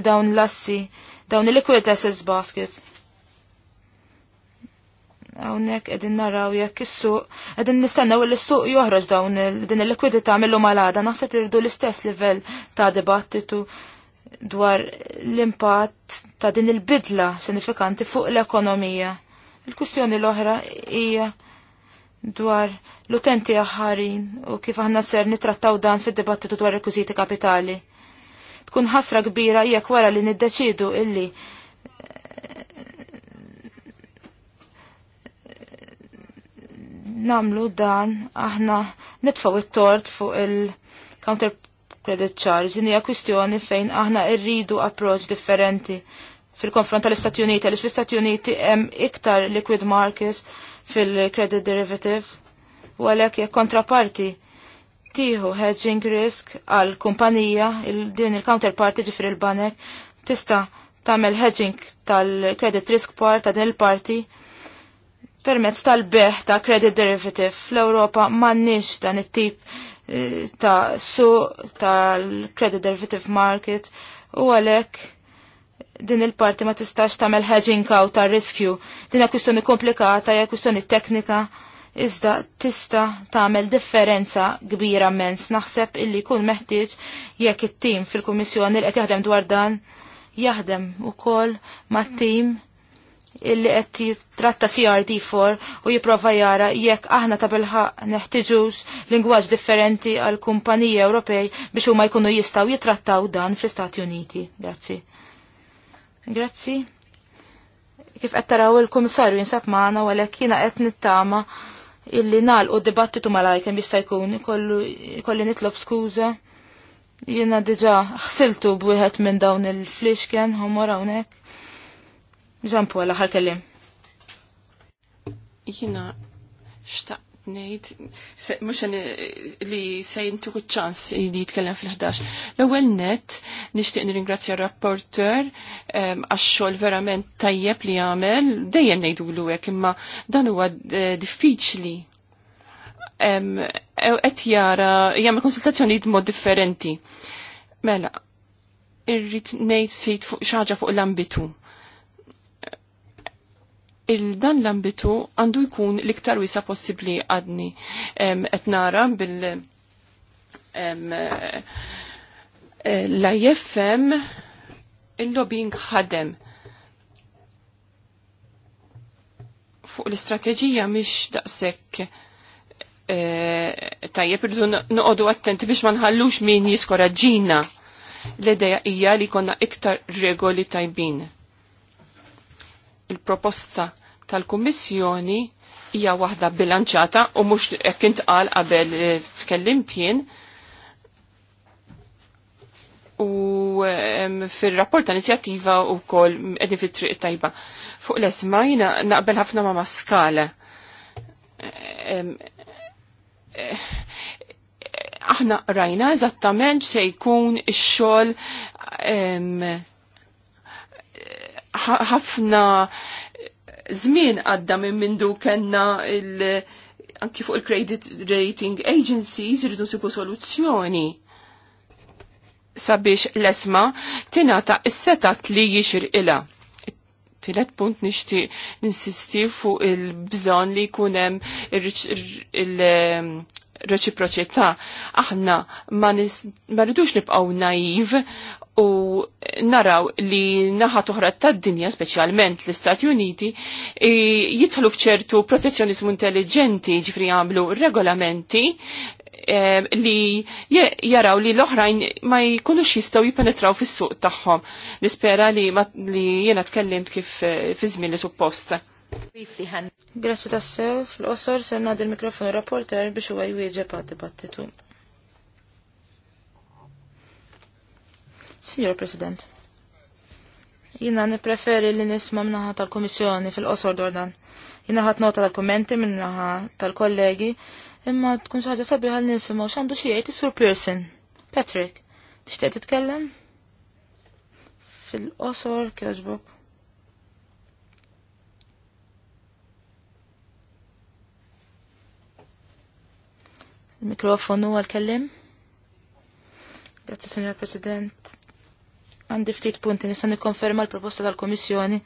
b'dawn l-assi, dawn il-liquid assets baskets. Hawnhekk qegħdin naraw jekk is-suq qegħdin nistennew l s-suq joħroġ dawn din il-likwidità mill malada naħseb li rridu l-istess livell ta' dibattitu dwar l-impatt ta' din il-bidla sinifikanti fuq l-ekonomija. Il-kwistjoni l-oħra hija dwar l-utenti aħħarin u kif aħna ser nitrattaw dan fid-dibattitu dwar rekwiżiti kapitali. Tkun ħasra kbira jekk wara li niddeċidu illi namlu dan aħna nitfaw it-tort fuq il-counter credit charge. Din hija kwistjoni fejn aħna rridu approach differenti fil-konfront tal-Istati Uniti, għaliex fl-Istati Uniti hemm iktar liquid markets fil-credit derivative u għalhekk hekk kontraparti tieħu hedging risk għal kumpanija il din il-counterparty ġifri il-banek tista' tagħmel hedging tal-credit risk part ta' din il-parti permezz tal-beħ ta' credit derivative fl-Europa mannix dan it-tip eh, ta' su tal-credit derivative market u għalek din il-parti ma tistax tagħmel hedging kaw ta' riskju. Din hija kwistjoni komplikata, hija kwistjoni teknika, iżda tista' tagħmel differenza kbira mens. Naħseb illi jkun meħtieġ jekk it-tim fil-Kummissjoni li qed jaħdem dwar dan jaħdem kol mat-tim illi qed jitratta CRD4 u jipprova jara jekk aħna ta' bilħaq neħtiġux lingwaġġ differenti għal kumpaniji Ewropej biex huma jkunu jistgħu jitrattaw dan fl-Istati Uniti. Grazzi. Grazzi. Kif qed taraw il-Kummissarju jinsab magħna għalhekk jiena qed nittama illi nagħlqu d-dibattitu malaj kemm jista' jkun ikolli nitlob skuża. Jiena diġà ħsiltu b'wieħed minn dawn il-flixken, homor hawnhekk Ġampu għal aħħar kellim. Jina xtaqt ngħid mhux li se jintuħu ċans li jitkellem fil-11. L-ewwel net nixtieq nirringrazzja r-rapporter ehm, għax-xogħol verament tajjeb li għamel, dejjem ngħidulu hekk imma dan huwa eh, diffiċli Għet ehm, jara jagħmel konsultazzjoni mod differenti. Mela, irrid ngħid fuq xi ħaġa fuq l-ambitu il-dan l-ambitu għandu jkun l-iktar wisa possibli għadni etnara bil eh, la jeffem il-lobbying ħadem fuq l-istrateġija miex daqsek eh, tajjeb irridu noqogħdu attenti biex ma nħallux min jiskoraġġina l-idea hija li konna iktar regoli tajbin. Il-proposta tal-Kummissjoni hija waħda bilanċata u mhux hekk intqal qabel eh, tkellimt jien. U fir-rapport ta' inizjattiva wkoll qegħdin fit-triq tajba. Fuq l-esma jiena naqbel ħafna ma' maskala. Eh, aħna rajna eżattament se jkun ix-xogħol ħafna żmien għadda minn mindu kellna il- anki fuq il-credit rating agencies irridu nsibu soluzzjoni sabiex l-esma tinata s setat li jixir ila tilet punt nishti ninsisti fuq il-bżon li kunem il-reċiproċità. Aħna ma rridux nibqaw naiv u naraw li naħat oħra tad-dinja, speċjalment l-Istati Uniti, jitħlu fċertu protezzjonizmu intelligenti ġifri għamlu regolamenti li jaraw li l-oħrajn ma jkunux jistaw jipenetraw fis-suq tagħhom. Nispera li, li jena tkellimt kif eh, fi żmien li suppost. Grazzi tassew, fl-qosor ser il mikrofonu rapporter biex huwa jwieġeb għad dibattitu. Signor President, jina nipreferi li nisma minnaħa tal-Komissjoni fil-qosor Dordan. Jina ħat nota tal-kommenti minnaħa tal-kollegi, imma tkun xaġa sabiħa li nisma u xandu xijajt sur Pearson. Patrick, tixtieq titkellem? Fil-qosor kjoġbuk. Il-mikrofonu għal-kellim. Grazie, Signor President. Għandi ftit punti nista' nikkonferma l-proposta tal kummissjoni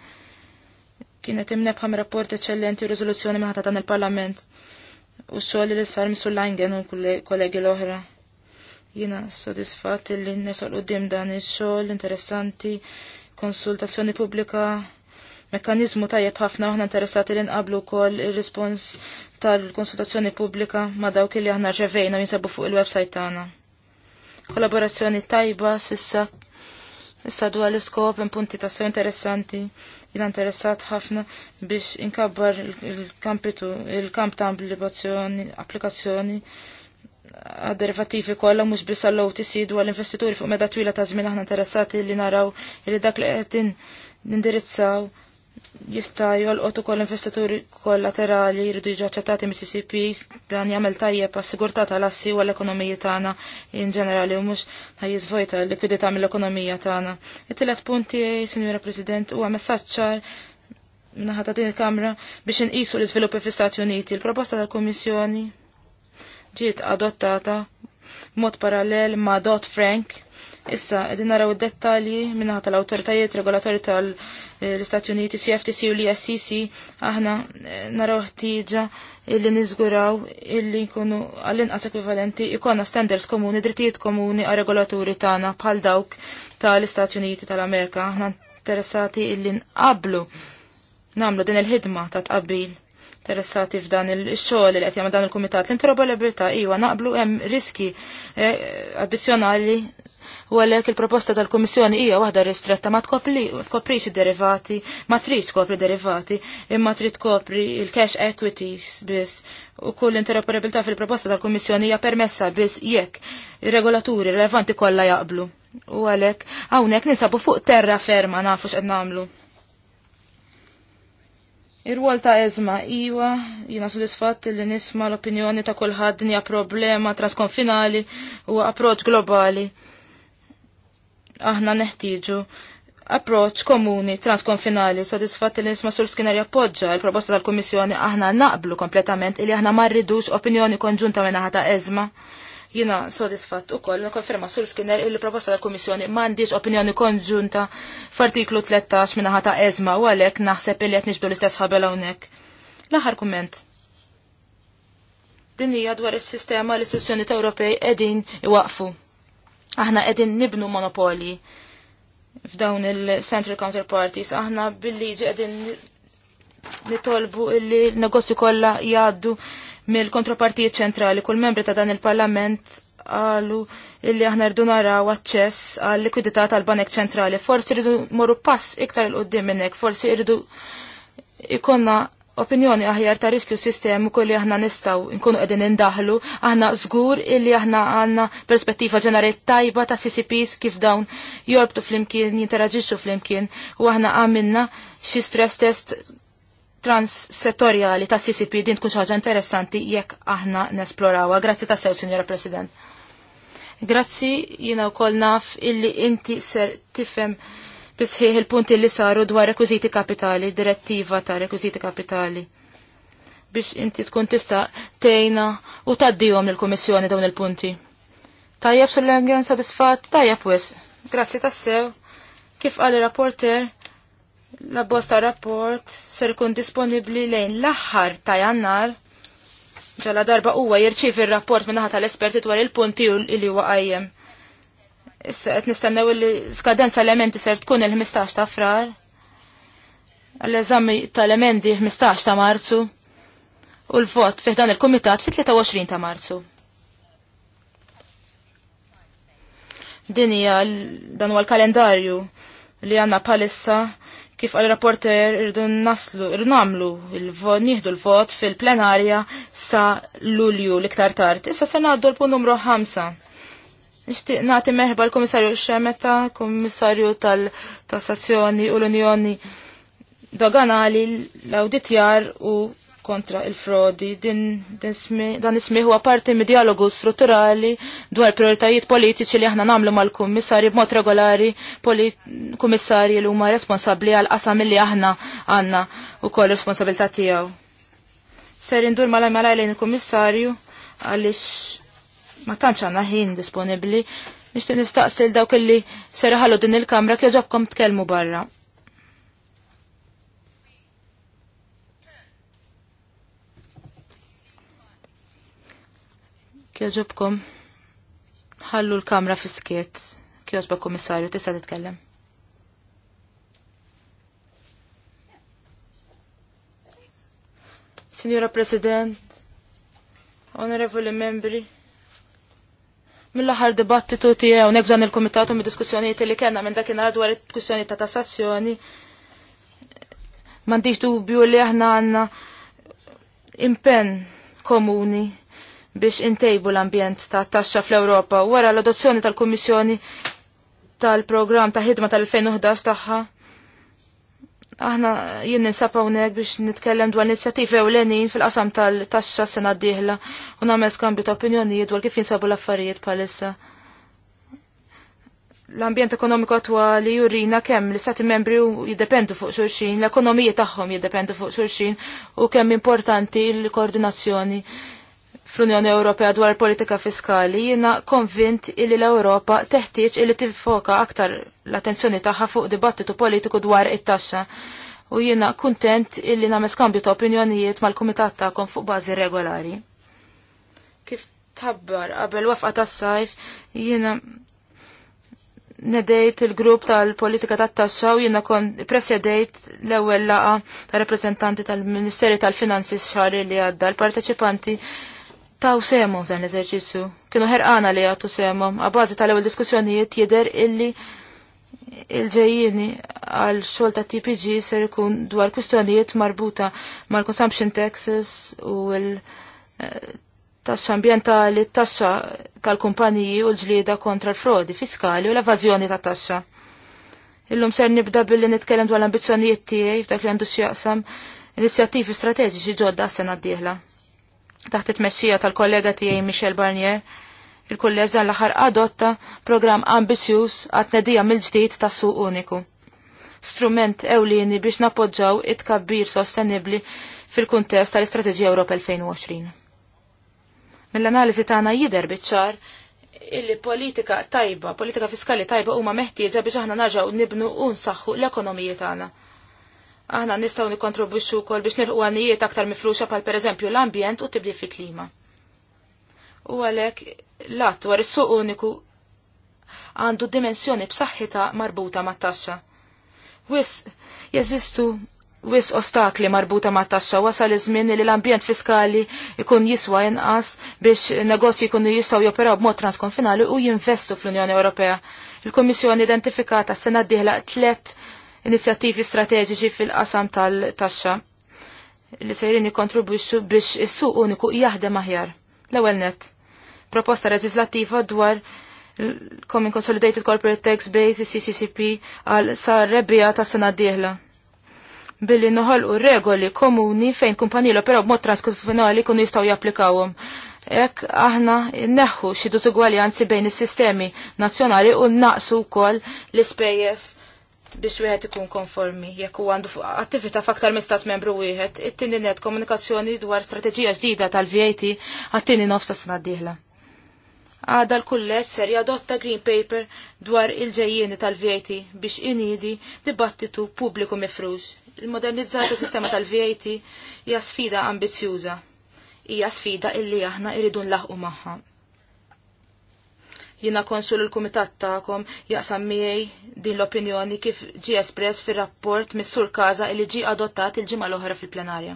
kienet imnebħa rapport eċċellenti u riżoluzzjoni minħata dan il-Parlament u s li sar misu Langen u kollegi l-oħra. Jina sodisfat li nesal u dim dan il-xol interessanti, konsultazzjoni publika, mekanizmu tajjeb ħafna uħna interessati li nqablu kol il-respons tal-konsultazzjoni publika ma dawk li aħna ġevejna jinsabu fuq il-websajt tagħna. Kollaborazzjoni tajba sissa Issa dwar l-iskop hemm punti ta' sew interessanti jina interessat ħafna biex inkabbar il-kampitu il-kamp ta' applikazzjoni għad derivativi kollha mhux biss għall OTC dwar l-investituri fuq meda twila ta' żmien aħna interessati li naraw li dak li qed nindirizzaw jista' jolqot ukoll investituri kollaterali jridu jiġu aċċettati mis cps dan jagħmel tajjeb għas-sigurtà tal-assi u l-ekonomija tagħna in ġenerali u mhux ħajjiżvojta l-likwidità mill-ekonomija tagħna. It-tielet punti, Sinjura President, huwa messaġġ ċar naħa ta' din il-Kamra biex inqisu l-iżviluppi fl-Istati Uniti. Il-proposta tal-Kummissjoni ġiet adottata mod parallel ma' Dot Frank Issa, edin naraw id-dettalji minnaħat tal-autoritajiet regolatori tal-Istati Uniti, CFTC u l-ISCC, aħna eh, naraw ħtieġa illi nizguraw illi nkunu għall-inqas ekvivalenti ikonna standards komuni, drittijiet komuni għal regolaturi tagħna bħal dawk tal-Istati Uniti tal-Amerika. Aħna interessati illi nqablu namlu din il-ħidma ta' tqabbil interessati f'dan il-xogħol li qed jagħmel dan il-kumitat. L-interoperabilità iwa naqblu hemm riski eh, addizzjonali u għalhekk il-proposta tal-Kummissjoni hija waħda ristretta ma tkoprix id-derivati, ma trid tkopri derivati, imma trid tkopri il-cash equities biss u kull interoperabilità fil-proposta tal-Kummissjoni hija permessa biss jekk ir-regolaturi rilevanti kollha jaqblu. U għalhekk hawnhekk ninsabu fuq terra ferma nafu x'qed nagħmlu. Ir-rwol ta' eżma iwa, jina sodisfatt li nisma l-opinjoni ta' kulħadd dinja problema trasconfinali u approċ globali aħna neħtieġu approċ komuni transkonfinali sodisfatti li nisma sur skinner jappoġġa il-proposta tal-Kummissjoni aħna naqblu kompletament illi aħna marridux opinjoni konġunta minna ħata eżma. Jina sodisfatt u koll, konferma sur skinner illi proposta tal-Kummissjoni mandiġ opinjoni konġunta f'artiklu 13 minna ħata eżma u għalek naħseb illi għet nġbdu l-istess ħabel hawnhekk. L-aħħar kumment. Din hija dwar is-sistema l-istituzzjoni Ewropej qegħdin iwaqfu Aħna qegħdin nibnu monopoli f'dawn il-Central Counterparties, aħna billiġi qegħdin nitolbu illi negozju kollha jgħaddu mill-kontrapartijiet ċentrali. Kull membri ta' dan il-Parlament għalu illi aħna rridu naraw aċċess għal likwidità tal-Banek Ċentrali. Forsi rridu morru pass iktar il-qoddim minnek, forsi rridu ikonna opinjoni aħjar ta' riskju sistemu li aħna nistaw nkunu qegħdin indaħlu, aħna żgur illi aħna għandna perspettiva ġenerali tajba ta' CCPs kif dawn jorbtu flimkien, jinteraġixxu flimkien u aħna għamilna xi stress test transsettorjali ta' CCP din tkun xi ħaġa interessanti jekk aħna nesplorawha. Grazzi ta' sew, Sinjora President. Grazzi, jiena wkoll naf illi inti ser tifhem bisħiħ il-punti li saru dwar rekwiziti kapitali, direttiva ta' rekwiziti kapitali biex inti tkun tista tejna u taddijom l-Komissjoni dawn il-punti. Tajjeb sul-lengen sodisfat, tajjeb wis. Grazzi tassew. Kif għal rapporter, la bosta rapport ser kun disponibli lejn l-axħar ta' jannar ġala darba huwa jirċiv ir-rapport minnaħa tal-esperti dwar il-punti u li huwa għajjem qed nistennew li skadenza elementi ser tkun il-15 ta' frar. L-eżami tal-emendi 15 ta' marzu u l-vot fih dan il-komitat fit-23 ta' marzu. Din hija dan huwa l-kalendarju li għandna palissa kif għal rapporter irdu naslu, irdu namlu il-vot, nieħdu l-vot fil-plenarja sa lulju l-iktar tard. Issa se ngħaddu l-punt numru 5 Nishtiq nati meħba l-Komissarju Xemeta, Komissarju tal-Tassazzjoni u l-Unjoni Doganali l-Auditjar u kontra il-frodi. dan ismi huwa parti mid dialogu strutturali dwar prioritajiet politiċi li aħna namlu mal-Kummissarji b'mod regolari kummissarji li huma responsabbli għal qasam li aħna għandna u responsabilità tiegħu. Ser indur malaj malaj lejn il-Kummissarju għaliex ma tantx għandna ħin disponibbli nixtieq nistaqsil dawk illi serħalu din il-kamra kif ġobkom tkellmu barra. Kjoġobkom, ħallu l-kamra fis-skiet, kjoġba komissarju, tista titkellem. Signora President, onorevoli membri, mill-aħħar dibattitu tiegħu nebżan f'dan il kumitatu mid-diskussjonijiet li kellna minn dakinhar dwar id-diskussjoni ta' tassazzjoni. M'għandix dubju li aħna għandna impenn komuni biex intejbu l-ambjent ta' taxxa fl-Ewropa wara l-adozzjoni tal-Kummissjoni tal-programm ta' ħidma tal-2011 tagħha Aħna jien ninsab hawnhekk biex nitkellem dwar inizjattivi ewlenin fil-qasam tal-taxxa sena d-dieħla u nagħmel skambju ta' opinjonijiet dwar kif jinsabu l-affarijiet bħalissa. L-ambjent ekonomiku attwali jurina kemm l-istati membri jiddependu fuq xulxin, l-ekonomiji tagħhom jiddependu fuq xulxin u kemm importanti l-koordinazzjoni fl-Unjoni Ewropea dwar politika fiskali, jiena konvint illi l-Ewropa teħtieġ illi tifoka aktar l-attenzjoni tagħha fuq dibattitu politiku dwar it-taxxa. U jiena kuntent illi nagħmel skambju ta' opinjonijiet mal-kumitat tagħkom fuq bażi regolari. Kif tabbar qabel wafqa tas-sajf jiena nedejt il-grupp tal-politika tat-taxxa u jiena kon presjedejt l-ewwel laqa ta' rappreżentanti tal-Ministeri tal-Finanzi xahar li għadda l-parteċipanti taw semu dan l-eżerċizzju. Kienu ħerqana li għattu semu, għabazi tal-ewel diskussjonijiet jider illi il-ġejjini għal xol ta' TPG ser ikun dwar kwistjonijiet marbuta mal-consumption taxes u l-taxxa eh, ambientali, taxxa tal-kumpaniji u l-ġlieda kontra l-frodi fiskali u l-evażjoni ta' taxxa. Illum ser nibda billi nitkellem dwar l-ambizzjonijiet tiegħi f'dak li għandu x'jaqsam inizjattivi strateġiċi ġodda s-sena d-dieħla taħt it-messija tal-kollega tiegħi Michel Barnier, il-kulleż dan l-aħħar adotta programm ambizjuż għat-tnedija mill-ġdid tas-suq uniku. Strument ewlieni biex napoġġaw it-kabbir sostenibli fil-kuntest tal-Istrateġija Ewropa 2020. Mill-analiżi tagħna jidher biċ-ċar illi politika tajba, politika fiskali tajba huma meħtieġa biex aħna narġgħu nibnu u nsaħħu l-ekonomija tagħna Aħna nistgħu nikontribwixxu wkoll biex nilħu għanijiet aktar mifruxa bħal pereżempju l-ambjent u tibdil fil-klima. U għalhekk l-att dwar is-suq uniku għandu dimensjoni b'saħħitha marbuta mat-taxxa. Wis jeżistu wis ostakli marbuta ma' taxxa wasal iż-żmien li l-ambjent fiskali jkun jiswa inqas biex negozji jkunu jistgħu joperaw b'mod transkonfinali u jinvestu fl-Unjoni Ewropea. Il-Kummissjoni identifikata s-sena d-dieħla tliet inizjattivi strateġiċi fil-qasam tal-taxxa li sejrin jikontribwixxu biex is-suq uniku jaħdem aħjar. L-ewwel net. Proposta leġislattiva dwar Common Consolidated Corporate Tax Base, CCCP, għal sar rebbija ta' sena d-dieħla. Billi noħolqu regoli komuni fejn kumpanilo però b'mod transkonfinali kun jistgħu japplikawhom. Ek aħna neħħu xi dutugwaljanzi bejn is-sistemi nazzjonali u naqsu wkoll l-ispejjeż biex wieħed ikun konformi jekk huwa għandu attività f'aktar minn stat membru wieħed, it-tieni net komunikazzjoni dwar strateġija ġdida tal-VAT għat-tieni nofs ta' sena d-dieħla. Għada l-kulles ser jadotta Green Paper dwar il ġejjeni tal-VAT biex inidi dibattitu pubbliku mifrux. il modernizzata sistema tal-VAT hija sfida ambizzjuża. Hija sfida illi aħna irridu nlaħqu magħha jina konsul il-kumitat ta'kom jaqsam miej din l-opinjoni kif ġi espress fil-rapport mis-sur kaza li ġi adottat il-ġimgħa l-oħra fil-plenarja.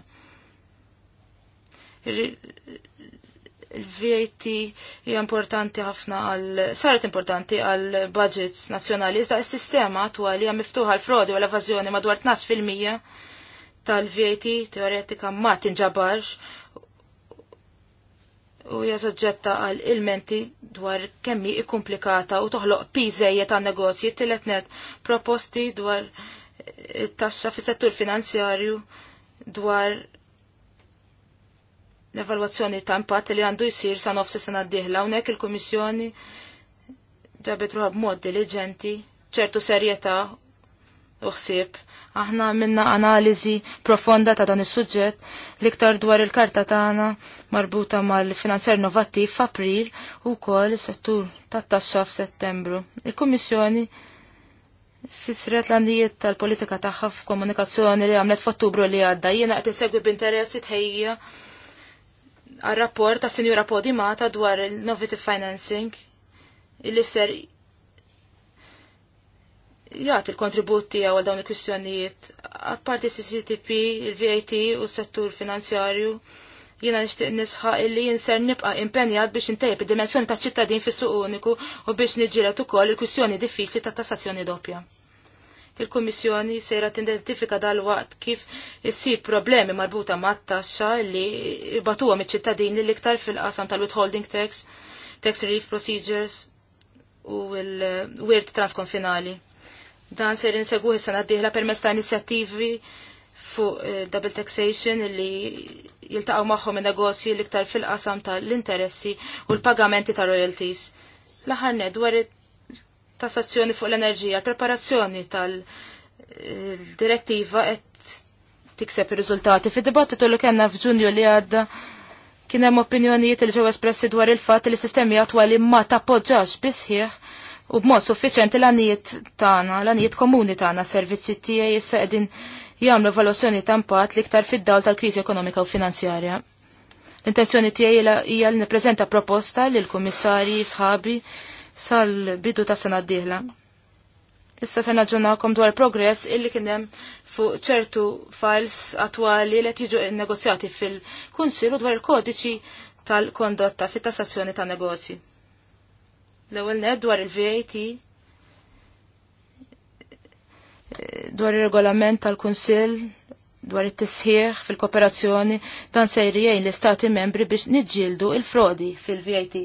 Il-VAT hija importanti ħafna għal saret importanti għal budgets nazzjonali iżda s-sistema attwali hija miftuħa l frodi u l-evażjoni madwar 12 fil-mija tal-VAT teoretika ma tinġabarx u hija għal għal ilmenti dwar kemmi ikkomplikata u toħloq piżejja ta' negozji tillet net proposti dwar eh, taxxa fis settur finanzjarju dwar l-evalwazzjoni ta' impatt li għandu jsir sa' nofsi sena d-dieħla hawnhekk il-Kummissjoni ġabet ruħab mod diligenti ċertu serjetà u ħsieb Aħna minna analiżi profonda ta' dan is-suġġett l-iktar dwar il-karta tagħna marbuta mal-finanzjar innovattiv f'April u wkoll is-settur tat-taxxa f'Settembru. Il-Kummissjoni Fisret l-għandijiet tal-politika tagħha f'komunikazzjoni li għamlet f'Ottubru li għadda jiena qed insegwi b'interess tħejja għar-rapport ta' Sinjura Podimata dwar il-Novative Financing illi ser jgħat il-kontribut tiegħu għal dawn il-kwistjonijiet. Apparti CCTP, il-VAT u s-settur finanzjarju, jiena nixtieq nisħaq illi jinser nibqa' impenjat biex intejb id-dimensjoni ta' ċittadin fis-suq uniku u biex niġġieled ukoll il-kwistjoni diffiċli ta' tassazzjoni doppja. Il-Kummissjoni sejra tidentifika dal-waqt kif issib problemi marbuta mat-taxxa li batuhom iċ-ċittadini l-iktar fil-qasam tal-withholding tax, tax relief procedures u l-wirt transkonfinali Dan ser insegwu s għaddiħla diħla permess ta' inizjattivi fuq eh, double taxation li jiltaqaw minn negozji l-iktar fil-qasam tal-interessi u l-pagamenti ta' royalties. L-aħħar ned dwar tassazzjoni fuq l-enerġija, l-preparazzjoni tal-direttiva eh, qed tikseb ir-riżultati. Fid-dibattitu li kena f'Ġunju li għadda kien hemm opinjonijiet li ġew espressi dwar il-fatt li sistemi li ma tappoġġax bisħieħ u b'mod suffiċenti l-għanijiet tagħna, l-għanijiet komuni tagħna servizzi tiegħi issa qegħdin jagħmlu evaluazzjoni ta' impatt l-iktar fid-dawl tal-kriżi ekonomika u finanzjarja. L-intenzjoni tiegħi hija li nippreżenta proposta lil kummissarji sħabi sal-bidu ta' sena d-dieħla. Issa ser naġġornakom dwar progress illi kien hemm fuq ċertu files attwali li qed jiġu negozjati fil-Kunsill u dwar il-kodiċi tal-kondotta fit-tassazzjoni ta' negozji. L-ewwel ned dwar il-VAT dwar ir-regolament tal-Kunsill dwar it-tisħiħ fil-kooperazzjoni dan se jgħin l-istati membri biex niġġieldu il-frodi fil-VAT.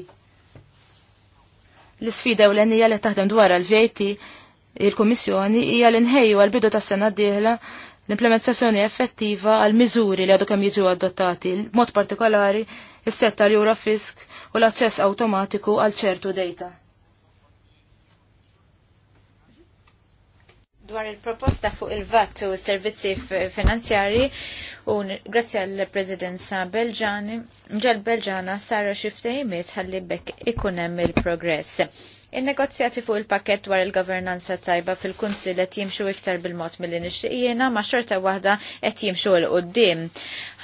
L-isfida ewlenija li taħdem dwar il-VAT il-Kummissjoni hija l-inħejju għal-bidu tas-sena d-dieħla l-implementazzjoni effettiva għal miżuri li għadu kemm jiġu adottati, mod partikolari is-setta li eurofisk u l-aċċess automatiku għal ċertu data. dwar il-proposta fuq il-VAT u servizzi finanzjari u grazzi għall presidenza Belġani, ġal Belġana sara xiftejmiet għalli bekk ikunem il-progress. Il-negozjati fuq il-pakket dwar il-governanza tajba fil-Kunsil qed jimxu iktar bil-mod mill-li nixtieqina ma' xorta waħda qed jimxu l qoddim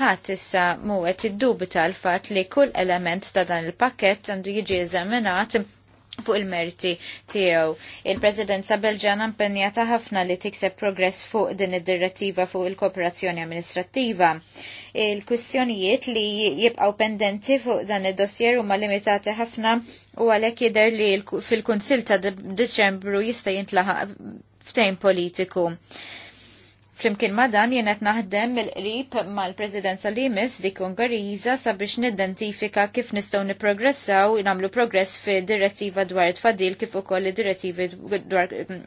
Ħadd issa mu qed iddubita l-fatt li kull element ta' dan il-pakket għandu jiġi eżaminat fuq il-merti tiegħu. Il-Presidenza Belġana impenjata ħafna li tikseb progress fuq din id-direttiva fuq il-kooperazzjoni amministrattiva. Il-kwistjonijiet li jibqaw pendenti fuq dan id-dossier huma limitati ħafna u għalhekk jidher li fil kunsill ta' Deċembru jista' jintlaħaq ftejn politiku. Flimkien ma dan jien qed naħdem mill-qrib mal-Presidenza li jmiss dik Ungariża sabiex nidentifika kif nistgħu nipprogressaw nagħmlu progress fi direttiva dwar it fadil kif ukoll id-direttivi dwar mm,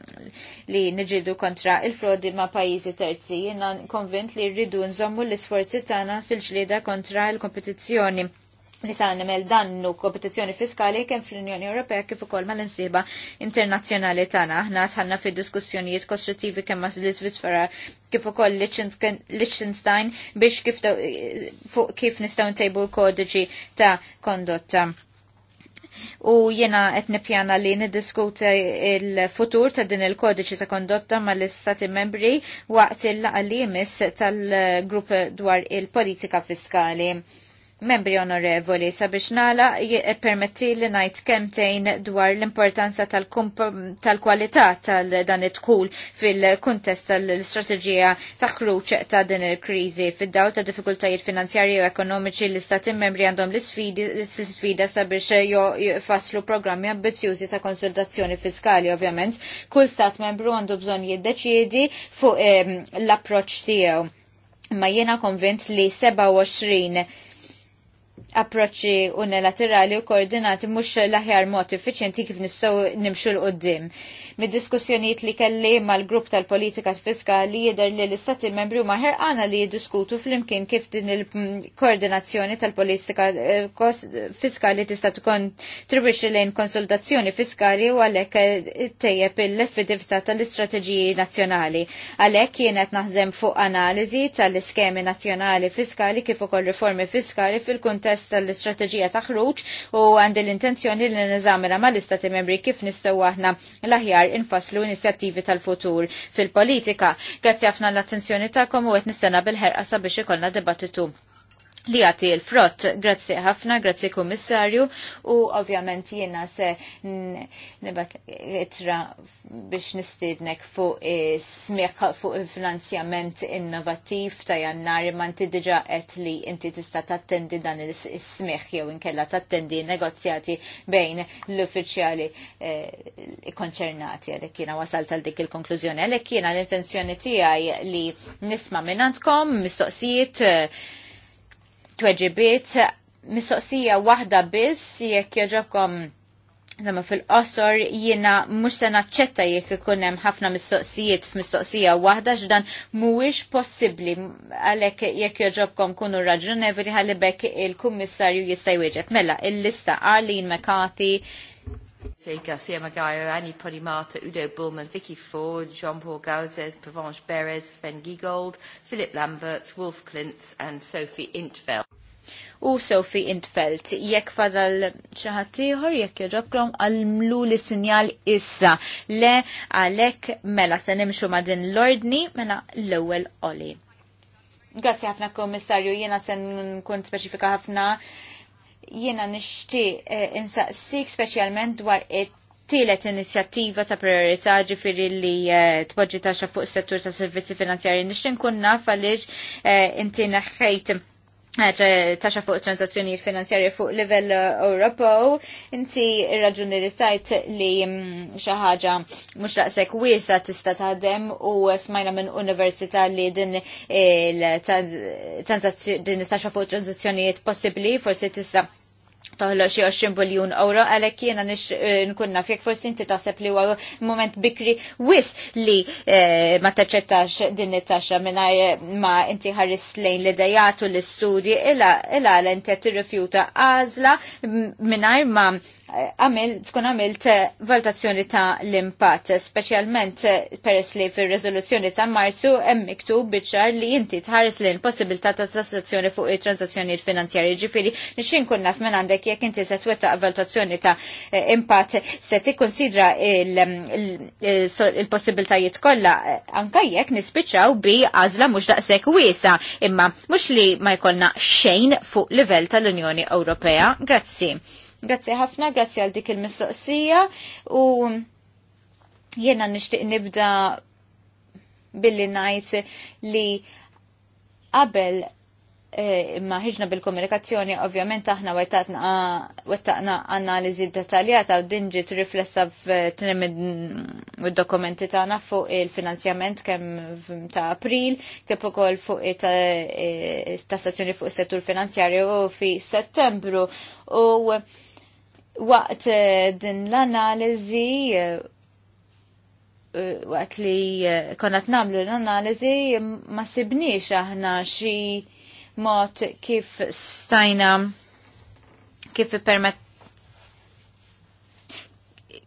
li niġidu kontra il-frodi ma' pajjiżi terzi. Jiena konvint li rridu nżommu l-isforzi tagħna fil-ġlieda kontra l-kompetizzjoni li ta' dannu kompetizzjoni fiskali kemm fl-Unjoni Ewropea kif ukoll mal-insiba internazzjonali tagħna. Aħna tħanna fid diskussjonijiet kostruttivi kemm ma' l-Iżvizzera kif ukoll Liechtenstein biex kif, fuq kif nistgħu ntejbu l-kodiġi ta' kondotta. U jena qed nippjana li niddiskuta il-futur ta' din il-kodiċi ta' kondotta ma' l-istati membri waqt il-laqalimis tal-grupp dwar il-politika fiskali Membri onorevoli, sabiex nala eh, permetti li najt kemtejn dwar l-importanza tal-kwalità tal-dan it-tkul fil-kuntest tal-istrateġija ta' kruċ ta' din il-krizi fid-daw ta' diffikultajiet finanzjarji u ekonomiċi li stati membri għandhom l-sfida sabiex jo faslu programmi ambizjużi ta' konsultazzjoni fiskali, ovvjament. Kull stat membru għandu bżon jiddeċiedi fuq ehm, l-approċ tiegħu. Ma jiena konvint li 27 approċċi unilaterali u koordinati mhux l-aħjar mod effiċjenti kif nistgħu nimxu l qoddim Mid-diskussjonijiet li kelli mal-grupp tal-politika fiskali jidher li l-istati membri huma ħerqana li jiddiskutu flimkien kif din il-koordinazzjoni tal-politika eh, fiskali tista' tkun tribwixxi lejn konsultazzjoni fiskali u għalhekk eh, tejjeb l-effettività tal-istrateġiji nazzjonali. Għalhekk kienet naħdem fuq analiżi tal-iskemi nazzjonali fiskali kif ukoll riformi fiskali fil-kuntest fil tal-istrateġija ta' ħruġ u għandi l-intenzjoni li niżamina ma' l-istati membri kif nistgħu aħna l-aħjar infaslu inizjattivi tal-futur fil-politika. Grazzi ħafna l-attenzjoni tagħkom u għet nistenna bil-ħerqa sabiex ikollna dibattitu li għati l-frott. Grazzi ħafna, grazzi kummissarju u ovvjament jiena se nibat itra biex nistidnek fuq smiħ fuq finanzjament innovativ ta' jannar ma' nti diġa għet li inti tista' tattendi dan is smiħ jew inkella tattendi negozjati bejn l-uffiċjali eh, konċernati għalhekk jiena wasalt għal dik il-konklużjoni għalhekk jiena l-intenzjoni tiegħi li nisma' minn għandkom mistoqsijiet eh, tweġibiet mistoqsija waħda biss jekk jogħġobkom Zama fil-qosor jiena mux se naċċetta jekk ikun hemm ħafna mistoqsijiet f'mistoqsija waħda x'dan mhuwiex possibbli għalhekk jekk joġobkom kunu raġunevoli ħalibek il-kummissarju jista' jwieġeb. Mela, il-lista Arlene McCarthy, Say Garcia Magallo, Annie Podimata, Udo Bullman, Vicky Ford, Jean-Paul Gauzes, Pavanche Beres, Sven Giegold, Philip Lamberts, Wolf Klintz and Sophie Intveld. U Sophie Intfeld, jekk fadal ċaħatiħor, jekk joġobkom għal-mlu li sinjal issa. Le, għalek, mela, se nimxu ma l-ordni, mela, l-ewel oli. Grazie ħafna komissarju, jena sen kun specifika ħafna jiena nixtieq eh, insaqsik speċjalment dwar it-tielet inizjattiva ta' priorità ġifiri li eh, fuq is-settur ta' servizzi finanzjarji. Nixtieq nkun naf għaliex eh, inti neħħejt Eh, taxa fuq transazzjoni finanzjarja fuq livell eh, Ewropew, inti raġuni li tajt li mm, xi ħaġa mhux daqshekk wiesa tista' taħdem u smajna minn università li din eh, il-taxa fuq transazzjonijiet possibbli forsi tista' taħla xie għaxin biljun euro, għalek jena nix eh, nkunna fjek forsi inti taħseb li huwa moment bikri wis li eh, ma taċċettax din it-taxxa minna eh, ma inti ħaris lejn li dajatu l-istudji illa l-inti tirrifjuta għazla minna ma għamil, tkun għamilt eh, valutazzjoni ta' l-impatt, specialment eh, peress li fil rezoluzzjoni ta' marsu hemm miktub biċar li inti tħares li l-possibilità ta' tassazzjoni fuq il-transazzjoni finanzjari ġifiri nixin kun naf minn għandek jekk inti se twetta valutazzjoni ta' eh, impatt se konsidra il-possibilitajiet mm, kollha anka jekk nispiċċaw bi għażla mhux daqshekk wiesa, imma mhux li ma jkollna xejn fuq livell tal-Unjoni Ewropea. Grazzi. Grazzi ħafna, grazzi għal dik il-mistoqsija u jena nishtiq nibda billi najt li qabel eh, imma ħiġna bil-komunikazzjoni, ovvjament aħna wettaqna analiżi dettaljata u dinġi ġiet riflessa f'tnim id-dokumenti tagħna fuq il-finanzjament kemm ta' April, kif ukoll fuq eh, stazzjoni fuq is-settur finanzjarju fi Settembru. U waqt eh, din l-analizi eh, eh, waqt li konna namlu l-analizi ma sibniex aħna xi mod kif stajna kif permet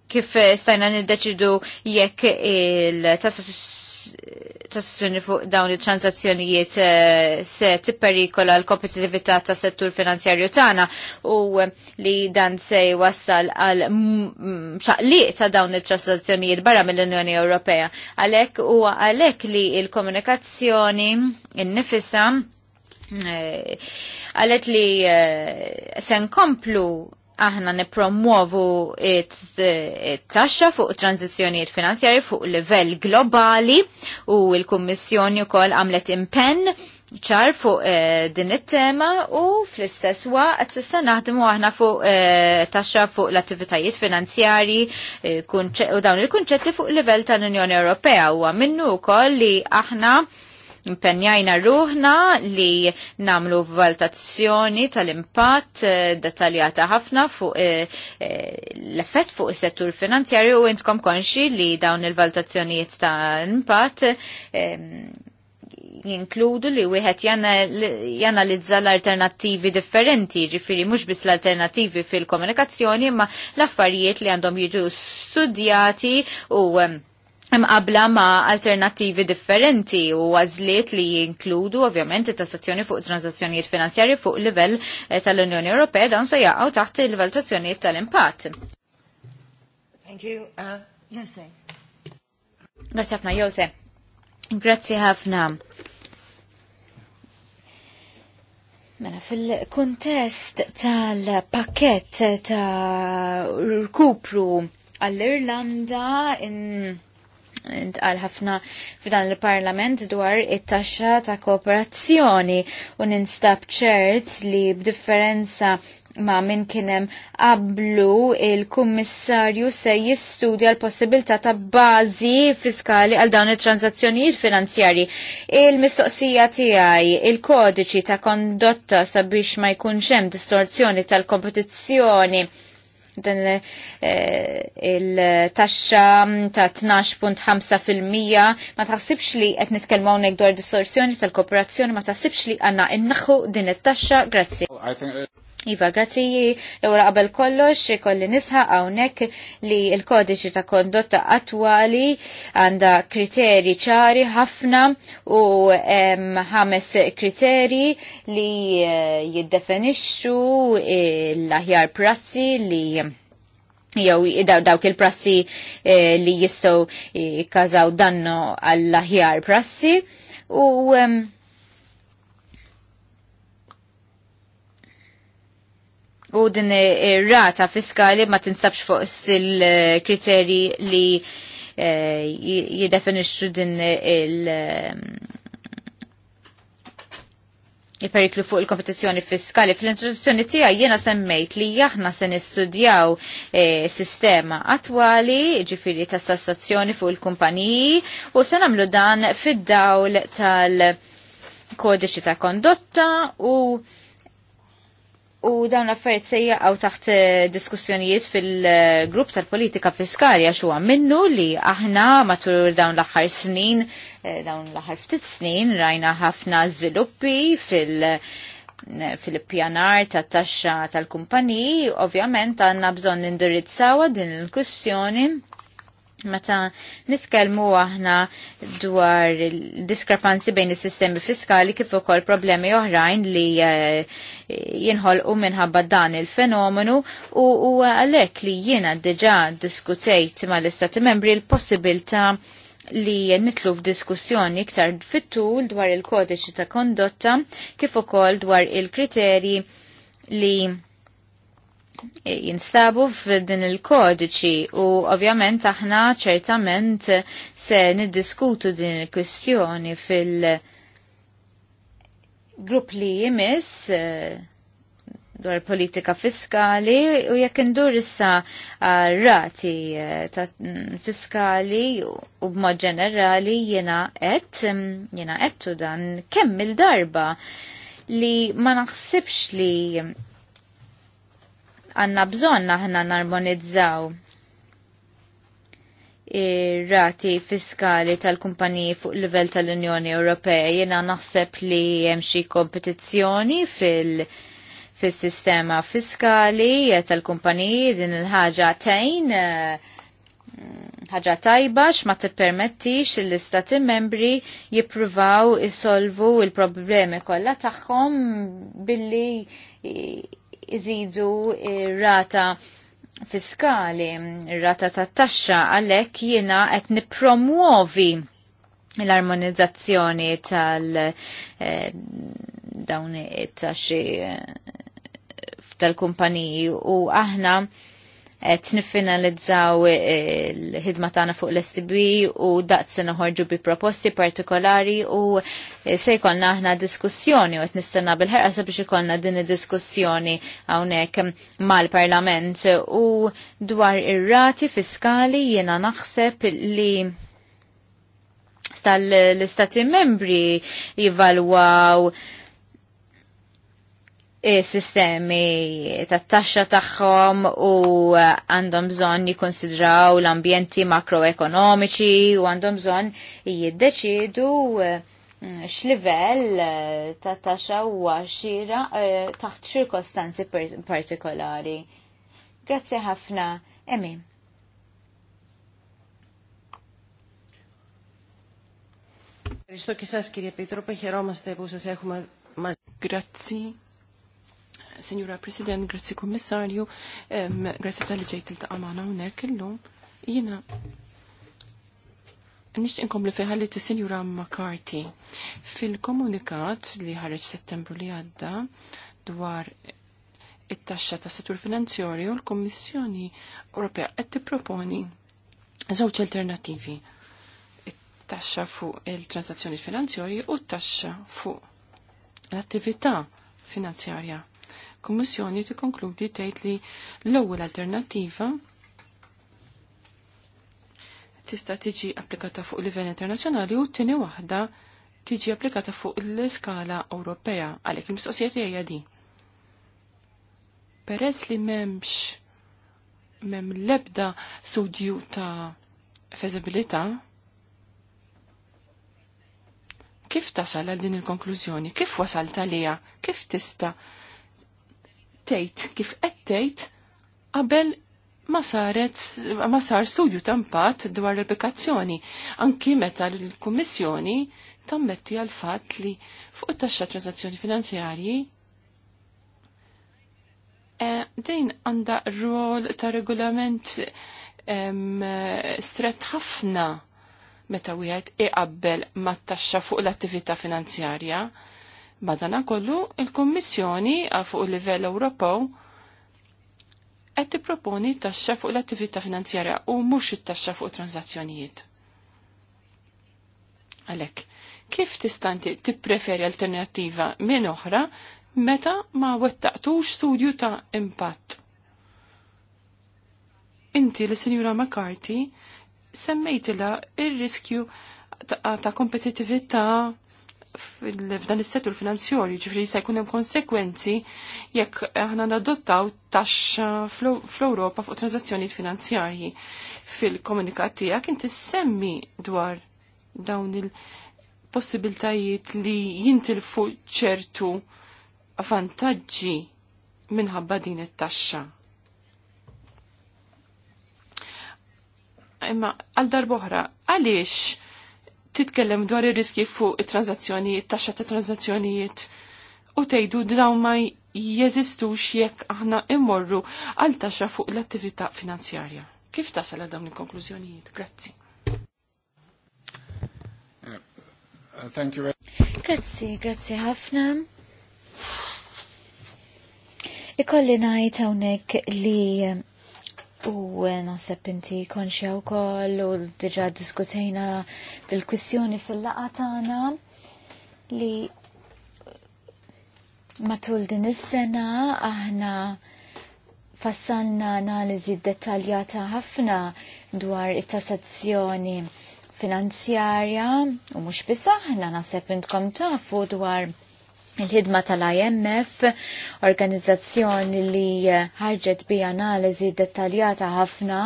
kif stajna niddeċidu jekk il tasas tassazzjoni fuq dawn il-transazzjonijiet eh, se tipperikola l-kompetitività tas settur finanzjarju tagħna u eh, li dan se wassal għal xaqliq ta' dawn il-transazzjonijiet barra mill-Unjoni Ewropea. Għalhekk u għalhekk li il-komunikazzjoni innifisa eh, għalet li sen komplu aħna nipromuovu it-taxxa fuq tranzizzjonijiet finanzjari fuq livell globali u l-Kummissjoni wkoll għamlet impenn ċar fuq eh, din it-tema u fl-istess waqt issa naħdmu aħna fuq eh, taxxa fuq l-attivitajiet finanzjari eh, u dawn il-kunċetti fuq livell tal-Unjoni Ewropea huwa minnu wkoll li aħna impenjajna ruħna li namlu valutazzjoni tal-impatt eh, dettaljata ħafna fuq eh, eh, l-effett fuq is-settur finanzjarju u intkom konxi li dawn il-valutazzjonijiet tal-impatt ehm, jinkludu li wieħed janalizza l-alternattivi differenti, ġifiri mhux biss l-alternattivi fil-komunikazzjoni, imma l-affarijiet li għandhom jiġu studjati u um, mqabla ma' alternativi differenti u għazliet li jinkludu ovvjament tassazzjoni fuq transazzjonijiet finanzjarji fuq livell eh, tal-Unjoni Ewropea dan se jaqgħu taħt il-valutazzjonijiet tal-impatt. Thank you, uh, Jose. Grazzi ħafna, Jose. grazzi ħafna. Mela, fil-kontest tal-pakket ta' rkupru għall-Irlanda in intqal ħafna f'dan il-parlament dwar it-taxxa ta' kooperazzjoni u ninstab ċert li b'differenza ma' minn kienem qablu il-kummissarju se jistudja l-possibilità ta' bażi fiskali għal dawn it-transazzjonijiet finanzjarji. Il-mistoqsija tiegħi il-kodiċi ta' kondotta sabiex ma jkunx hemm distorzjoni tal-kompetizzjoni dan eh, il-taxxa ta' 12.5% ma taħsibx li qed nitkellmu hawnhekk dwar distorsjoni tal-kooperazzjoni ma taħsibx li għandna innaħħu din it-taxxa. Grazzi. Iva, grazzi, l-għura qabel kollox, kolli nisħa għawnek li il-kodiċi ta' kondotta attwali għanda kriteri ċari ħafna u ħames kriteri li eh, jiddefinixxu eh, l-aħjar prassi li jew dawk il-prassi eh, li jistgħu kazaw danno għall-aħjar prassi u um, u din rata fiskali ma tinsabx fuq il-kriterji li eh, jidefinixxu din il- eh, il-periklu fuq il-kompetizjoni fiskali. Fil-introduzzjoni tija jiena semmejt li jahna se nistudjaw e, sistema attwali, ġifiri ta' sassazzjoni fuq il-kumpaniji, u se namlu dan fid-dawl tal-kodiċi ta' kondotta u U dawn l-affarijiet se jaqgħu taħt eh, diskussjonijiet fil-grupp tal-politika fiskali għax huwa minnu li aħna matul dawn l-aħħar snin, eh, dawn l-aħħar ftit snin rajna ħafna żviluppi fil- eh, fil-pjanar ta' taxxa tal-kumpaniji, ovvjament għandna bżonn nindirizzawa din il-kwistjoni Meta nitkellmu aħna dwar diskrepanzi bejn is-sistemi fiskali kif ukoll problemi oħrajn li eh, jinħolqu minħabba dan il-fenomenu u għalhekk li jiena diġà diskutejt mal-istati membri l-possibilità li nitlu f'diskussjoni iktar fit-tul dwar il-kodiċi ta' kondotta kif ukoll dwar il-kriterji li jinsabu f'din il-kodiċi u ovvjament aħna ċertament se niddiskutu din il-kwistjoni fil-grupp li jimis eh, dwar politika fiskali u jekk indur issa rati eh, ta' fiskali u b'mod ġenerali jena qed mm, jena qed dan kemm il-darba li ma naħsibx li għanna bżon aħna narmonizzaw ir-rati fiskali tal-kumpaniji fuq livell tal-Unjoni Ewropea jiena naħseb li hemm xi kompetizzjoni fil- fis-sistema fiskali tal-kumpaniji din il-ħaġa tejn eh, ħaġa tajba x'ma tippermettix l-istati membri jippruvaw isolvu il-problemi kollha tagħhom billi iżidu rata fiskali, rata ta' taxxa għalhekk jiena qed nippromuovi l-armonizzazzjoni tal eh, dawn it-taxxi eh, tal-kumpaniji u aħna qed niffinalizzaw eh, il-ħidma tagħna fuq l-STB u daqs se noħorġu bi proposti partikolari u eh, se jkollna aħna diskussjoni u qed nistenna bil-ħerqa sabiex ikollna din id-diskussjoni hawnhekk mal-Parlament u dwar ir-rati fiskali jiena naħseb li tal l-istati membri jivalwaw sistemi ta' taxxa tagħhom u għandhom bżonn jikkonsidraw l-ambjenti makroekonomiċi u għandhom bżonn jiddeċidu mm, x'livell ta' taxxa huwa xira eh, taħt ċirkostanzi partikolari. Grazzi ħafna, Emi. Ευχαριστώ και κύριε Πίτροπε, χαιρόμαστε που σας έχουμε μαζί. Grazie. Signora President, grazzi Kommissarju, grazzi tal-li ġejt il-taqa unek illum. Jina, nix inkomli fiħalli ta' Signora McCarthy. Fil-komunikat li ħareġ settembru li għadda dwar it-taxxa ta' settur finanzjarju l-Kommissjoni Ewropea qed tipproponi żewġ alternattivi taxxa fuq il-transazzjoni finanzjarji u t taxxa fuq l-attività finanzjarja. Kummissjoni tikkonkludi tgħid li l-ewwel alternattiva tista' tiġi applikata fuq livell internazzjonali u t-tieni waħda tiġi applikata fuq l-iskala Ewropea għalhekk il-mistoqsija tiegħi di. Peress li m'hemmx m'hemm l-ebda studju ta' feżibilità, kif tasal għal din il-konklużjoni? Kif wasalt għalija? Kif tista' tgħid kif qed tgħid qabel ma saret ma sar studju ta' impatt dwar l-applikazzjoni anki meta l-Kummissjoni tammetti għal fatt li fuq it-taxxa transazzjoni finanzjarji eh, dejn għanda rol ta' regolament stret ħafna meta wieħed iqabbel mat-taxxa fuq l-attività finanzjarja Badana kollu, il-Kommissjoni fuq il-livell Ewropew qed tipproponi taxxa fuq l-attività finanzjarja u mhux it-taxxa fuq transazzjonijiet. Għalhekk, kif tistanti tippreferi alternattiva minn oħra meta ma wettaqtux studju ta' impatt? Inti li Sinjura McCarthy semmejtila ir-riskju ta', ta f'dan is-settur finanzjarju ġifri jista' jkun hemm konsekwenzi jekk aħna nadottaw taxxa fl-Ewropa fuq transazzjonijiet finanzjarji. Fil-komunikat tiegħek inti semmi dwar dawn il-possibiltajiet li jintilfu ċertu vantaġġi minħabba din it-taxxa. Imma għal darboħra, għaliex titkellem dwar ir-riski fuq it-tranzazzjonijiet, taxxa ta' tranzazzjonijiet u tgħidu dawn ma jeżistux jekk aħna immorru għal taxxa fuq l-attività finanzjarja. Kif tasal dawn il-konklużjonijiet? Grazzi. Uh, uh, grazzi, grazzi ħafna. Ikolli ngħid hawnhekk li U eh, naħseb inti konxja u koll u diġa diskutejna dil-kwissjoni fil-laqa tagħna li matul din is-sena aħna fassalna analiżi dettaljata ħafna dwar it-tassazzjoni finanzjarja u mhux biss aħna naħseb intkom tafu dwar il-ħidma tal-IMF, organizzazzjoni li ħarġet bi analiżi dettaljata ħafna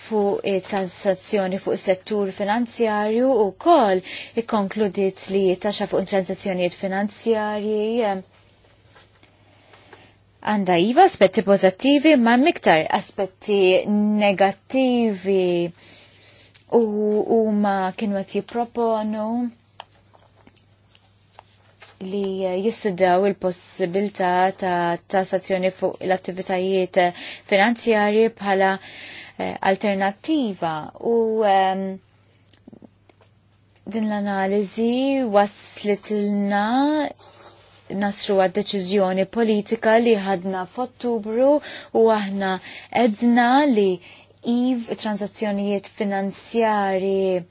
fuq transazzjoni fuq settur finanzjarju u kol ikkonkludiet li taxa fuq transazzjonijiet finanzjarji eh, għanda jiva aspetti pozittivi ma miktar aspetti negattivi u, u ma kienu għet jiproponu li jissudaw il-possibilità ta' tassazzjoni fuq l-attivitajiet finanzjarji bħala eh, alternativa u um, din l-analizi waslitilna nasru għad deċiżjoni politika li ħadna f'Ottubru u aħna edna li iv transazzjonijiet finanzjari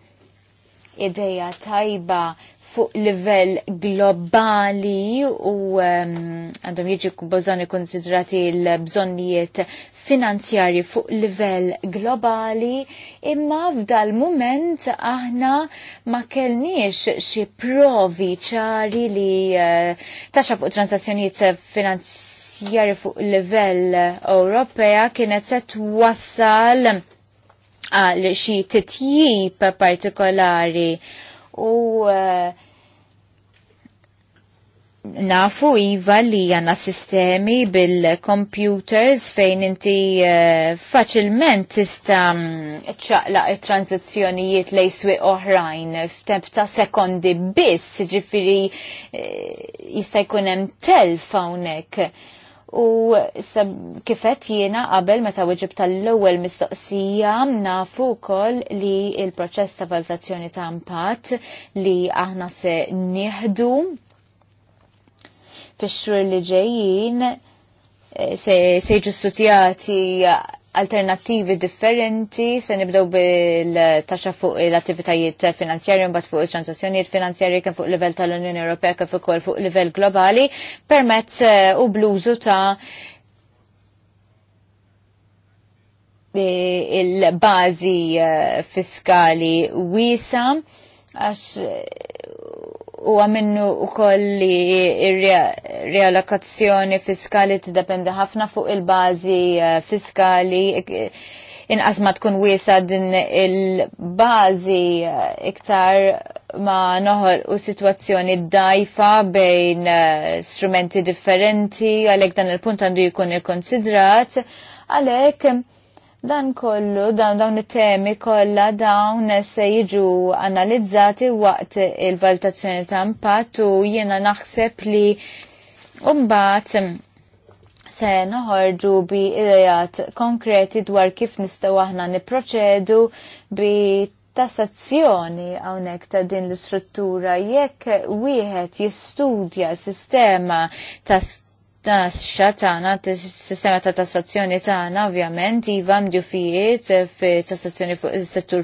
ideja tajba fuq livell globali u ehm, għandhom um, jiġi bżonni konsidrati l-bżonnijiet finanzjarji fuq livell globali, imma f'dal moment aħna ma kellniex xi provi ċari li uh, eh, taxa fuq transazzjonijiet finanzjarji fuq livell Ewropea kienet se twassal għal xi titjib partikolari u eh, nafu iva li għanna sistemi bil-computers fejn inti eh, faċilment tista mm, ċaqla transazzjonijiet lej swi oħrajn f'temp ta' sekondi biss, ġifiri eh, jista' jkunem telf hawnhekk U kifet jiena qabel meta weġib tal-ewwel mistoqsija nafu wkoll li il-proċess ta' valutazzjoni ta' impatt li aħna se nieħdu fix-xhur li ġejjin eh, se jiġu studjati alternativi differenti, se nibdew bil taxa fuq l-attivitajiet finanzjarji mbagħad fuq il transazzjonijiet finanzjarji kien fuq level tal-Unjoni Ewropea kif ukoll fuq level globali permezz eh, u bluzu ta' eh, il-bażi eh, fiskali wiesa għax u għamennu u kolli realokazzjoni fiskali t-dependi ħafna fuq il-bazi eh, fiskali inqas ma tkun wiesa din il-bazi eh, iktar ma noħol u situazzjoni dajfa bejn eh, strumenti differenti għalek dan il-punt għandu jkun ikkonsidrat għalek Dan kollu, dawn dawn it-temi kollha dawn se jiġu analizzati waqt il-valutazzjoni ta' impatt u jiena naħseb li mbagħad se noħorġu bi idejat konkreti dwar kif nistgħu aħna nipproċedu bi tassazzjoni hawnhekk ta' din l-istruttura jekk wieħed jistudja sistema ta' x'a tagħna sistema ta' tassazzjoni tagħna ovvjament iva mdufijiet eh, fi tassazzjoni fuq is-settur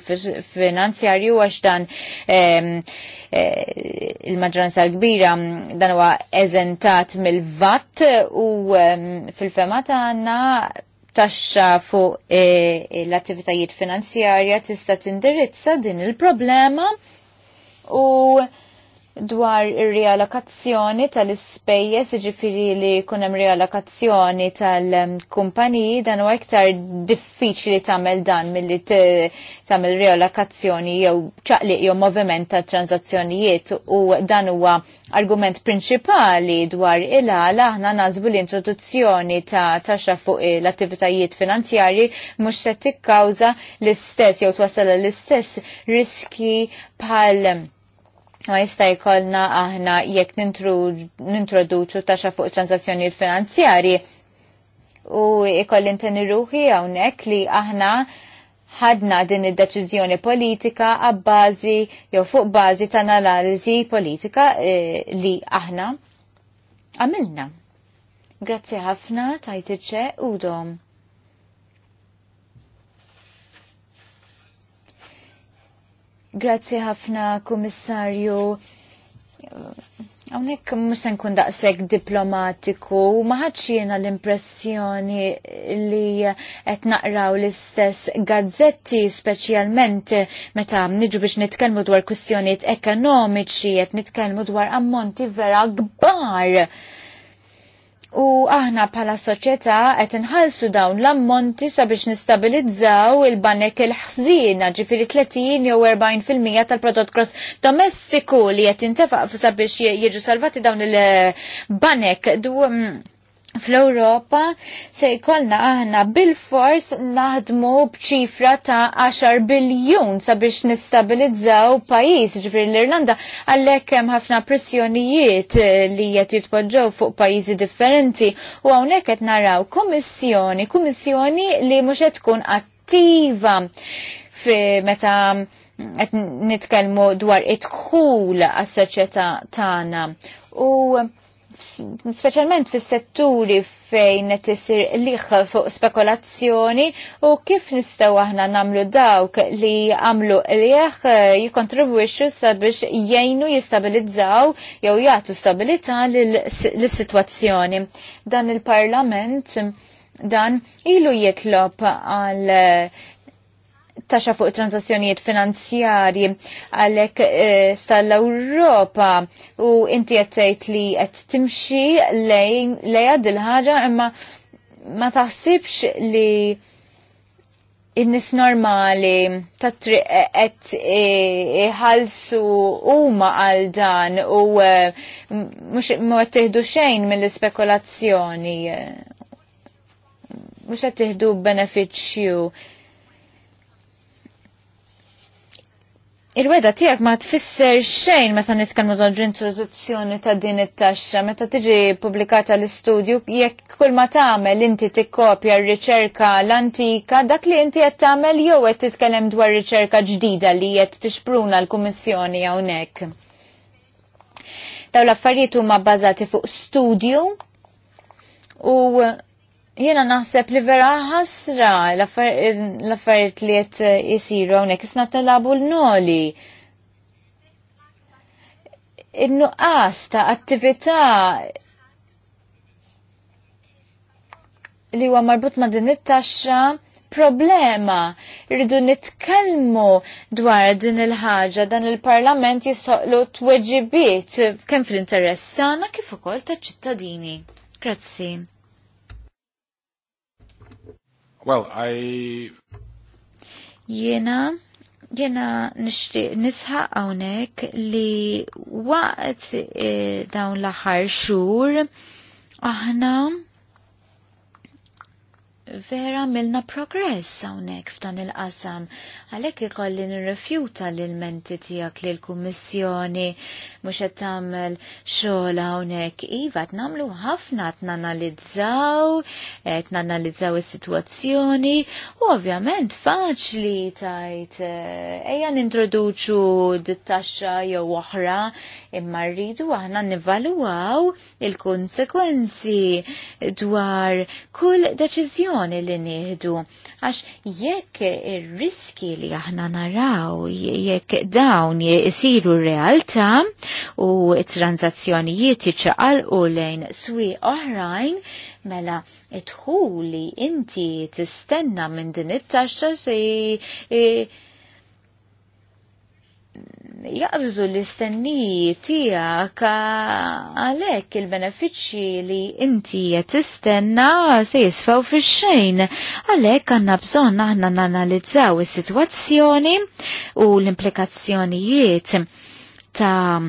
finanzjarju għax dan ehm, eh, il-maġranza kbira mm, dan huwa eżentat mill-vatt u ehm, fil-fema tagħna taxxa fuq eh, l-attivitajiet finanzjarja tista' tindirizza din il-problema u dwar ir realokazzjoni tal-ispejjeż jiġifieri li jkun hemm realokazzjoni tal-kumpaniji dan huwa iktar diffiċli tagħmel dan milli tagħmel realokazzjoni jew ċaqliq jew moviment ta' tranzazzjonijiet u dan huwa argument prinċipali dwar il-għala aħna nażbu l-introduzzjoni ta' taxxa fuq l-attivitajiet finanzjarji mhux se tikkawża l-istess jew twassal l-istess riski bħal Ma jista' jkollna aħna jekk nintroduċu taxa fuq transazzjoni finanzjari u ikolli inteni ruħi hawnhekk li aħna ħadna din id-deċiżjoni politika għabbażi jew fuq bażi ta' analiżi politika eh, li aħna għamilna. Grazzi ħafna tajtiċe u dom. Grazzi ħafna, komissarju. Għonek mux nkun daqseg diplomatiku, maħħax jena l-impressjoni li qed naqraw l-istess gazzetti, speċjalment meta niġu biex nitkellmu dwar kwistjonijiet ekonomiċi, qed nitkellmu dwar ammonti vera kbar u aħna bħala soċjetà qed inħallsu dawn l-ammonti sabiex nistabilizzaw il-banek il-ħżiena ġifieri 30 jew 40 fil-mija tal-prodott gross domestiku li qed intefaq sabiex jiġu salvati dawn il-banek mm, fl-Europa se jkollna aħna bil-fors naħdmu bċifra ta' 10 biljun sabiex nistabilizzaw pajis ġifri l-Irlanda għallek hemm ħafna pressjonijiet li qed jitpoġġew fuq pajjiżi differenti u hawnhekk qed naraw kummissjoni, kummissjoni li mhux qed tkun attiva fi meta qed nitkellmu dwar it-dħul għas-soċjetà tagħna. U specialment fis setturi fejn qed isir liħ fuq spekulazzjoni u kif nistgħu aħna nagħmlu dawk li għamlu liħ jikontribwixxu sabiex jgħinu jistabilizzaw jew jagħtu stabilità lis-sitwazzjoni. Dan il-Parlament dan ilu jitlob għal taxa fuq transazzjonijiet finanzjarji għalek eh, stall-Europa u inti għettejt li għett timxi leja dil-ħagġa imma ma taħsibx li in-nis normali ta' triq qed u huma għal dan u eh, mhux qed tieħdu xejn mill-ispekulazzjoni mhux qed tieħdu benefiċċju il-weda tijak ma tfisser xejn meta nitkellmu dwar l-introduzzjoni ta' din it-taxxa, meta tiġi pubblikata l-istudju, jekk kull ma tagħmel inti tikkopja r-riċerka l-antika, dak li inti qed tagħmel jew qed titkellem dwar riċerka ġdida li qed tixpruna l-Kummissjoni hawnhekk. Daw l-affarijiet huma bbażati fuq studju u Jena naħseb li vera ħasra l-affarijiet li qed eh, jisiru hawnhekk isna talabu l-noli. In-nuqqas ta' attività li huwa marbut ma' din it-taxxa problema. Rridu nitkellmu dwar din il-ħaġa dan il-Parlament jisoqlu tweġibiet kemm fl-interess tagħna kif ukoll taċ-ċittadini. Grazzi. Well, I... Jena, jena nishtiq nisħaq hawnhekk li waqt eh, dawn laħar xur xhur aħna vera milna progress hawnhekk f'dan il-qasam. Għalhekk ikolli nirrifjuta l-menti tiegħek li l-Kummissjoni mhux qed tagħmel xogħol hawnhekk. Iva t nagħmlu ħafna qed nanalizzaw, qed nanalizzaw is-sitwazzjoni u ovvjament faċli tajt eh, ejja nintroduċu d taxxa jew oħra imma rridu aħna nivaluaw il-konsekwenzi dwar kull deċiżjoni azzjoni li nieħdu għax jekk ir-riski li aħna naraw jekk dawn isiru realtà u t-tranzazzjonijiet u lejn swi oħrajn mela tħuli inti tistenna minn din it-taxxa se e, jaqbżu l-istenniji tijak għalek il-benefiċċji li inti jtistenna se jisfaw fi xejn. Għalek għanna bżon aħna nanalizzaw is-sitwazzjoni u l-implikazzjonijiet ta'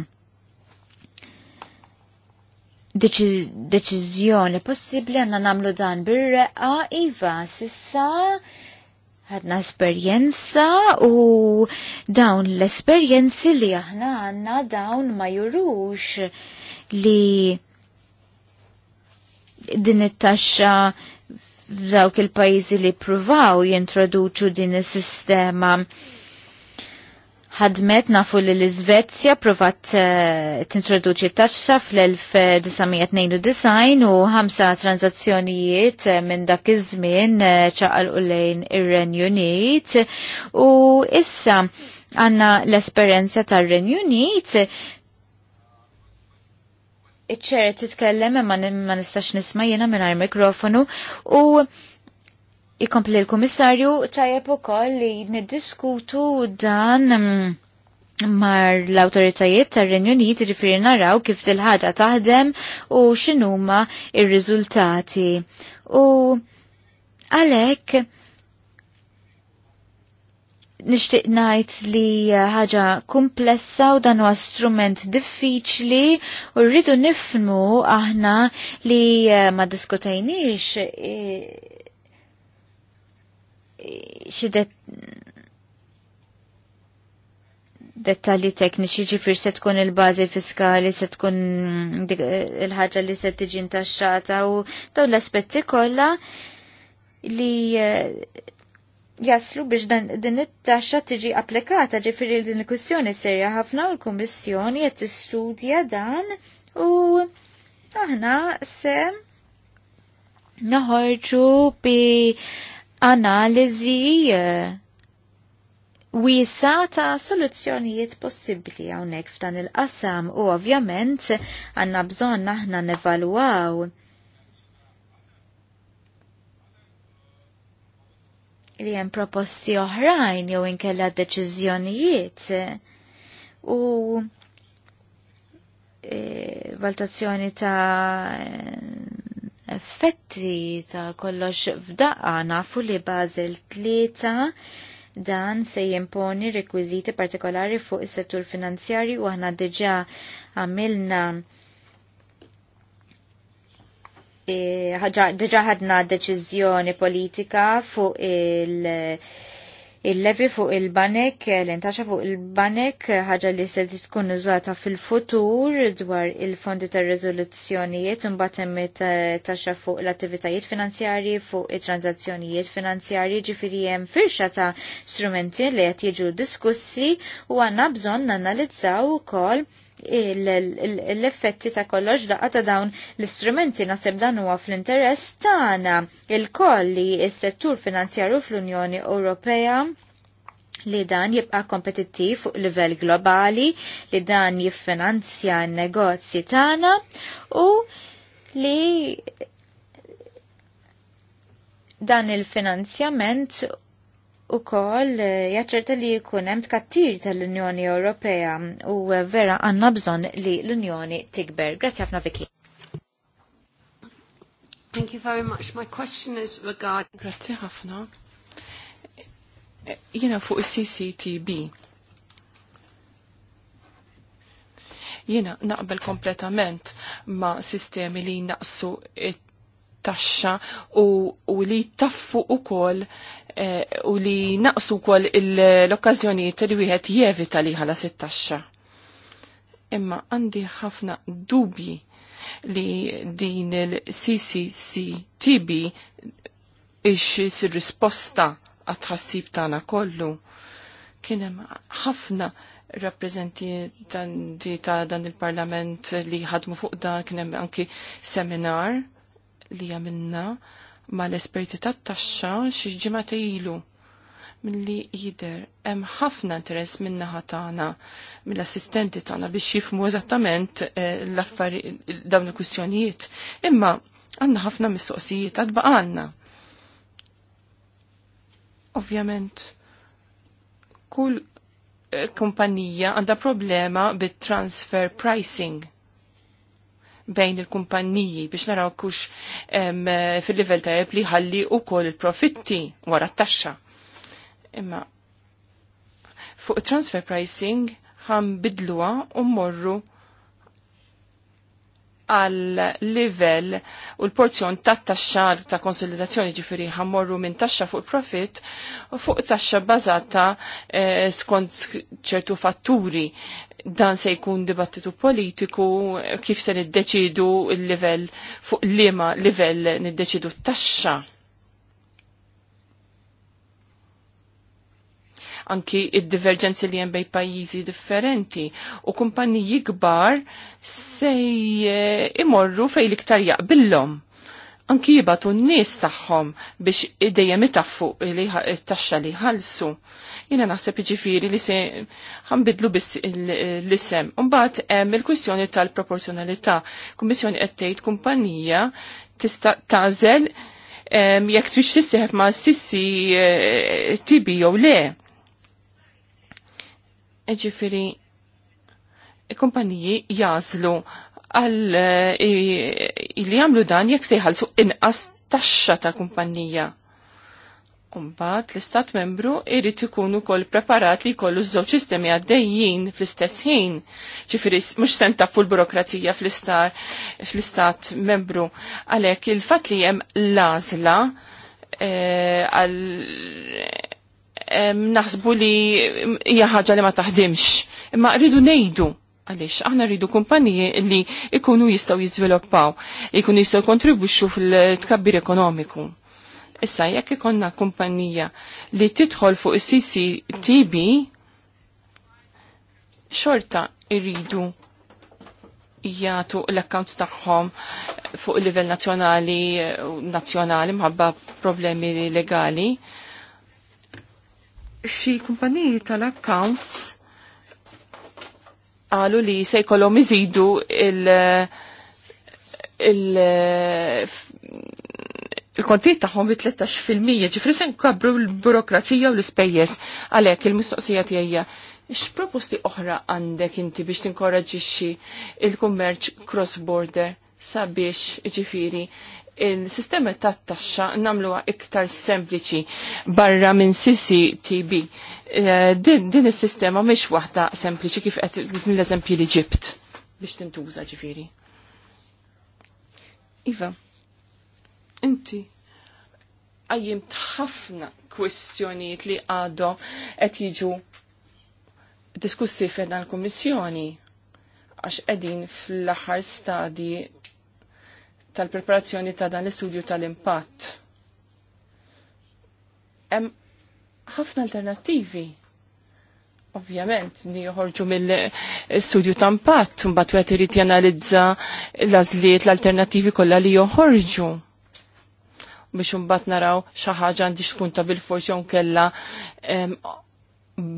deċiżjoni possibbli għanna namlu dan bir reqa iva sissa ħadna esperjenza u dawn l-esperjenzi li aħna għanna dawn ma jurux li din it-taxxa f'dawk il-pajjiżi li pruvaw jintroduċu din is-sistema ħadmet nafu li l-Svezja provat eh, t-introduċi taċċa fl-1992 u ħamsa tranzazzjonijiet eh, minn dak iż-żmien eh, ċaqal u lejn ir-Renju Unit u issa għanna l-esperjenza tar-Renju Unit iċċeret titkellem ma nistax nisma jena minn mikrofonu u ikompli l-Komissarju tajjeb ukoll li niddiskutu dan mm, mar l-autoritajiet tar-Renju Unit ġifieri naraw kif dil-ħaġa taħdem u x'inhuma ir-riżultati. U għalhekk nixtieq ngħid li ħaġa komplessa u dan huwa strument diffiċli u rridu nifmu aħna li eh, ma diskutajniex. Eh, xidet dettalji tekniċi ġifir se tkun il-bazi fiskali, se tkun il-ħagġa li se tiġi intaxxata u dawn l-aspetti kollha li eh, jaslu biex din it-taxxa tiġi applikata ġifiri din il kussjoni serja ħafna u l-Kummissjoni qed tistudja dan u aħna se naħorġu bi analizi eh, wisa ta' soluzzjonijiet possibbli hawnhekk f'dan il-qasam u ovvjament għandna bżonn aħna nevaluaw li hemm proposti oħrajn jew inkella deċiżjonijiet u e, valutazzjoni ta' effetti ta' kollox f'daqqa nafu li bażel tlieta dan se jimponi rekwiziti partikolari fuq is-settur finanzjari u aħna diġà għamilna e, diġà ħadna deċiżjoni politika fuq il- il-levi fuq il-banek, l-intaxa fuq il-banek, ħaġa li se tkun użata fil-futur dwar il-fondi ta' rezoluzzjonijiet, mbatem taxa fuq l-attivitajiet finanzjari, fuq il-transazzjonijiet finanzjari, ġifiri jem firxa ta' strumenti li għet jiġu diskussi u għanna bżon nanalizzaw kol l-effetti ta' kollox daqqa ta' dawn l-istrumenti nasib dan huwa fl-interess tagħna il-kolli s-settur finanzjarju fl-Unjoni Ewropea li dan jibqa kompetittiv fuq livell globali, li dan jiffinanzja n-negozji tagħna u li dan il-finanzjament u koll eh, jaċċerta li hemm tkattir tal-Unjoni Ewropea u eh, vera għanna bżon li l-Unjoni tikber. Grazie għafna Viki. Thank you very much. My question is regarding... Grazie ħafna. Eh, Jena fuq CCTB. Jena naqbel kompletament ma sistemi li naqsu it-taxxa u, u li taffu u koll Eh, u li naqsu kol l okkazjoni li wieħed jevita li ħala sit-taxxa. Imma għandi ħafna dubji li din il-CCCTB ix sir risposta għat-ħassib tagħna kollu. Kien hemm ħafna rappreżentanti ta' dan il-Parlament li ħadmu fuq dan kien hemm anki seminar li għamilna Ma l esperti tat-taxxa xi ġimgħa ilu milli jider hemm ħafna interess min-naħa tagħna mill-assistenti tagħna biex jifhmu eżattament eh, l-affarijiet dawn il-kwistjonijiet. Imma għandna ħafna mistoqsijiet baq għandna. Ovvjament kull eh, kumpanija għandha problema bit-transfer pricing bejn il-kumpanniji biex naraw kux fil-level ta' jeb li ħalli u kol il-profitti wara t-taxxa. Imma fuq transfer pricing ħan bidluwa u morru għal livell u l-porzjon ta' taxxa ta' konsolidazzjoni ġifiri ħammorru minn taxxa fuq profit u fuq taxxa bazata eh, skont ċertu fatturi dan se jkun dibattitu politiku kif se niddeċidu il-livell fuq liema livell niddeċidu t-taxxa anki id-divergenzi li hemm bej pajjiżi differenti u kumpaniji kbar se eh, imorru fej liktar jaqbillhom. Anki jibatu n-nies tagħhom biex dejjem itaffu it-taxxa li ħalsu. Jiena naħseb jiġifieri li se ħambidlu biss l-isem. Mbagħad hemm il-kwistjoni tal-proporzjonalità. Kummissjoni qed tgħid kumpanija tista' tazel jekk t tissieħeb ma' sissi eh, tibi jew le eġifiri kumpaniji jazlu għal eh, li għamlu dan jek seħalsu inqas taxxa ta' kumpanija. Umbat l-istat membru irrit ikunu kol preparat li kollu żewġ sistemi għaddejjin fl-istess ħin. Ġifiri, mux senta l burokrazija fl-istat membru. Għalek, il-fat li jem lazla eh, għal e, naħsbu li hija ħaġa li ma taħdimx. Imma rridu ngħidu għaliex aħna rridu kumpaniji li ikunu jistgħu jiżviluppaw, ikunu jistgħu kontribwixxu fil-tkabbir ekonomiku. Issa jekk ikonna kumpanija li tidħol fuq is-CCTB xorta irridu jgħatu l-accounts tagħhom fuq il-livell nazzjonali u nazzjonali mħabba problemi legali xi kumpaniji tal-accounts għalu li se jkollhom iżidu il- il- il-kontijiet tagħhom bi 13% ġifri se nkabru l-burokrazija u l-ispejjeż għalhekk il-mistoqsija tiegħi x'proposti oħra għandek inti biex tinkoraġixxi il-kummerċ cross border sabiex ġifiri il-sistema tat taxxa namluha iktar sempliċi barra minn CCTB. Eh, din, din is-sistema mhix waħda sempliċi kif qed mill-eżempji li ġibt biex tintuża ġifieri. Iva, inti għajjim ħafna kwestjonijiet li għadhom qed jiġu diskussi fejn l-Kummissjoni għax qegħdin fl-aħħar stadji tal-preparazzjoni ta' dan l-istudju tal-impatt. Hemm ħafna alternattivi. Ovvjament, ni joħorġu mill-studju ta' impatt, mbagħad wieħed irid janalizza l-għażliet l-alternattivi kollha li joħorġu biex imbagħad naraw xi ħaġa għandi xkun ta' bil-forsi kella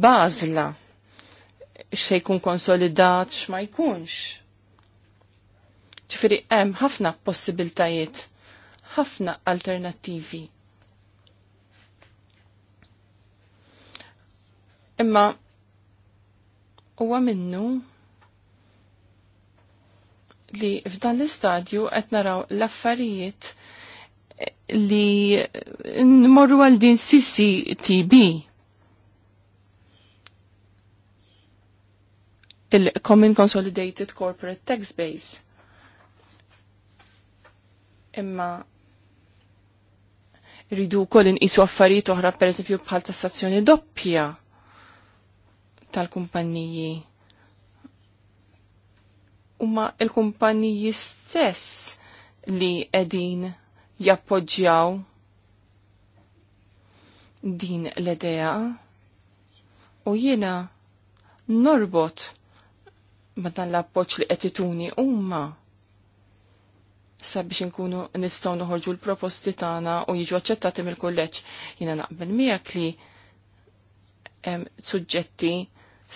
bażla xejn jkun konsolidat x'ma jkunx Ġifiri hemm ħafna possibiltajiet, ħafna alternattivi. Imma huwa minnu li f'dan l-istadju qed naraw l-affarijiet li nmorru għal din CCTB. il-Common Consolidated Corporate Tax Base. Imma rridu wkoll inqisu affarijiet oħra pereżempju bħal tassazzjoni doppja tal-kumpanniji. Uma l-kumpanniji stess li qegħdin jappoġġjaw din l-idea u jiena norbot ma dan l-appoġġ li qed ituni huma sabiex inkunu nistgħu noħorġu l-proposti tagħna u jiġu aċċettati mill-kulleġġ. Jiena naqbel miegħek li hemm suġġetti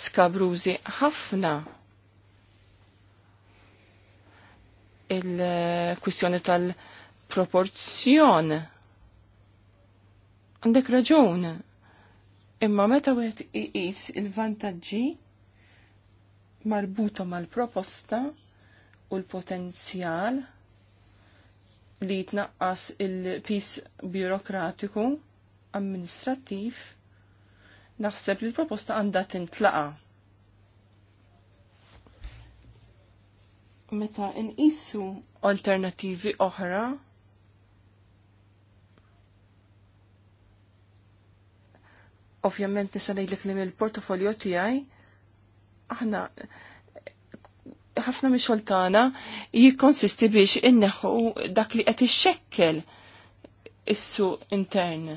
skabrużi ħafna il-kwistjoni tal-proporzjon. Għandek raġun. Imma meta wieħed iqis il-vantaġġi marbuta mal-proposta u l-potenzjal li jitnaqqas il-pis birokratiku amministrattiv naħseb li l-proposta għandha tintlaqa. Meta inqisu alternativi oħra Ovvjament nisa ngħidlek li mill-portofolio tiegħi aħna ħafna xoltana jikonsisti biex inneħu dak li qed xekkel issu intern.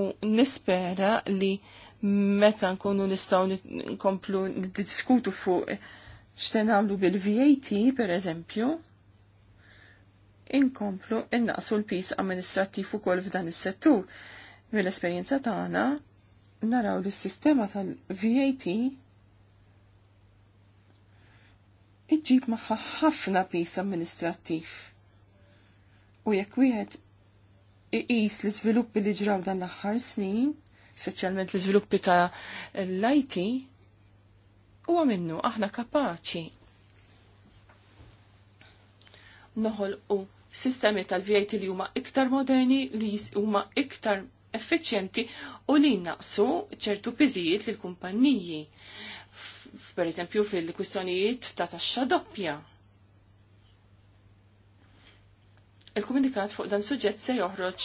U nispera li meta nkunu nistaw nkomplu diskutu fuq x'ten għamlu bil-VAT per eżempju, inkomplu innaqsu l-pis amministrattiv ukoll f'dan is-settur. Mill-esperjenza tagħna naraw li s-sistema tal-VAT iġġib magħha ħafna pis amministrattiv. U jekk wieħed iqis l-iżviluppi li ġraw dan l-aħħar snin, speċjalment l-iżviluppi ta' l-IT, huwa minnu aħna kapaċi noħolqu sistemi tal-VAT li huma iktar moderni, li huma iktar effiċjenti u li naqsu ċertu piżijiet lill kumpanniji per eżempju fil-kwistjonijiet ta' taxxa doppja. Il-komunikat fuq dan suġġett se joħroġ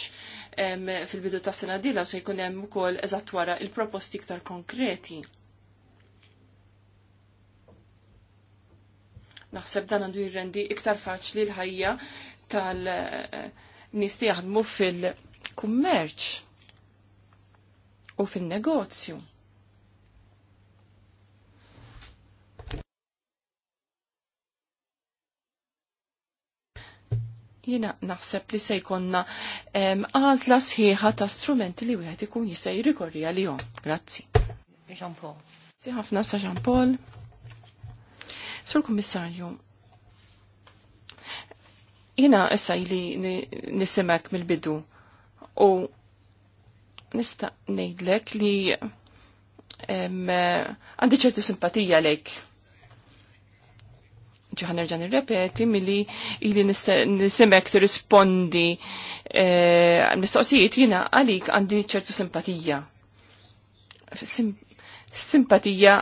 fil-bidu ta' sena dila se jkun hemm ukoll eżatt wara il-proposti iktar konkreti. Naħseb dan għandu jirrendi iktar faċli l-ħajja tal-nies li jaħdmu fil-kummerċ u fil-negozju. jina naħseb li se jkonna għazla sħiħa ta' strumenti li wieħed ikun jista' jirrikorri għalihom. Grazzi. Jean-Paul. Si ħafna sa Jean-Paul. Sur Kummissarju, jina issa li nisimek mill-bidu u nista' ngħidlek li għandi ċertu simpatija lejk forsi ħanerġa' nirrepeti milli ili nisimek tirrispondi eh, għal-mistoqsijiet jiena għalik għandi ċertu simpatija. Simpatija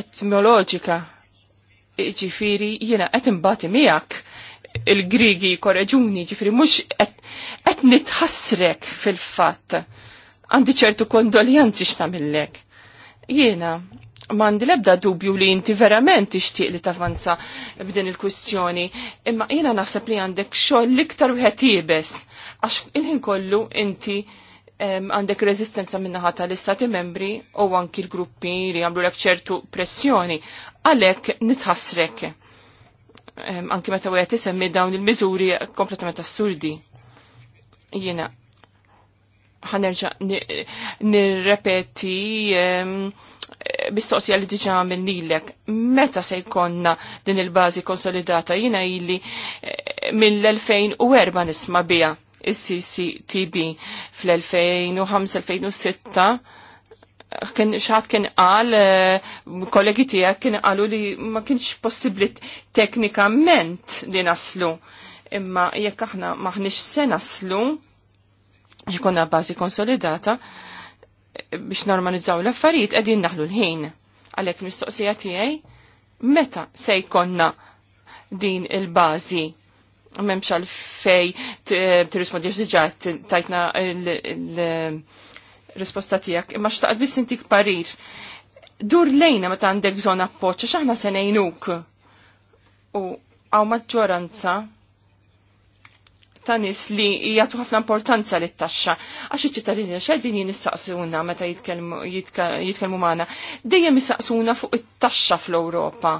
etnoloġika ġifiri jiena qed imbati miegħek il-Grigi korreġuni ġifiri mhux qed nitħassrek fil-fatt. Għandi ċertu kondoljanzi x'tagħmillek. Jiena mandi lebda dubju li inti verament tixtieq li tavanza b'din il-kwistjoni, imma jiena naħseb li għandek xogħol l-iktar wieħed jibes għax il-ħin kollu inti għandek rezistenza minnaħa tal-istati membri u anki l-gruppi li għamlu l ċertu pressjoni. Għalek nitħassrek. Anki meta u semmi dawn il-mizuri kompletament assurdi. Jina ħanerġa nirrepeti mistoqsija li diġa minnilek, meta se jkonna din il-bazi konsolidata jina illi eh, mill-2004 nisma bija il-CCTB fl-2005-2006 kien xaħat kien għal eh, kollegi tijak kien qalu li ma kienx possibli teknikament li naslu imma jekk aħna maħnix se naslu ġikonna bazi konsolidata biex normalizzaw l-affarijiet qegħdin naħlu l-ħin. Għalhekk mistoqsija tiegħi meta se jkollna din il-bażi memx għal fej t diġà tajtna l-risposta tijak. Ma xtaqt biss intik parir. Dur lejna meta għandek bżon appoċ, xaħna senajnuk. U għaw maġġoranza ta' nis li jgħatu ħafna importanza li t-taxxa. Għax iċ-ċittadini xedin nissaqsuna meta jitkellmu maħna. Dejjem jissaqsuna fuq it-taxxa fl-Ewropa.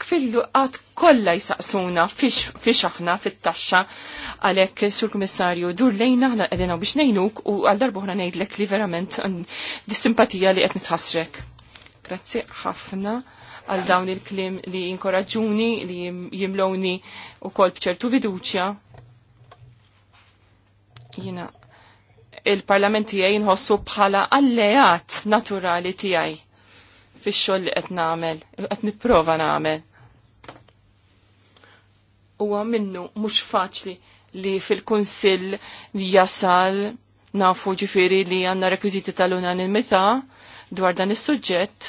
Kfillu għat kolla jisaqsuna fiex aħna fit-taxxa għalek sur kummissarju dur lejna aħna għedina biex nejnuk u għal darbu ħna nejdlek li verament dis-simpatija li qed nitħasrek. Grazzi ħafna għal dawn il-klim li inkoraġuni li jimlowni u kol bċertu fiduċja Jina, il-parlament tijaj nħossu bħala alleat naturali tijaj fix xogħol li qed nagħmel, qed nipprova nagħmel. Huwa minnu mhux faċli li fil-kunsill jasal nafu ġifiri li għanna rekwiziti tal-unanimità dwar dan is-suġġett.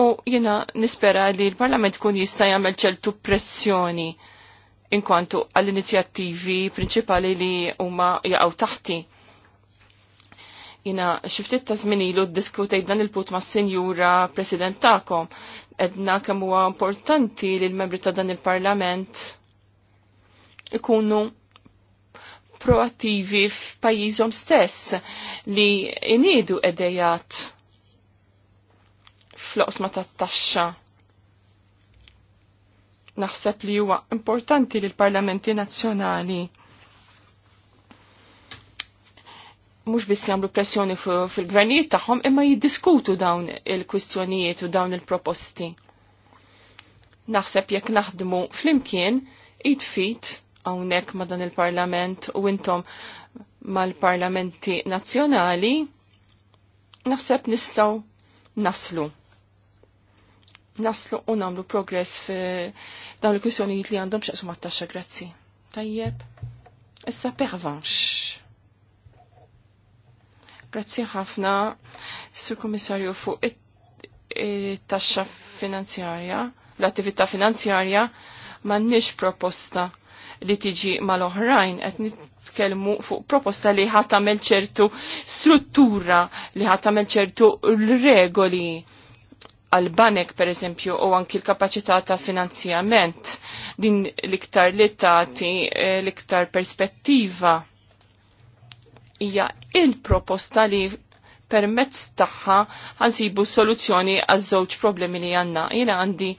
U jina nispera li l-Parlament kun jista' jagħmel ċertu pressjoni inkwantu għall-inizjattivi prinċipali li huma jaqgħu taħti. Jina xiftit ta' zminilu diskutej dan il-put ma' senjura president ta'kom. Edna kemm huwa importanti li l-membri ta' dan il-parlament ikunu proattivi f'pajjiżhom stess li inidu edejat fl-oqsma tat-taxxa Naħseb li huwa importanti li l-parlamenti nazzjonali mhux biss jagħmlu pressjoni fil-gvernijiet tagħhom imma jiddiskutu dawn il-kwistjonijiet u dawn il-proposti. Naħseb jekk naħdmu flimkien it-fit hawnhekk ma' dan il-Parlament u intom mal-parlamenti nazzjonali naħseb nistgħu naslu naslu u namlu progress fi dawn il-kwissjonijiet li għandhom xaqsu mat-taxxa grazzi. Tajjeb. Issa pervanx. Grazzi ħafna, Sur Komissarju, fuq it-taxxa finanzjarja, l-attività finanzjarja, m'għandniex proposta li tiġi mal-oħrajn, qed nitkellmu fuq proposta li ħatamel ċertu struttura, li ħatamel ċertu regoli għal-banek per eżempju u anki l-kapacità ta' finanzjament din l-iktar li tagħti eh, l-iktar perspettiva hija il-proposta li permezz tagħha għansibu soluzzjoni għaż żewġ problemi li għandna. Jina għandi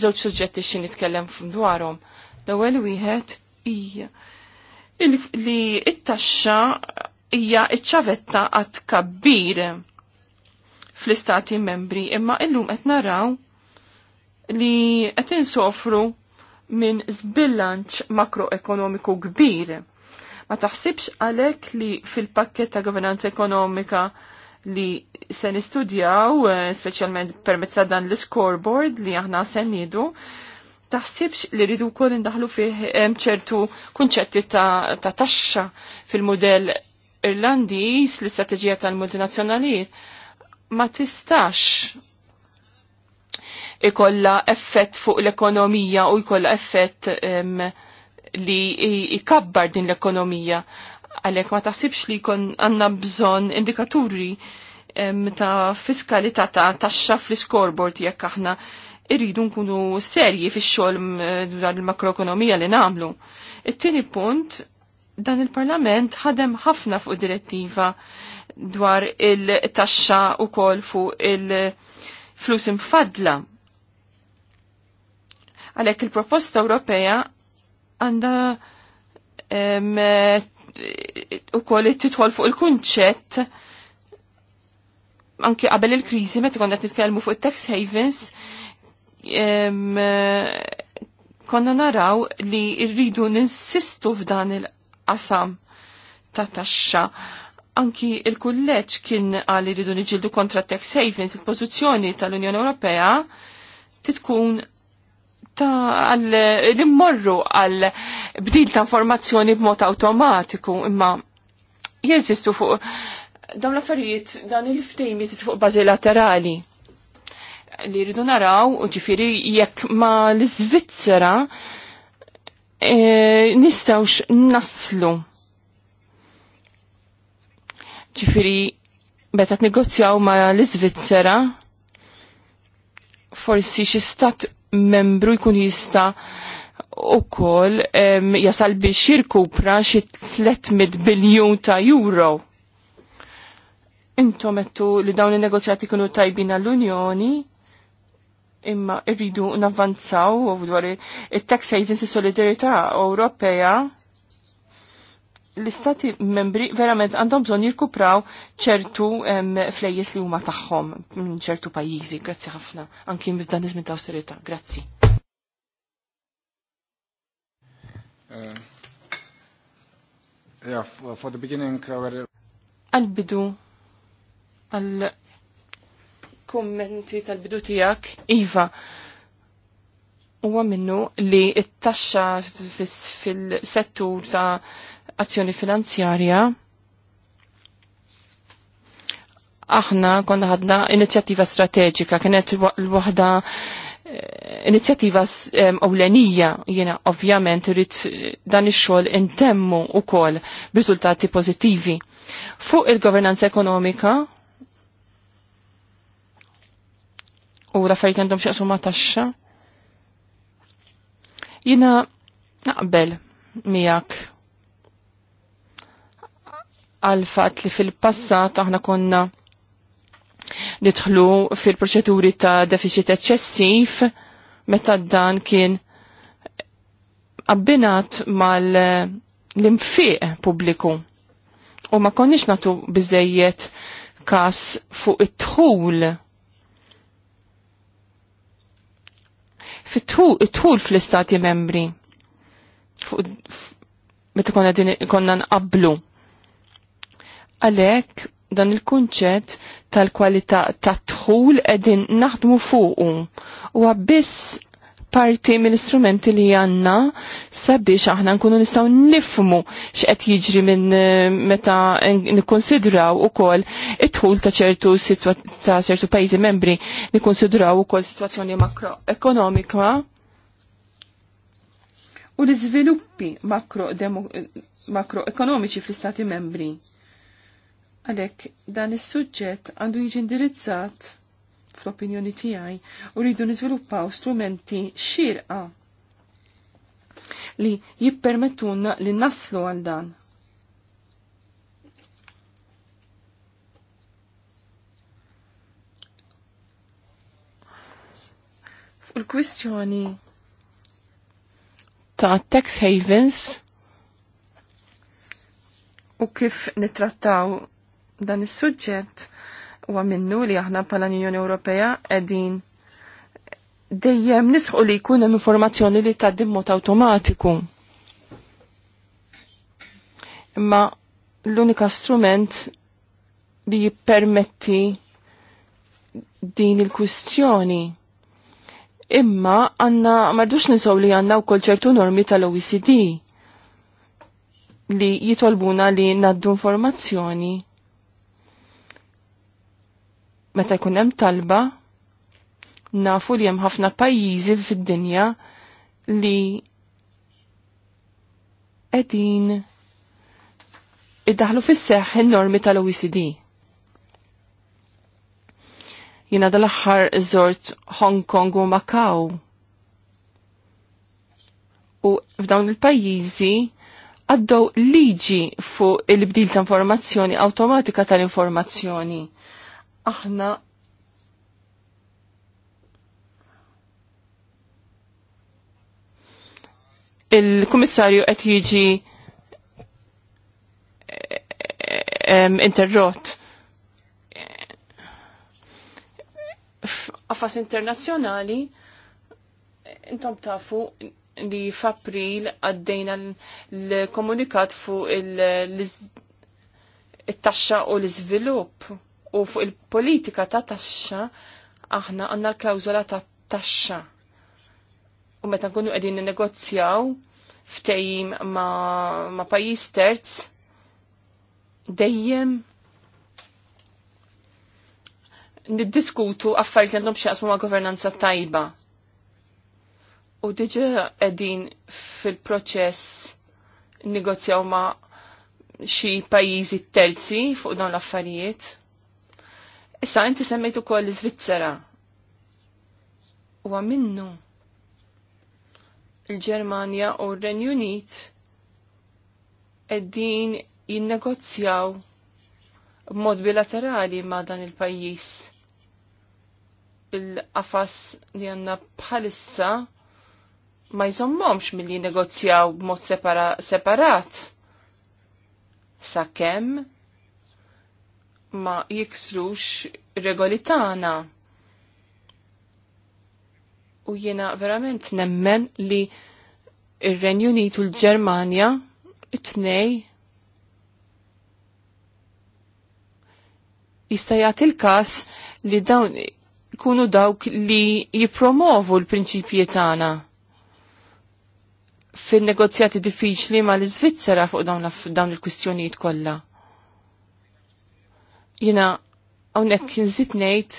żewġ suġġetti xin nitkellem dwarhom. L-ewwel wieħed hija li t-taxxa hija iċ-ċavetta għat kabbir fl-istati membri, imma illum qed naraw li qed insofru minn zbilanċ makroekonomiku kbir. Ma taħsibx għalek li fil-pakket ta' governanza ekonomika li se nistudjaw, eh, specialment permezz dan l-scoreboard li aħna se nidu, taħsibx li ridu kol indaħlu fih eh, ċertu kunċetti ta', ta taxxa fil-modell Irlandiż l-istrateġija tal-multinazzjonalijiet ma tistax ikolla effett fuq l-ekonomija u jkolla effett um, li ikabbar din l-ekonomija. Għalek ma taħsibx li kon għanna bżon indikaturi um, ta' fiskalità ta' taxxa fl-scoreboard jekk aħna irridu nkunu serji fix xogħol dwar il-makroekonomija li namlu. It-tieni punt dan il-Parlament ħadem ħafna fuq direttiva dwar il-taxxa u kol fuq il-flus imfadla. Għalek il-proposta Ewropea għanda u kol titħol fuq il-kunċett anki qabel il-krizi meta konna nitkellmu fuq tax havens konna naraw li rridu ninsistu f'dan il-qasam ta' taxxa Anki il-kulleċ kien għalli ridu niġildu kontra tax savings, il-pozizjoni tal-Unjoni Ewropea titkun għal l-immorru għall bdil ta' informazzjoni b'mod automatiku imma jeżistu fuq dawn l-affarijiet dan il-ftejm jeżistu fuq bażi laterali li rridu naraw u ġifiri jekk ma l-Svizzera e, nistawx naslu Ġifiri, meta negozjaw ma l-Iżvizzera, forsi xi stat membru jkun jista u kol um, jasal biex jirkupra xi 300 biljun ta' euro. Intom ettu li dawn il-negozjati kunu tajbin għall-Unjoni, imma irridu navvanzaw u dwar il-tax savings u solidarietà Ewropea l-istati membri verament għandhom bżon jirkupraw ċertu flejjes li huma tagħhom minn ċertu pajjiżi, grazzi ħafna, anki dan iż-żmien ta' awsterità. Grazzi. Uh, yeah, for the beginning uh, Għal-bidu għal kummenti tal-bidu tijak, Iva, huwa minnu li it-taxxa fil-settur ta' azzjoni finanzjarja aħna konna ħadna inizjattiva strateġika, kienet l-waħda eh, inizjattiva ewlenija jiena ovvjament irid eh, dan ix-xogħol intemmu wkoll b'riżultati pożittivi. Fuq il-governanza ekonomika u l-affarijiet għandhom x'jaqsu ma' taxxa. Jiena naqbel miegħek għal fatt li fil-passat aħna konna nidħlu fil-proċeduri ta' deficit eċċessiv meta dan kien abbinat mal eh, l imfiq pubbliku. U ma konniex natu bizzejiet kas fuq it-tħul. Fit-tħul fl-istati membri. Meta konna, konna nqablu Għalhekk dan il-kunċett tal-kwalità tat-tħul qegħdin naħdmu fuqu. U biss parti mill-istrumenti li għanna sabiex aħna nkunu nistaw nifmu x'qed jiġri minn eh, meta nikkonsidraw ukoll it-tħul ta' ċertu ta' ċertu pajzi membri nikkonsidraw ukoll situazzjoni makroekonomika u l-iżviluppi makroekonomiċi makro fl-istati membri. Għalek, dan is suġġett għandu jiġi indirizzat fl-opinjoni tijaj u rridu nizviluppaw strumenti xirqa li jippermettunna li naslu għal dan. Fuq il-kwistjoni ta' tax havens u kif nitrattaw Dan is-suġġett huwa minnu li aħna bħala Unjoni Ewropea qegħdin dejjem nisħu li jkun hemm informazzjoni li tgħaddi b'mod awtomatiku. Imma l-unika strument li jippermetti din il-kwistjoni. Imma għanna marduċ nisaw li għanna u ċertu normi tal-OECD li jitolbuna li naddu informazzjoni meta jkun hemm talba nafu li hemm ħafna pajjiżi fid-dinja li qegħdin iddaħlu fis-seħħ in-normi tal-OECD. Jiena dal-aħħar żort Hong Kong u Macau. U f'dawn il-pajjiżi għaddew liġi fuq il-bdil ta' informazzjoni awtomatika tal-informazzjoni aħna il-kummissarju qed jiġi interrott. f'affas internazzjonali intom tafu li f'April għaddejna l-komunikat fuq il-taxxa u l-iżvilupp. il taxxa u l iżvilupp u fuq il-politika ta' taxxa aħna għanna l-klawzola ta' taxxa. U meta nkunu qegħdin negozjaw ftejim ma', ma pajjiż terz dejjem niddiskutu affarijiet li għandhom x'jaqsmu ma' governanza tajba. U diġa qegħdin fil-proċess negozjaw ma' xi pajjiżi terzi fuq dawn l-affarijiet Issa, inti semmejtu kol l-Svizzera. U minnu il-Germania u r-Renju Unit eddin jinnegozjaw b'mod bilaterali ma' dan il-pajjiż. Il-qafas li għanna bħalissa ma jżommomx mill-li negozjaw b'mod separat. Sa' kemm ma jiksrux regoli tagħna. U jiena verament nemmen li ir-Renju Unit u l-Ġermanja it-tnej jista' jagħti l-każ li dawn ikunu dawk li jipromovu l-prinċipji tagħna fin-negozjati diffiċli mal svizzera fuq dawn il-kwistjonijiet kollha. Jina għonek nżid nejt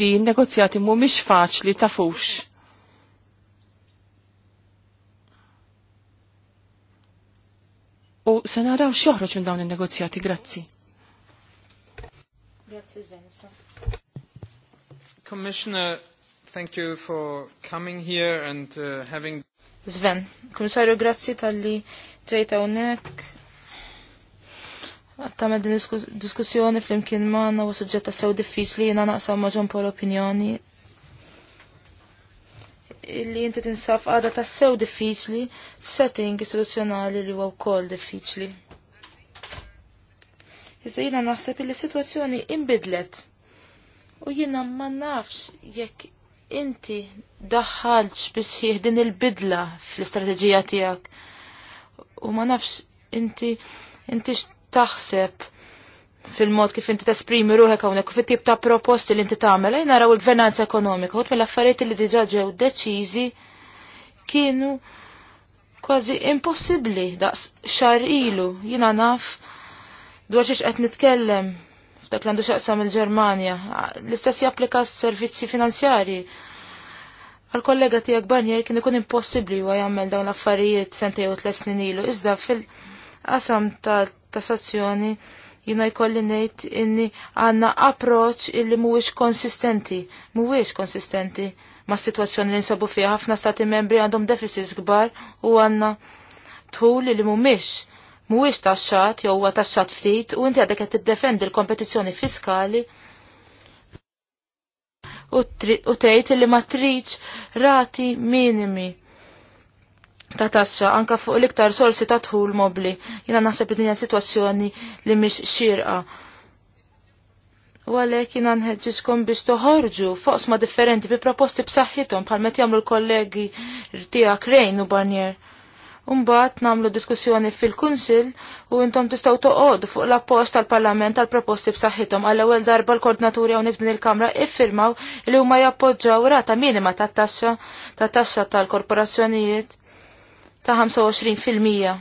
li mu mish faċ li tafux. U se naraw xoħroċ minn dawn il negozjati grazzi. Grazzi Svensa. Commissioner, thank you for coming here and uh, having Sven, Komissarju, grazzi tal-li trejta unek Għattamel din diskussjoni fl-imkien maħna u suġġetta sew diffiċli jina naqsam maġun pol opinjoni. Illi jinti tinsaf għada ta' sew diffiċli f-setting istituzzjonali li huwa wkoll diffiċli. Iżda jina naħseb illi situazzjoni imbidlet u jina ma nafx jekk inti daħħalx bisħieħ din il-bidla fl-istrateġija tijak. U ma nafx inti inti taħseb fil-mod kif inti tesprimi ruħek hawnhekk u fit-tip ta' proposti li inti tagħmel ejn naraw il-gvernanza ekonomika, għot mill-affarijiet li diġà ġew deċiżi kienu kważi impossibbli daqs xar ilu jiena naf dwar xiex qed nitkellem f'dak l-għandu xaqsam il-Ġermanja. L-istess japplika s-servizzi finanzjari. Għal-kollega tijak Banjer kien ikun impossibli u għajamel dawn l-affarijiet sentej u tlesnin ilu. Iżda fil-qasam ta' tassazzjoni jina jkolli nejt inni għanna approċ illi mhuwiex konsistenti, mhuwiex konsistenti ma situazzjoni li nsabu fiha ħafna stati membri għandhom deficits kbar u għanna tħul li mhumiex mhuwiex taxxat jew huwa taxxat ftit u inti għadek qed tiddefendi l-kompetizzjoni fiskali u tgħid li ma tridx rati minimi ta' tassa anka fuq l-iktar sorsi ta' tħul mobli. Jina naħseb id-dinja situazzjoni li mhix xirqa. U għalhekk jina nħeġġiskom biex toħorġu foqsma differenti bi proposti b'saħħithom bħal met jagħmlu l-kollegi rtija Krejn u Barnier. Umbat nagħmlu diskussjoni fil-Kunsill u intom tistgħu toqod fuq l-appost tal-Parlament tal-proposti b'saħħithom għal ewwel darba l-koordinaturi hawnhekk din il-Kamra iffirmaw li huma jappoġġaw rata minima tat-taxxa tat-taxxa tal-korporazzjonijiet ta' 25%.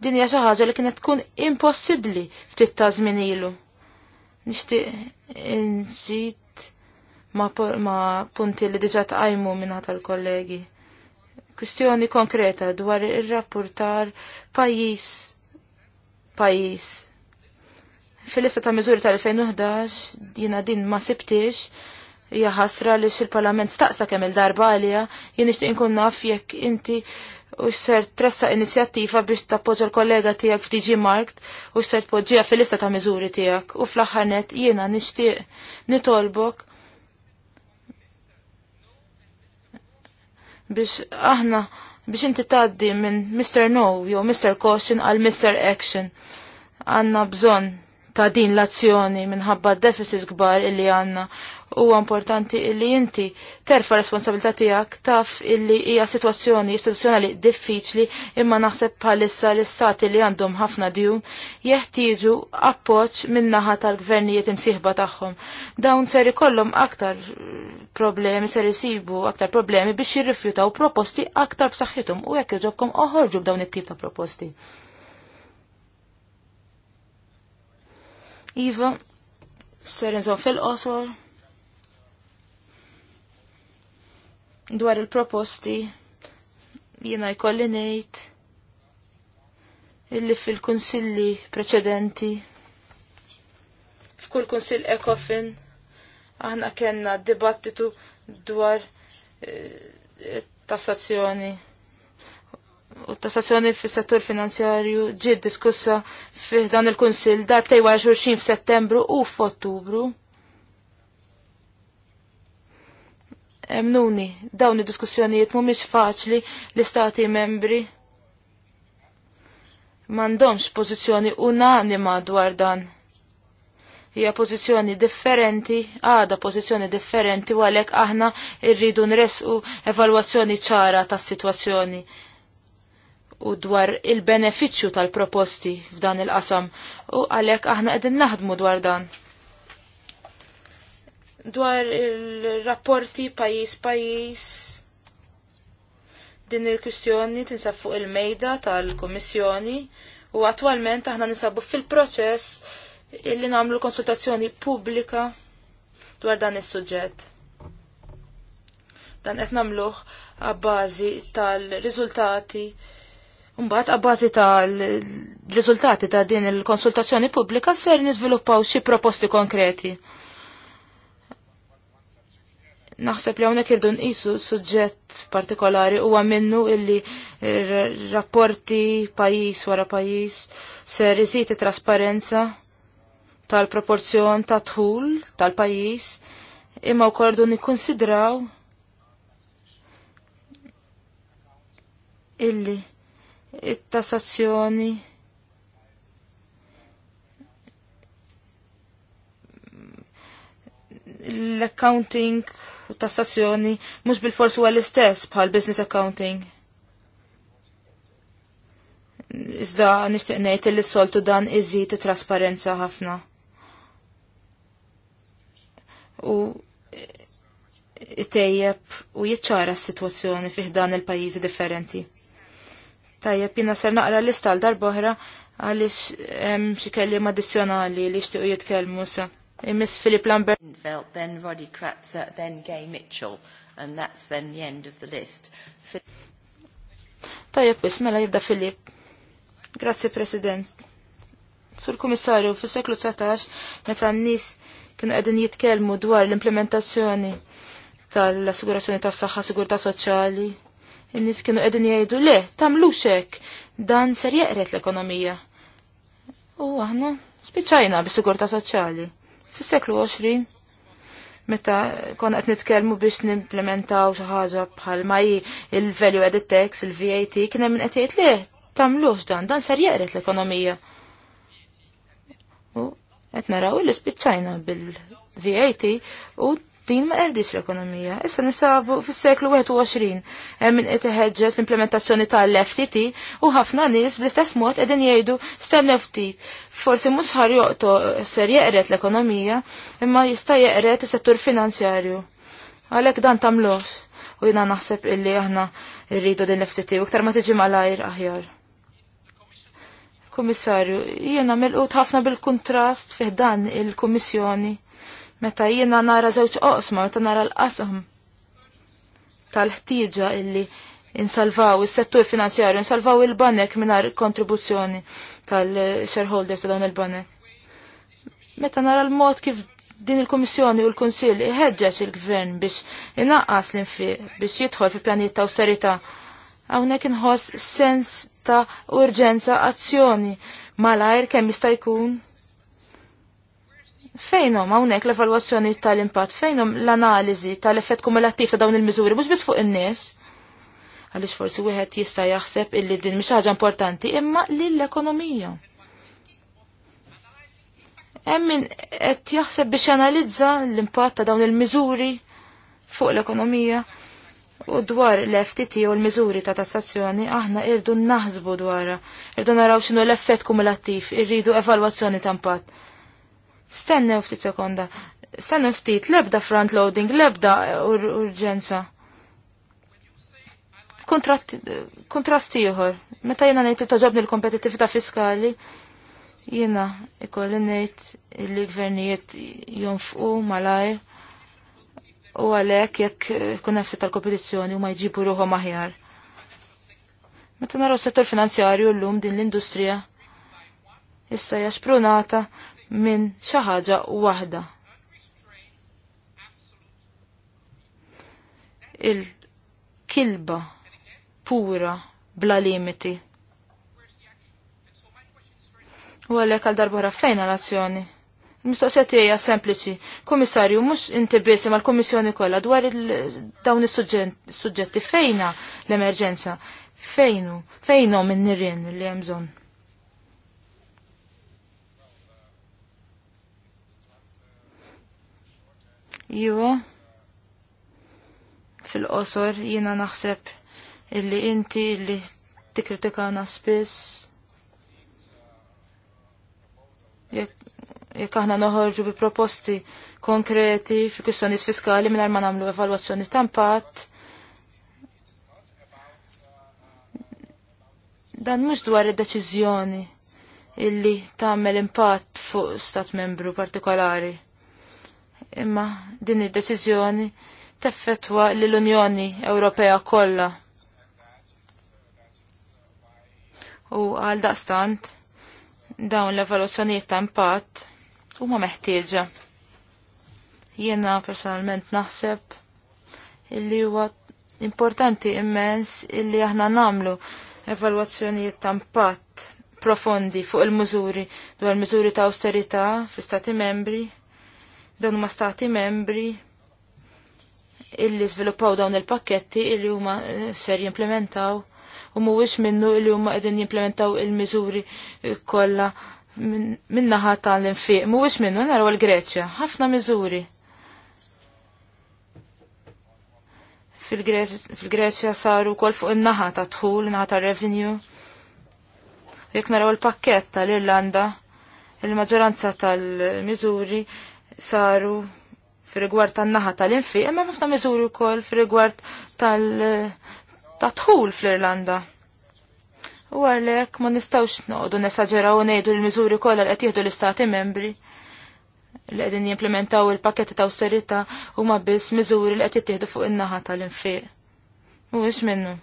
Din hija xi ħaġa li kienet tkun impossibbli ftit ta' żmien ilu. Nixtieq inżid ma, ma punti li diġà tqajmu minn tal-kollegi. Kwistjoni konkreta dwar ir-rapportar pajjiż pajjiż. Fil-lista ta' miżuri tal-2011 jiena din ma sibtix hija ħasra li il-Parlament staqsa kemm il-darba għalija jien nixtieq inkun naf jekk inti u ser tressa inizjattiva biex tappoġġa l-kollega tiegħek f'DG Markt u ser tpoġġiha fil-lista ta' miżuri tiegħek u fl-aħħar jiena nixtieq nitolbok biex aħna biex inti tgħaddi minn Mr. No jew Mr. Caution għal Mr. Action. Għandna bżonn ta' din l-azzjoni minħabba deficits kbar illi għanna u importanti illi inti terfa responsabilità tiegħek taf illi hija sitwazzjoni istituzzjonali diffiċli imma naħseb bħalissa l-istati li għandhom ħafna djun jeħtieġu appoġġ min-naħa tal-gvernijiet imsieħba tagħhom. Dawn ser ikollhom aktar problemi ser isibu aktar problemi biex jirrifjutaw proposti aktar b'saħħithom u jekk iġobkom oħorġu b'dawn it-tip ta' proposti. Iva, ser nżon fil-qosor dwar il-proposti jiena jkolli ngħid illi fil-kunsilli preċedenti f'kull kunsill ekofin aħna kellna dibattitu dwar eh, tassazzjoni u tassazzjoni fis settur finanzjarju ġiet diskussa fi dan il-Kunsill darbtejwa wara 20 f'Settembru u f'Ottubru. Emnuni, dawn id-diskussjonijiet mhumiex faċli l-istati membri m'għandhomx pożizzjoni unanima dwar dan. Hija pożizzjoni differenti, għada pożizzjoni differenti u għalhekk aħna rridu nresqu evalwazzjoni ċara tas-sitwazzjoni u dwar il-beneficju tal-proposti f'dan il-qasam u għalhekk aħna qegħdin naħdmu dwar dan. Dwar il-rapporti pajjiż pajjiż din il-kwistjoni tinsab fuq il-mejda tal-Kummissjoni u attwalment aħna nisabu fil-proċess illi nagħmlu konsultazzjoni pubblika dwar dan is-suġġett. Dan qed nagħmluh għabbażi tal-riżultati tal Mbagħad għabbażi tal-riżultati ta' din il-konsultazzjoni pubblika ser niżviluppaw xi proposti konkreti. Naħseb li hawnhekk irdu nqisu suġġett partikolari huwa minnu illi rapporti pajjiż wara pajjiż ser iżid trasparenza tal-proporzjon ta' tħul tal-pajjiż imma wkoll irdu nikkunsidraw illi it-tassazzjoni l-accounting u tassazzjoni mhux bil-fors huwa l-istess bħal business accounting. Iżda nixtieq ngħid li soltu dan iżid trasparenza ħafna. U itejjeb u jiċċara s-sitwazzjoni fih dan il-pajjiżi differenti. Tajjeb, jina ser naqra lista għal darboħra għalix hemm xi madizjonali addizzjonali li jixtiequ jitkellmu sa. Miss Philip Lambert. Then Roddy Kratzer, then Gay Mitchell, and that's then the end of the list. Tajjeb, bis mela jibda Philip. Grazzi, President. Sur Komissarju, fis-seklu 19, meta n-nies kienu qegħdin jitkellmu dwar l-implementazzjoni tal-assigurazzjoni tas-saħħa, sigurtà soċjali, in-nies kienu qegħdin jgħidu le, tagħmlux hekk, dan ser jeqret l-ekonomija. U aħna spiċċajna bis-sigurtà soċjali. Fis-seklu 20 meta kon qed nitkellmu biex nimplementaw xi ħaġa bħal il-value added tax, il-VAT, kien hemm qed jgħid le tagħmlux dan, dan ser jeqret l-ekonomija. U qed naraw li spiċċajna bil-VAT u din ma qerdix l-ekonomija. Issa nisabu fis-seklu 21 hemm min qed l-implementazzjoni tal-FTT u ħafna nies bl-istess mod qegħdin jgħidu stenna FTT. Forsi mhux joqto ser jeqret l-ekonomija imma jista' jeqret is-settur finanzjarju. Għalhekk dan tamlos u jiena naħseb illi aħna rridu din l-FTT u ktar ma tiġi malajr aħjar. Kummissarju, jiena qut ħafna bil-kontrast fih dan il-Kummissjoni Meta jiena nara żewġ oqsma, meta nara l-qasam tal-ħtieġa illi insalvaw is-settur finanzjarju, insalvaw il-banek mingħajr kontribuzzjoni tal-shareholders ta' dawn il-banek. Meta nara l-mod kif din il kummissjoni u l-Kunsill iħeġġeġ il-Gvern biex inaqqas l-infiq biex jidħol fi pjanijiet ta' austerità. Hawnhekk inħoss sens ta' urġenza azzjoni malajr kemm jista' jkun Fejnhom hawnhekk l-evalwazzjoni tal-impatt, fejnhom l-analiżi tal-effett kumulattiv ta' dawn il-miżuri mhux biss fuq in-nies. Għaliex forsi wieħed jista' jaħseb illi din mhix ħaġa importanti imma lill-ekonomija. Hemm min qed jaħseb biex analizza l-impatt ta' dawn il-miżuri fuq l-ekonomija u dwar l-FTT u l-miżuri ta' tassazzjoni aħna irdu naħsbu dwarha, irdu naraw x'inhu l-effett kumulattiv, irridu evalwazzjoni ta' impatt Stennew ftit sekonda. Stennew ftit, lebda front loading, lebda urġenza. Kontrast ieħor. Meta jiena ngħid li toġobni l kompetitivita fiskali, jiena ikolli ngħid li gvernijiet jonfqu malajr u għalhekk jekk kun nefsi tal-kompetizzjoni u ma jġibu ruħu aħjar. Meta naraw settur finanzjarju llum din l-industrija issa hija minn xi ħaġa waħda. Il-kilba pura bla limiti. U għalek għal darba fejn l-azzjoni. Mistoqsija tiegħi sempliċi. Kummissarju, mhux inti biss mal kummissjoni kollha dwar dawn is-suġġetti fejna l-emerġenza. Fejnu, fejnhom in-nirien li hemm bżonn. Iwa, fil-qosor jina naħseb illi inti illi tikritikana spiss. Jekk aħna noħorġu bi proposti konkreti fi kwistjonijiet fiskali mingħajr ma nagħmlu evalwazzjoni ta' impatt. Dan mhux dwar id-deċiżjoni illi tagħmel impatt fuq stat membru partikolari imma din id-deċiżjoni teffetwa l-Unjoni Ewropea kollha. U għal daqstant dawn l evoluzzjonijiet ta' impatt huma meħtieġa. Jiena personalment naħseb illi huwa importanti immens illi aħna namlu evalwazzjonijiet ta' impatt profondi fuq il-mużuri dwar miżuri ta' austerità fl-Stati membri Dawn huma stati membri illi sviluppaw dawn il-pakketti illi huma eh, ser jimplementaw u mhuwiex minnu illi huma qegħdin jimplementaw il-miżuri eh, kollha min-naħa tal-infiq. Mhuwiex minnu naraw il-Greċja, ħafna miżuri. Fil-Greċja saru kol fuq in-naħa ta' dħul, in-naħa ta' revenue. Jekk naraw il-pakket tal-Irlanda, il-maġġoranza tal-miżuri saru fil-rigward tan-naħa tal-infiq, imma ħafna miżuri wkoll fil-rigward tal tħul fl-Irlanda. U għalhekk ma nistgħux noqogħdu nesaġeraw u ngħidu l-miżuri kollha li qed jieħdu l-istati membri li qegħdin jimplementaw il-pakketti ta' awsterità huma biss miżuri li qed jittieħdu fuq in-naħa tal-infiq. Mhuwiex minnu.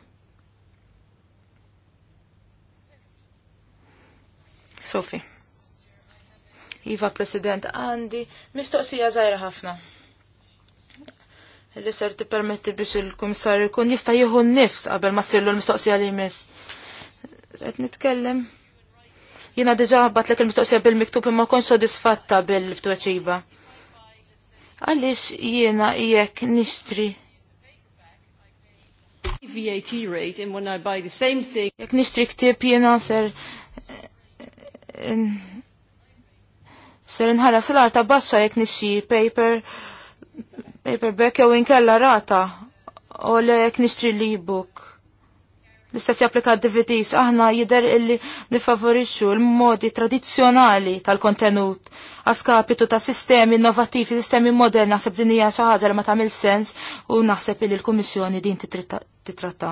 Sophie. Iva President għandi mistoqsija żgħira ħafna. Li ser tippermetti biex il-Kummissarju jkun jista' jieħu nnifs qabel ma sirlu l-mistoqsija li jmiss. Qed nitkellem. Jiena diġà batlek il-mistoqsija bil-miktub imma kon sodisfatta bil-tweċiba. Għaliex jiena jekk nixtri VAT rate and when I buy the same thing. Jek nishtri ktib jena ser eh, eh, Ser inħalla sal-arta baxxa jekk nixxi paper paperback jew inkella rata u le jekk nixtri l-ebook. L-istess japplika DVDs, aħna jider illi nifavorixxu l-modi tradizzjonali tal-kontenut għaskapitu ta' sistemi innovativi, sistemi moderni, naħseb din hija xi ħaġa li ma tagħmel sens u naħseb illi l-Kummissjoni din titratta.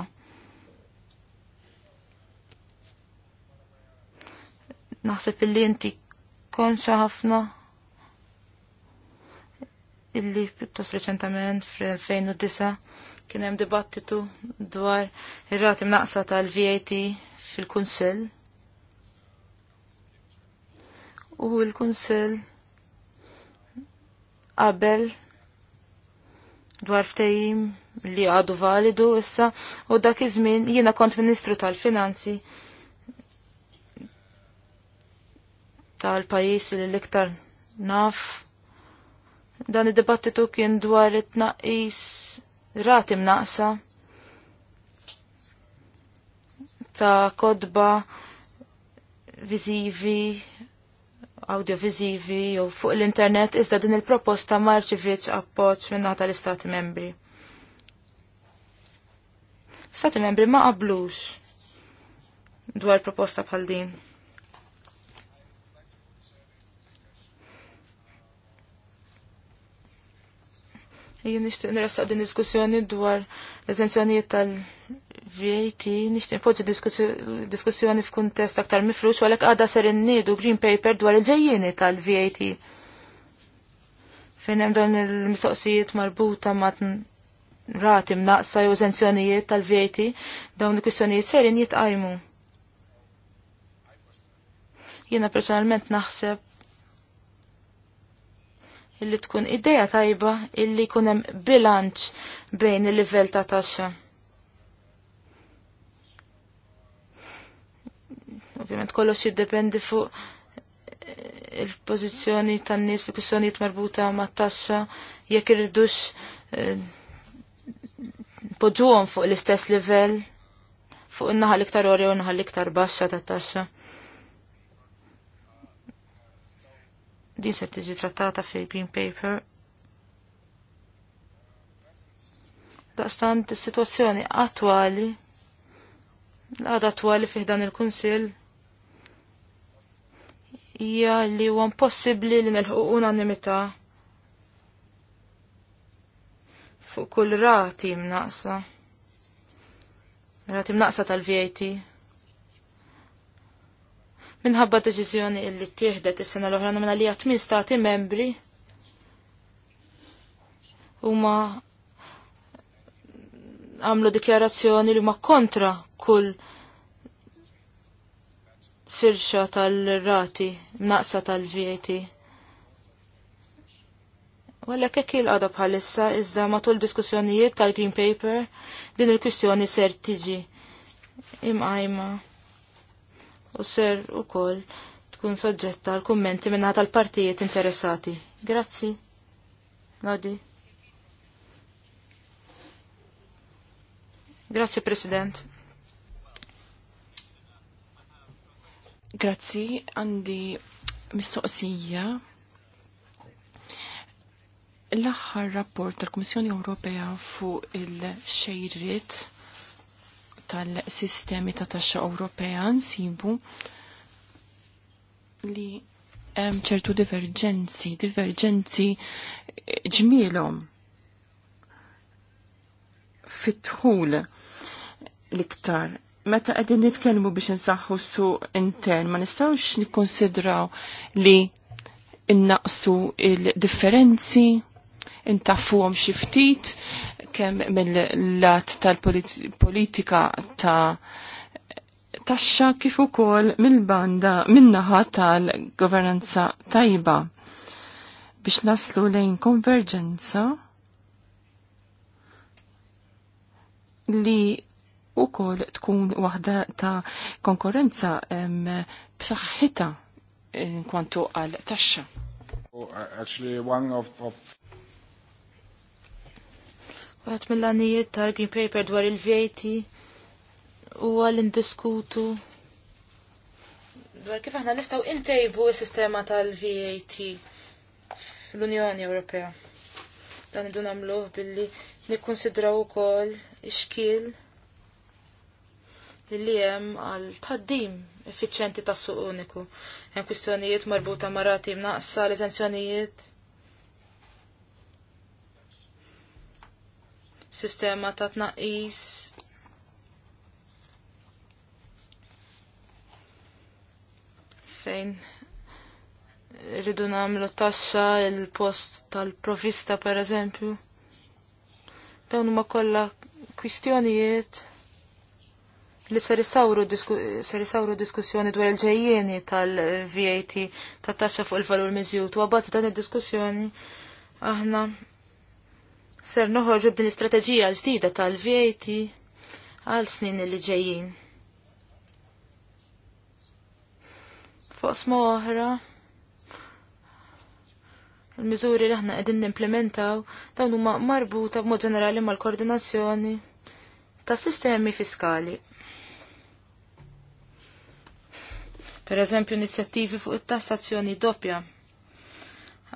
Naħseb illi inti kon ħafna illi pjuttost reċentament fl-2009 kien hemm dibattitu dwar ir-rati mnaqsa tal-VAT fil-Kunsill. U l-Kunsill qabel dwar ftehim li għadu validu issa u dak iż-żmien jiena kont Ministru tal-Finanzi tal-pajis li l-iktar naf. Dan id-dibattitu kien dwar it-naqis ratim naqsa ta' kodba vizivi, audiovizivi jew fuq l-internet iżda din il-proposta marċivieċ appoġġ minn tal-Istati membri. Stati membri ma qablux dwar proposta bħal din. Jien nixtieq nirressaq din diskussjoni dwar l-eżenzjonijiet tal-VAT, nixtieq npoġġi diskussjoni f'kuntest aktar mifrux għalhekk għadha ser inniedu green paper dwar il ġejjini tal-VAT. Fejn hemm dawn il-mistoqsijiet marbuta ma' ratim naqsa jew eżenzjonijiet tal-VAT, dawn il-kwistjonijiet serin jitqajmu. Jiena personalment naħseb illi tkun ideja tajba illi jkun hemm bilanċ bejn il-livell ta' taxxa. Ovvjament kollox jiddependi fuq il-pożizzjoni tan-nies fi kwistjonijiet marbuta ma' taxxa jekk irridux eh, poġuhom fuq l-istess livell fuq in-naħa l-iktar orja u n-naħa l-iktar baxxa tat-taxxa. Din se tiġi trattata fil-Green Paper. Daqstant is-sitwazzjoni attwali l-għada attwali fih dan il-Kunsill hija li huwa impossibbli li nilħu unanimità fuq kull rati mnaqsa. Rati mnaqsa tal-VAT minħabba deċiżjoni li ttieħdet is-sena l-oħra nomina li minn stati membri huma għamlu dikjarazzjoni li huma kontra kull firxa tal-rati naqsa tal-VAT. Walla kek il-qada bħalissa iżda matul diskussjonijiet tal-Green Paper din il-kwistjoni ser tiġi imqajma u ser ukoll tkun soġġetta għal kummenti minna tal-partijiet interessati. Grazzi. Nodi. Grazzi, President. Grazzi, għandi mistoqsija. L-aħħar rapport tal-Kummissjoni Ewropea fuq il-xejriet tal-sistemi ta' taxxa Ewropea nsibu li hemm ċertu diverġenzi, diverġenzi ġmielhom fit-tħul l-iktar. Meta qegħdin nitkellmu biex insaħħu suq intern, ma nistgħux nikkonsidraw li innaqsu il-differenzi, intaffuhom xi ftit kemm mill-lat tal-politika ta' taxxa kif ukoll mill-banda min-naħa tal-governanza tajba biex naslu lejn konverġenza li u kol tkun wahda ta' konkurrenza b'saħħita eh, kwantu għal taxxa. Oh, actually, one of, of Għat mill-għanijiet tal-Green Paper dwar il-VAT u għal-indiskutu dwar kif aħna nistaw intejbu s-sistema tal-VAT fl-Unjoni Ewropea. Dan idu għamluħ billi nikkonsidraw ukoll iċkil li hemm għal taddim effiċenti tas-suq uniku. Hemm kwistjonijiet marbuta ma' rati mnaqsa l-eżenzjonijiet sistema ta' tnaqqis fejn rridu nagħmlu taxxa il-post tal-provista pereżempju. Dawn huma kollha kwistjonijiet li ser isawru disku, diskussjoni dwar il-ġejjeni tal-VAT tat-taxxa fuq il-valur miżjut u għabbażi dan id-diskussjoni aħna ser noħorġu b'din l-istrateġija ġdida tal-VAT għal snin li ġejjin. Fos moħra, il-miżuri li aħna qegħdin nimplementaw dawn huma marbuta b'mod ġenerali mal-koordinazzjoni ta' sistemi fiskali. Per eżempju, inizjattivi fuq it-tassazzjoni doppja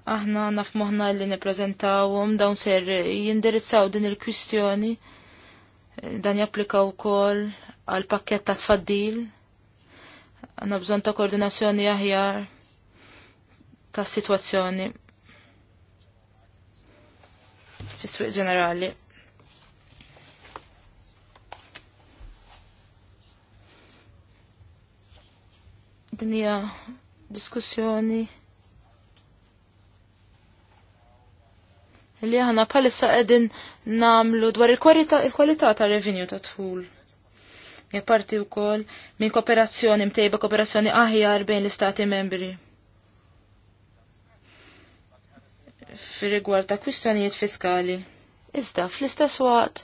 aħna naf moħna li neprezentawhom dawn ser jindirizzaw din il-kwistjoni dan japplika wkoll għal pakket ta' tfaddil għanna bżonn ta' koordinazzjoni aħjar ta' situazzjoni fis-suq ġenerali. Din hija diskussjoni li aħna bħalissa qegħdin namlu dwar il-kwalità tar-revenju ta' tħul. u wkoll minn kooperazzjoni mtejba kooperazzjoni aħjar bejn l-istati membri. Fir-rigward ta' kwistjonijiet fiskali. Iżda fl-istess waqt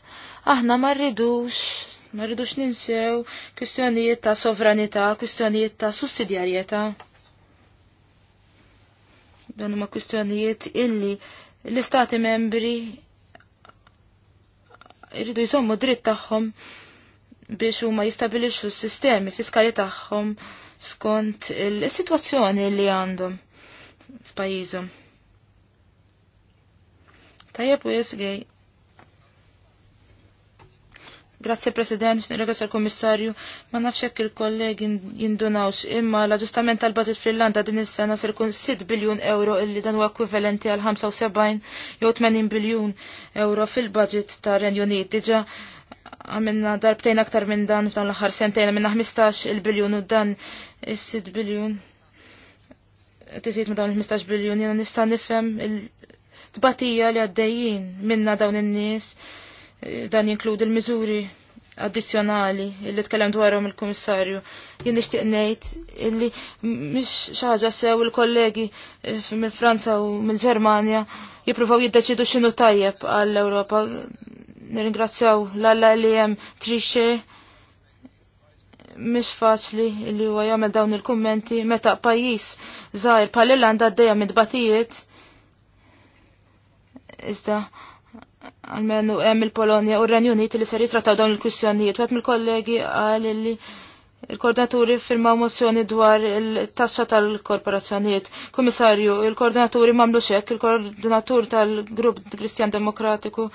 aħna ma rridux ma rridux ninsew kwistjonijiet ta' sovranità, kwistjonijiet ta' sussidjarjetà. Dan huma kwistjonijiet illi l-istati membri irridu jżommu dritt tagħhom biex huma jistabilixxu s-sistemi fiskali tagħhom skont is-sitwazzjoni li għandhom f'pajjiżhom. Tajjeb u jesgej Grazie President, ringrazio l Commissario, Ma nafx hekk il-kollegi jindunawx imma l-aġustament tal-budget fil-Landa din is-sena ser ikun 6 biljun euro illi dan huwa ekwivalenti għal 75 jew 80 biljun euro fil-budget ta' Renju Unit. Diġà għamilna darbtejn aktar minn dan f'dan l-aħħar sentejn minna 15 il-biljun u dan is-6 biljun. Tiżid ma dawn il-15 biljun jiena nista' nifhem il-tbatija li għaddejjin minna dawn in-nies. il Eh, dan jinkludi l-miżuri addizzjonali li tkellem dwarhom il-Kummissarju. Jien nixtieq ngħid illi mhix xi ħaġa sew il-kollegi eh, mill-Franza u mill-Ġermanja jippruvaw jiddeċidu x'inhu tajjeb għall-Ewropa. Nirringrazzjaw l-Alla li hemm Trixie mhix faċli li huwa jagħmel dawn il-kummenti meta pajjiż żgħir bħal Irlanda għaddejja mid-batijiet. Iżda Għalmen u hemm il-Polonja u r-Renju Unit li ser jitrattaw dawn il-kwistjonijiet. Wet mill-kollegi għal li il-koordinaturi firmaw mozzjoni dwar il-tassa tal-korporazzjonijiet. Komissarju, il-koordinaturi mamlu xek, il-koordinatur tal-grupp Kristjan Demokratiku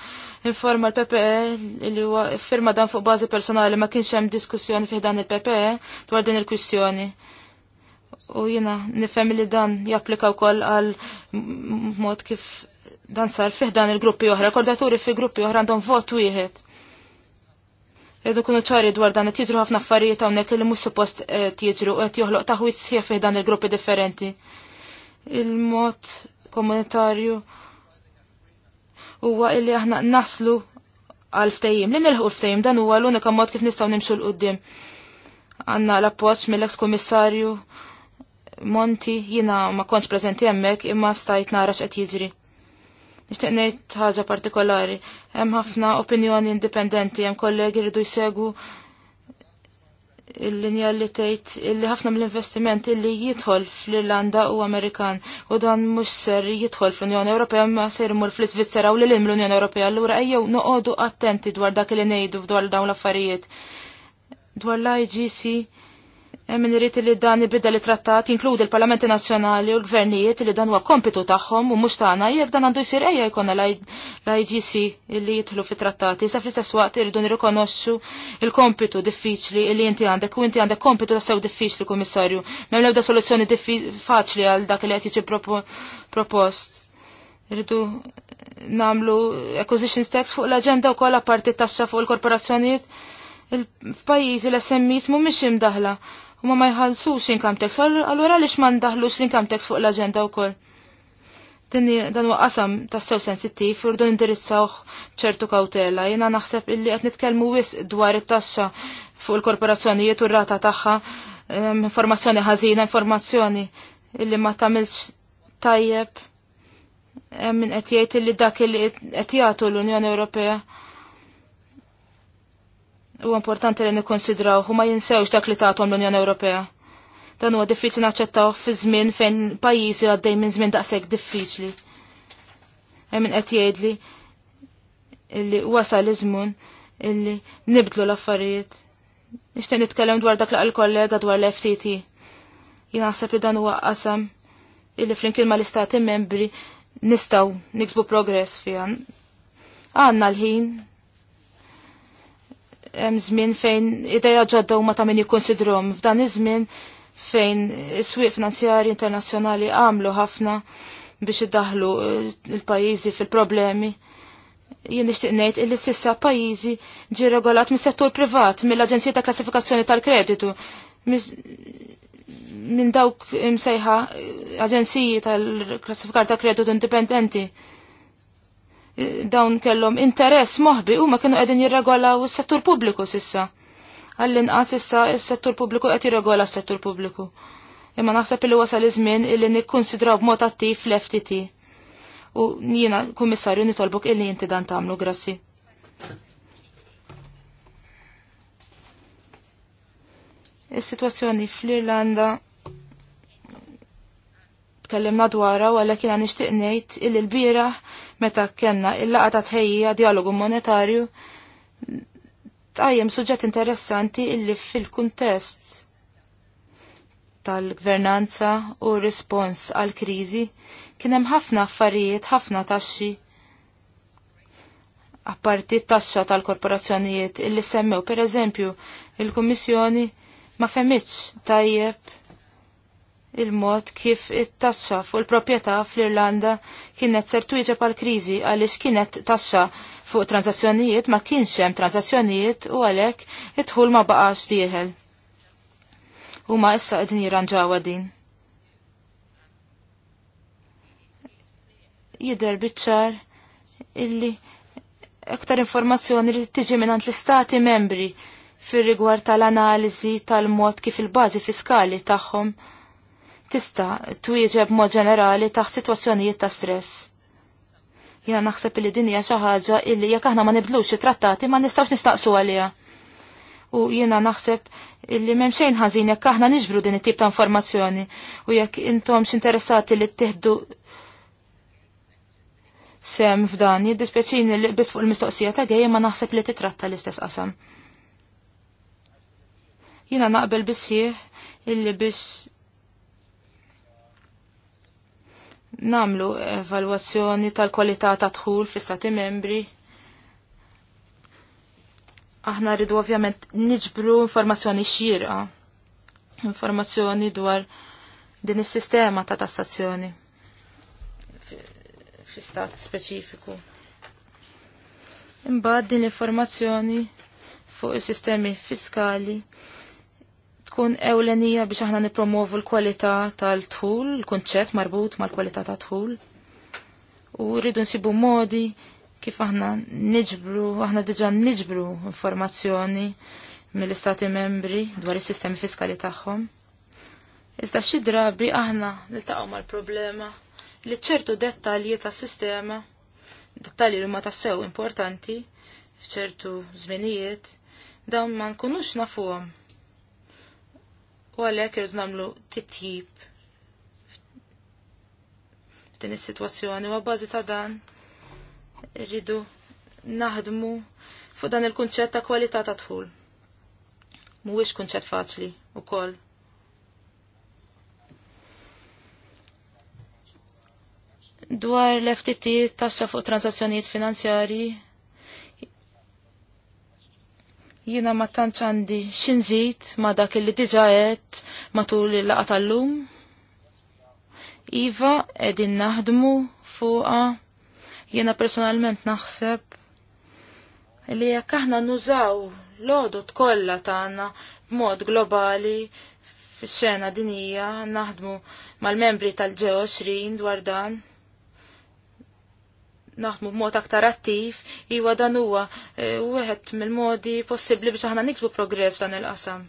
informa l-PPE li huwa firma dan fuq bażi personali ma kienx hemm diskussjoni fih dan il-PPE dwar din il-kwistjoni. U jina nifhem li dan japplika wkoll għal mod kif dan sar fih dan il-gruppi oħra, kordaturi fi gruppi oħra għandhom vot wieħed. Redu kunu ċari dwar dan qed jiġru ħafna affarijiet hawnhekk li mhux suppost qed jiġru qed joħloq taħwit sħiħ fih dan il-gruppi differenti. Il-mod komunitarju huwa illi aħna naslu għal ftejjim. Li nilħu ftajim dan huwa l-unika mod kif nistgħu nimxu l qoddim Għanna l-appoġġ mill-eks komissarju Monti, jina ma konċ prezenti għemmek imma stajt nara xqed jiġri. Nixtieq ngħid ħaġa partikolari. Hemm ħafna opinjoni indipendenti, hemm kollegi rridu jsegu il-linja li tgħid illi ħafna mill-investiment illi jidħol fl-Irlanda u Amerikan u dan mhux ser jidħol fl-Unjoni Ewropea ma ser imur fl-Iżvizzera u lil l-Unjoni Ewropea allura ejjew noqogħdu attenti dwar dak li ngħidu f'dwar dawn l-affarijiet. Dwar l-IGC Emmin irrit li dan ibidda li trattat jinkludi l-Parlamenti Nazzjonali u l-Gvernijiet li dan huwa kompitu tagħhom u mhux tagħna jekk dan għandu jsir ejja jkollna l-IGC li jidħlu fit-trattati. Sa fl-istess waqt irridu nirrikonoxxu il-kompitu diffiċli li inti għandek u inti għandek kompitu tassew diffiċli, Kummissarju. M'hemm l-ebda soluzzjoni faċli għal dak li qed jiġi propost. Irridu namlu acquisitions tax fuq l-aġenda wkoll apparti taxxa fuq il-korporazzjonijiet f'pajjiżi l-SMIs mhumiex imdaħla u ma jħalsu jħallsux income tekst, allura għaliex ma ndaħlux l-income tekst fuq l-aġenda wkoll. Tinni dan huwa qasam ta' sew sensittiv urdu indirizzawh ċertu kawtela. Jiena naħseb illi qed nitkellmu wis dwar it-taxxa fuq il-korporazzjonijiet u r-rata tagħha informazzjoni ħażina, informazzjoni illi ma tamilx tajjeb min qed jgħid li dak illi qed jagħtu l-Unjoni Ewropea U importanti li nikkonsidraw u ma jinsewx dak li tagħhom l-Unjoni Ewropea. Dan huwa diffiċli naċċettaw fi żmien fejn pajjiżi għaddej minn żmien daqshekk diffiċli. Hemm min qed jgħidli illi wasal iż-żmien illi nibdlu l-affarijiet. Nixtieq nitkellem dwar dak laqal kollega dwar l-FTT. Jien naħseb li dan huwa qasam illi flimkien mal-istati membri nistgħu niksbu progress fiha. Għandna l-ħin hemm żmien fejn idea ġodda huma ta' min jikkonsidrhom f'dan iż-żmien fejn is-swieq finanzjari internazzjonali għamlu ħafna biex iddaħlu eh, il-pajjiżi fil-problemi. Jien nixtieq ngħid s sissa pajjiżi ġie regolat mis-settur privat mill-Aġenzija ta' Klassifikazzjoni tal-Kreditu minn dawk imsejħa aġenziji tal-klassifikar ta' kreditu indipendenti dawn kellhom interess moħbi huma kienu qegħdin jirregolaw is-settur pubbliku sissa. Għall-inqas issa is-settur pubbliku qed jirregola s-settur pubbliku. Imma naħseb li wasal iż-żmien illi nikkunsidraw b'mod attiv l-FTT. U jiena kummissarju nitolbok illi inti dan tagħmlu grassi. Is-sitwazzjoni fl-Irlanda tkellimna dwarha u għalhekk jiena nixtieq ngħid illi l-bieraħ il meta kellna il-laqa ta' tħejja dialogu monetarju tajjem suġġett interessanti illi fil-kuntest tal-gvernanza u rispons għal kriżi kien hemm ħafna affarijiet, ħafna taxxi apparti taxxa tal-korporazzjonijiet illi semmew pereżempju il-Kummissjoni ma femitx tajjeb il-mod kif it-tassa fuq il-proprjetà fl-Irlanda kienet ser twieġeb kriżi għaliex kienet tassa fuq transazzjonijiet ma kienx hemm transazzjonijiet u għalhekk idħul ma baqax dieħel. Huma issa qegħdin jirranġawha din. Jidher biċ-ċar illi aktar informazzjoni li tiġi minnant l-istati membri fir rigward tal-analiżi tal-mod kif il-bażi fiskali tagħhom tista twieġeb mod ġenerali taħt sitwazzjonijiet ta' stress. Jiena naħseb li din hija xi ħaġa illi jekk aħna ma nibdlux it-trattati ma nistgħux nistaqsu għaliha. U jiena naħseb illi m'hemm xejn ħażin jekk aħna niġbru din it-tip ta' informazzjoni u jekk intom x'interessati li ttieħdu sem f'dan, jiddispjaċini li biss fuq il-mistoqsija ta' gejja ma naħseb li titratta l-istess qasam. Jina naqbel bisħieħ illi biex namlu evalwazzjoni tal-kwalità ta' dħul fl-istati membri. Aħna rridu ovvjament niġbru informazzjoni xira, informazzjoni dwar din is-sistema ta' tassazzjoni fl-istat speċifiku. Imbagħad din l-informazzjoni fuq is-sistemi fiskali tkun ewlenija biex aħna nipromovu l-kwalità tal-tħul, l-kunċett marbut mal-kwalità tal-tħul. U rridu nsibu modi kif aħna niġbru, aħna diġa niġbru informazzjoni mill-istati membri dwar is-sistemi fiskali tagħhom. Iżda xi drabi aħna niltaqgħu mal-problema li ċertu dettalji tas-sistema, dettalji li ma tassew importanti f'ċertu żminijiet, dawn ma nkunux nafuhom U għalhekk irid nagħmlu titjib f'din is-sitwazzjoni u għabbażi ta' dan irridu naħdmu fuq dan il-kunċett ta' kwalità ta' dħul. Mhuwiex kunċett faċli wkoll. Dwar l-FTT tassa fuq transazzjonijiet finanzjarji Jina ma tantx għandi xinżit ma dak li diġa qed matul il-laqa tal-lum. Iva qegħdin naħdmu fuqa. Jiena personalment naħseb li jekk aħna nużaw l-għodot kollha tagħna b'mod globali fix-xena dinija naħdmu mal-membri tal-ġew 20 dwar dan naħdmu b'mod aktar attiv, iwa dan huwa e, wieħed mill-modi possibbli biex aħna niksbu progress dan il-qasam.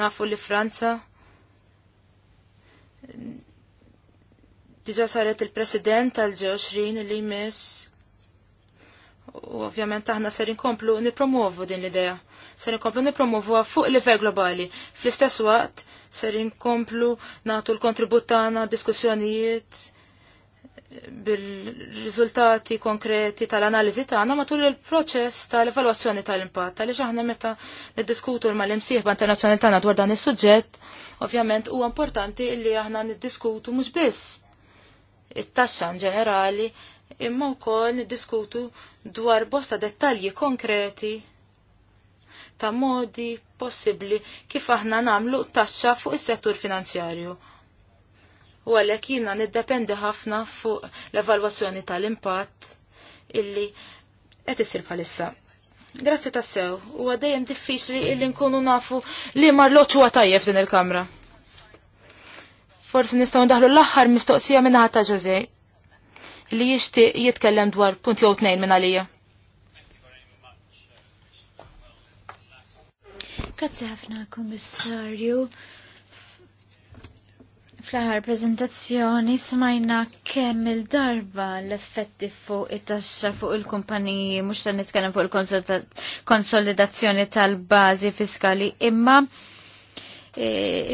Nafu li Franza diġa saret il-president tal-20 li jmiss u ovvjament aħna ser inkomplu nipromovu din l-idea. Ser inkomplu nipromovu fuq livell globali. Fl-istess waqt ser inkomplu natu l-kontribut tagħna diskussjonijiet bil-riżultati konkreti tal-analiżi tagħna matul il-proċess tal-evalwazzjoni tal-impatt għaliex aħna meta niddiskutu l imsieħba internazzjonali tagħna dwar dan is-suġġett, ovvjament huwa importanti li aħna niddiskutu mhux biss it-taxxa ġenerali imma wkoll niddiskutu dwar bosta dettalji konkreti ta' modi possibbli kif aħna nagħmlu taxxa fuq is-settur finanzjarju u għalhekk jiena niddependi ħafna fuq l-evalwazzjoni tal-impatt illi qed isir bħalissa. Grazzi tassew, u għadajem diffiċli illi nkunu nafu li marloċ huwa tajjeb din il-kamra. Forsi nistgħu ndaħlu l-aħħar mistoqsija minn ta' Jose li jixtieq jitkellem dwar punt jew tnejn minn għalija. Grazzi ħafna, Kummissarju. Fl-aħħar prezentazzjoni smajna kemm il-darba l-effetti fuq it-taxxa fuq il-kumpaniji mhux se nitkellem fuq il-konsolidazzjoni tal-bażi fiskali imma e,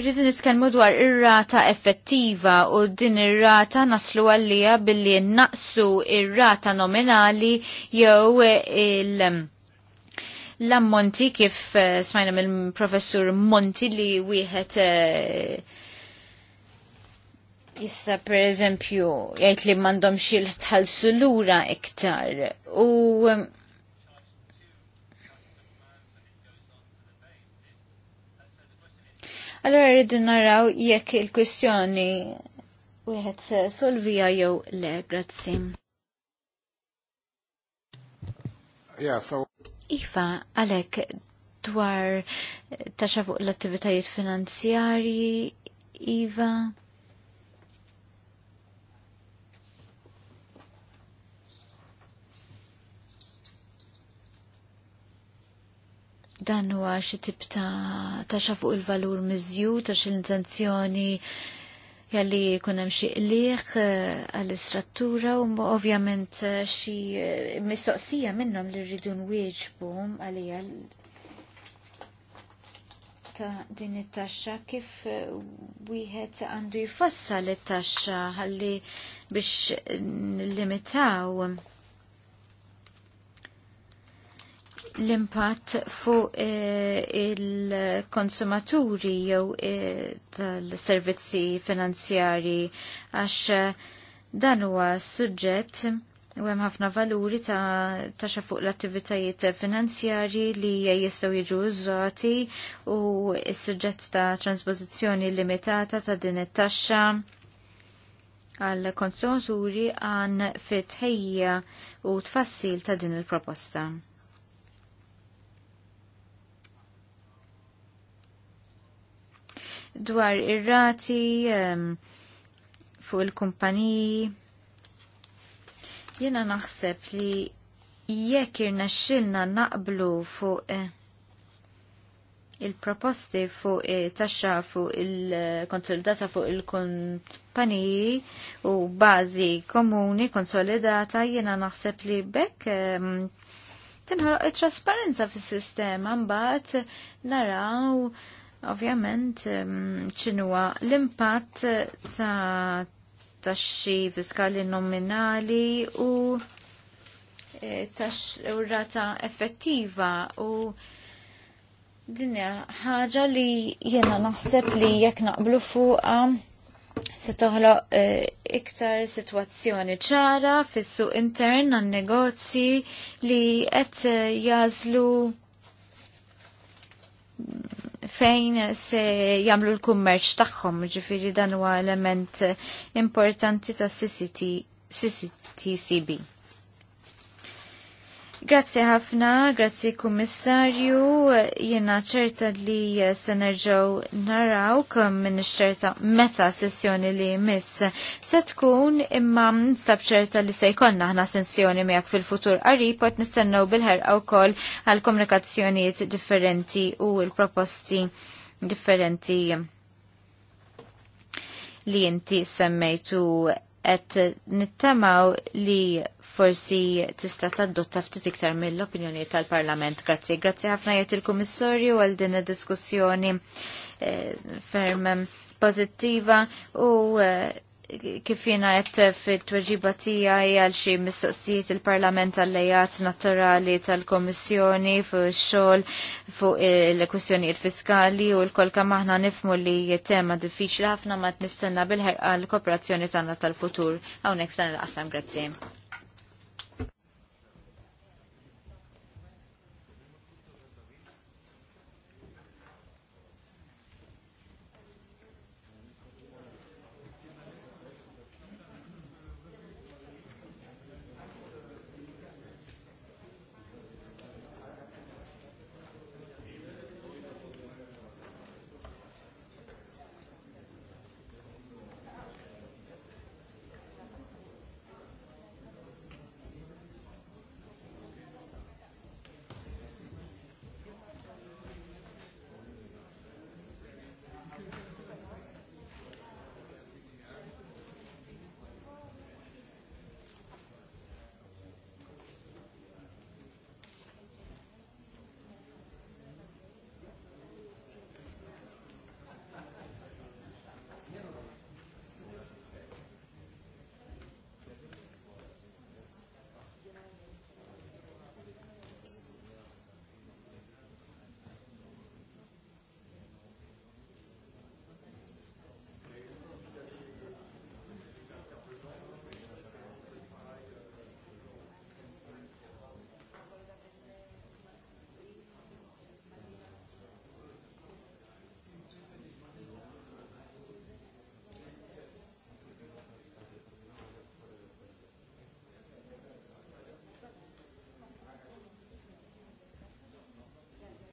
Rridu nitkellmu dwar ir-rata effettiva u din ir-rata naslu għalija billi naqsu ir-rata nominali jew il- l-ammonti kif e, smajna mill-professur Monti li wieħed e, Issa per eżempju jgħid li mandom xil tħal lura iktar u um, Allora rridu naraw jekk il-kwistjoni wieħed solvija jew le, grazzi. Yeah, so... Iva, għalek dwar taxa fuq l-attivitajiet finanzjarji, Iva. dan huwa xi tip ta' taxxa fuq il-valur miżju ta' xil-intenzjoni jalli hemm xi liħ eh, għall-istrattura u ovvjament eh, xi eh, mistoqsija minnhom li rridu nwieġbu għalija ta' din it-taxxa kif wieħed għandu jfassal it-taxxa ħalli biex nlimitaw l-impatt fuq eh, il-konsumaturi jew eh, tal-servizzi finanzjari għax eh, dan huwa suġġett u hemm ħafna valuri ta' taxa fuq l-attivitajiet finanzjarji li jistgħu jiġu użati u s-suġġett ta' transpożizzjoni limitata ta' din it-taxxa għal konsumaturi għan fit tħejja u tfassil ta' din il-proposta. dwar ir-rati um, fuq il kumpani Jena naħseb li jekk irna xilna naqblu fuq eh, il-proposti fuq eh, taxxa fuq il-konsolidata fuq il-kumpaniji u bażi komuni konsolidata jena naħseb li bekk um, tinħoloq it-trasparenza fis-sistema mbagħad naraw Ovvjament, ehm, ċinua l-impatt ta' taxxi fiskali nominali u e, tax rata effettiva u dinja ħaġa li jena naħseb li jekk naqblu fuqa se toħloq e, iktar situazzjoni ċara fis-suq intern għan negozji li qed jażlu fejn se jamlu l-kummerċ tagħhom, ġifiri dan huwa element importanti ta' CCTCB. Grazzi ħafna, grazzi kummissarju, jena ċerta li senerġaw naraw kum minn ċerta meta sessjoni li miss se tkun imma nsab ċerta li se ħna sessjoni miegħek fil-futur qarib pot nistennew bil-ħerqa kol għal komunikazzjonijiet differenti u l-proposti differenti li inti semmejtu qed nittamaw li forsi tista' tadotta ftit iktar mill-opinjoni tal-Parlament. Grazzi, grazzi ħafna jgħid il-Kummissarju għal din id-diskussjoni eh, ferm eh, pozittiva u eh, kif jiena għedt fit-tweġiba tiegħi għal xi mistoqsijiet il-Parlament allejat naturali tal-Kommissjoni fuq ix-xogħol fuq il-kwistjonijiet fiskali u l kemm aħna nifmu li tema diffiċli ħafna ma nistenna bil-ħerqa l-kooperazzjoni tagħna tal-futur hawnhekk f'dan il-qasam grazzi.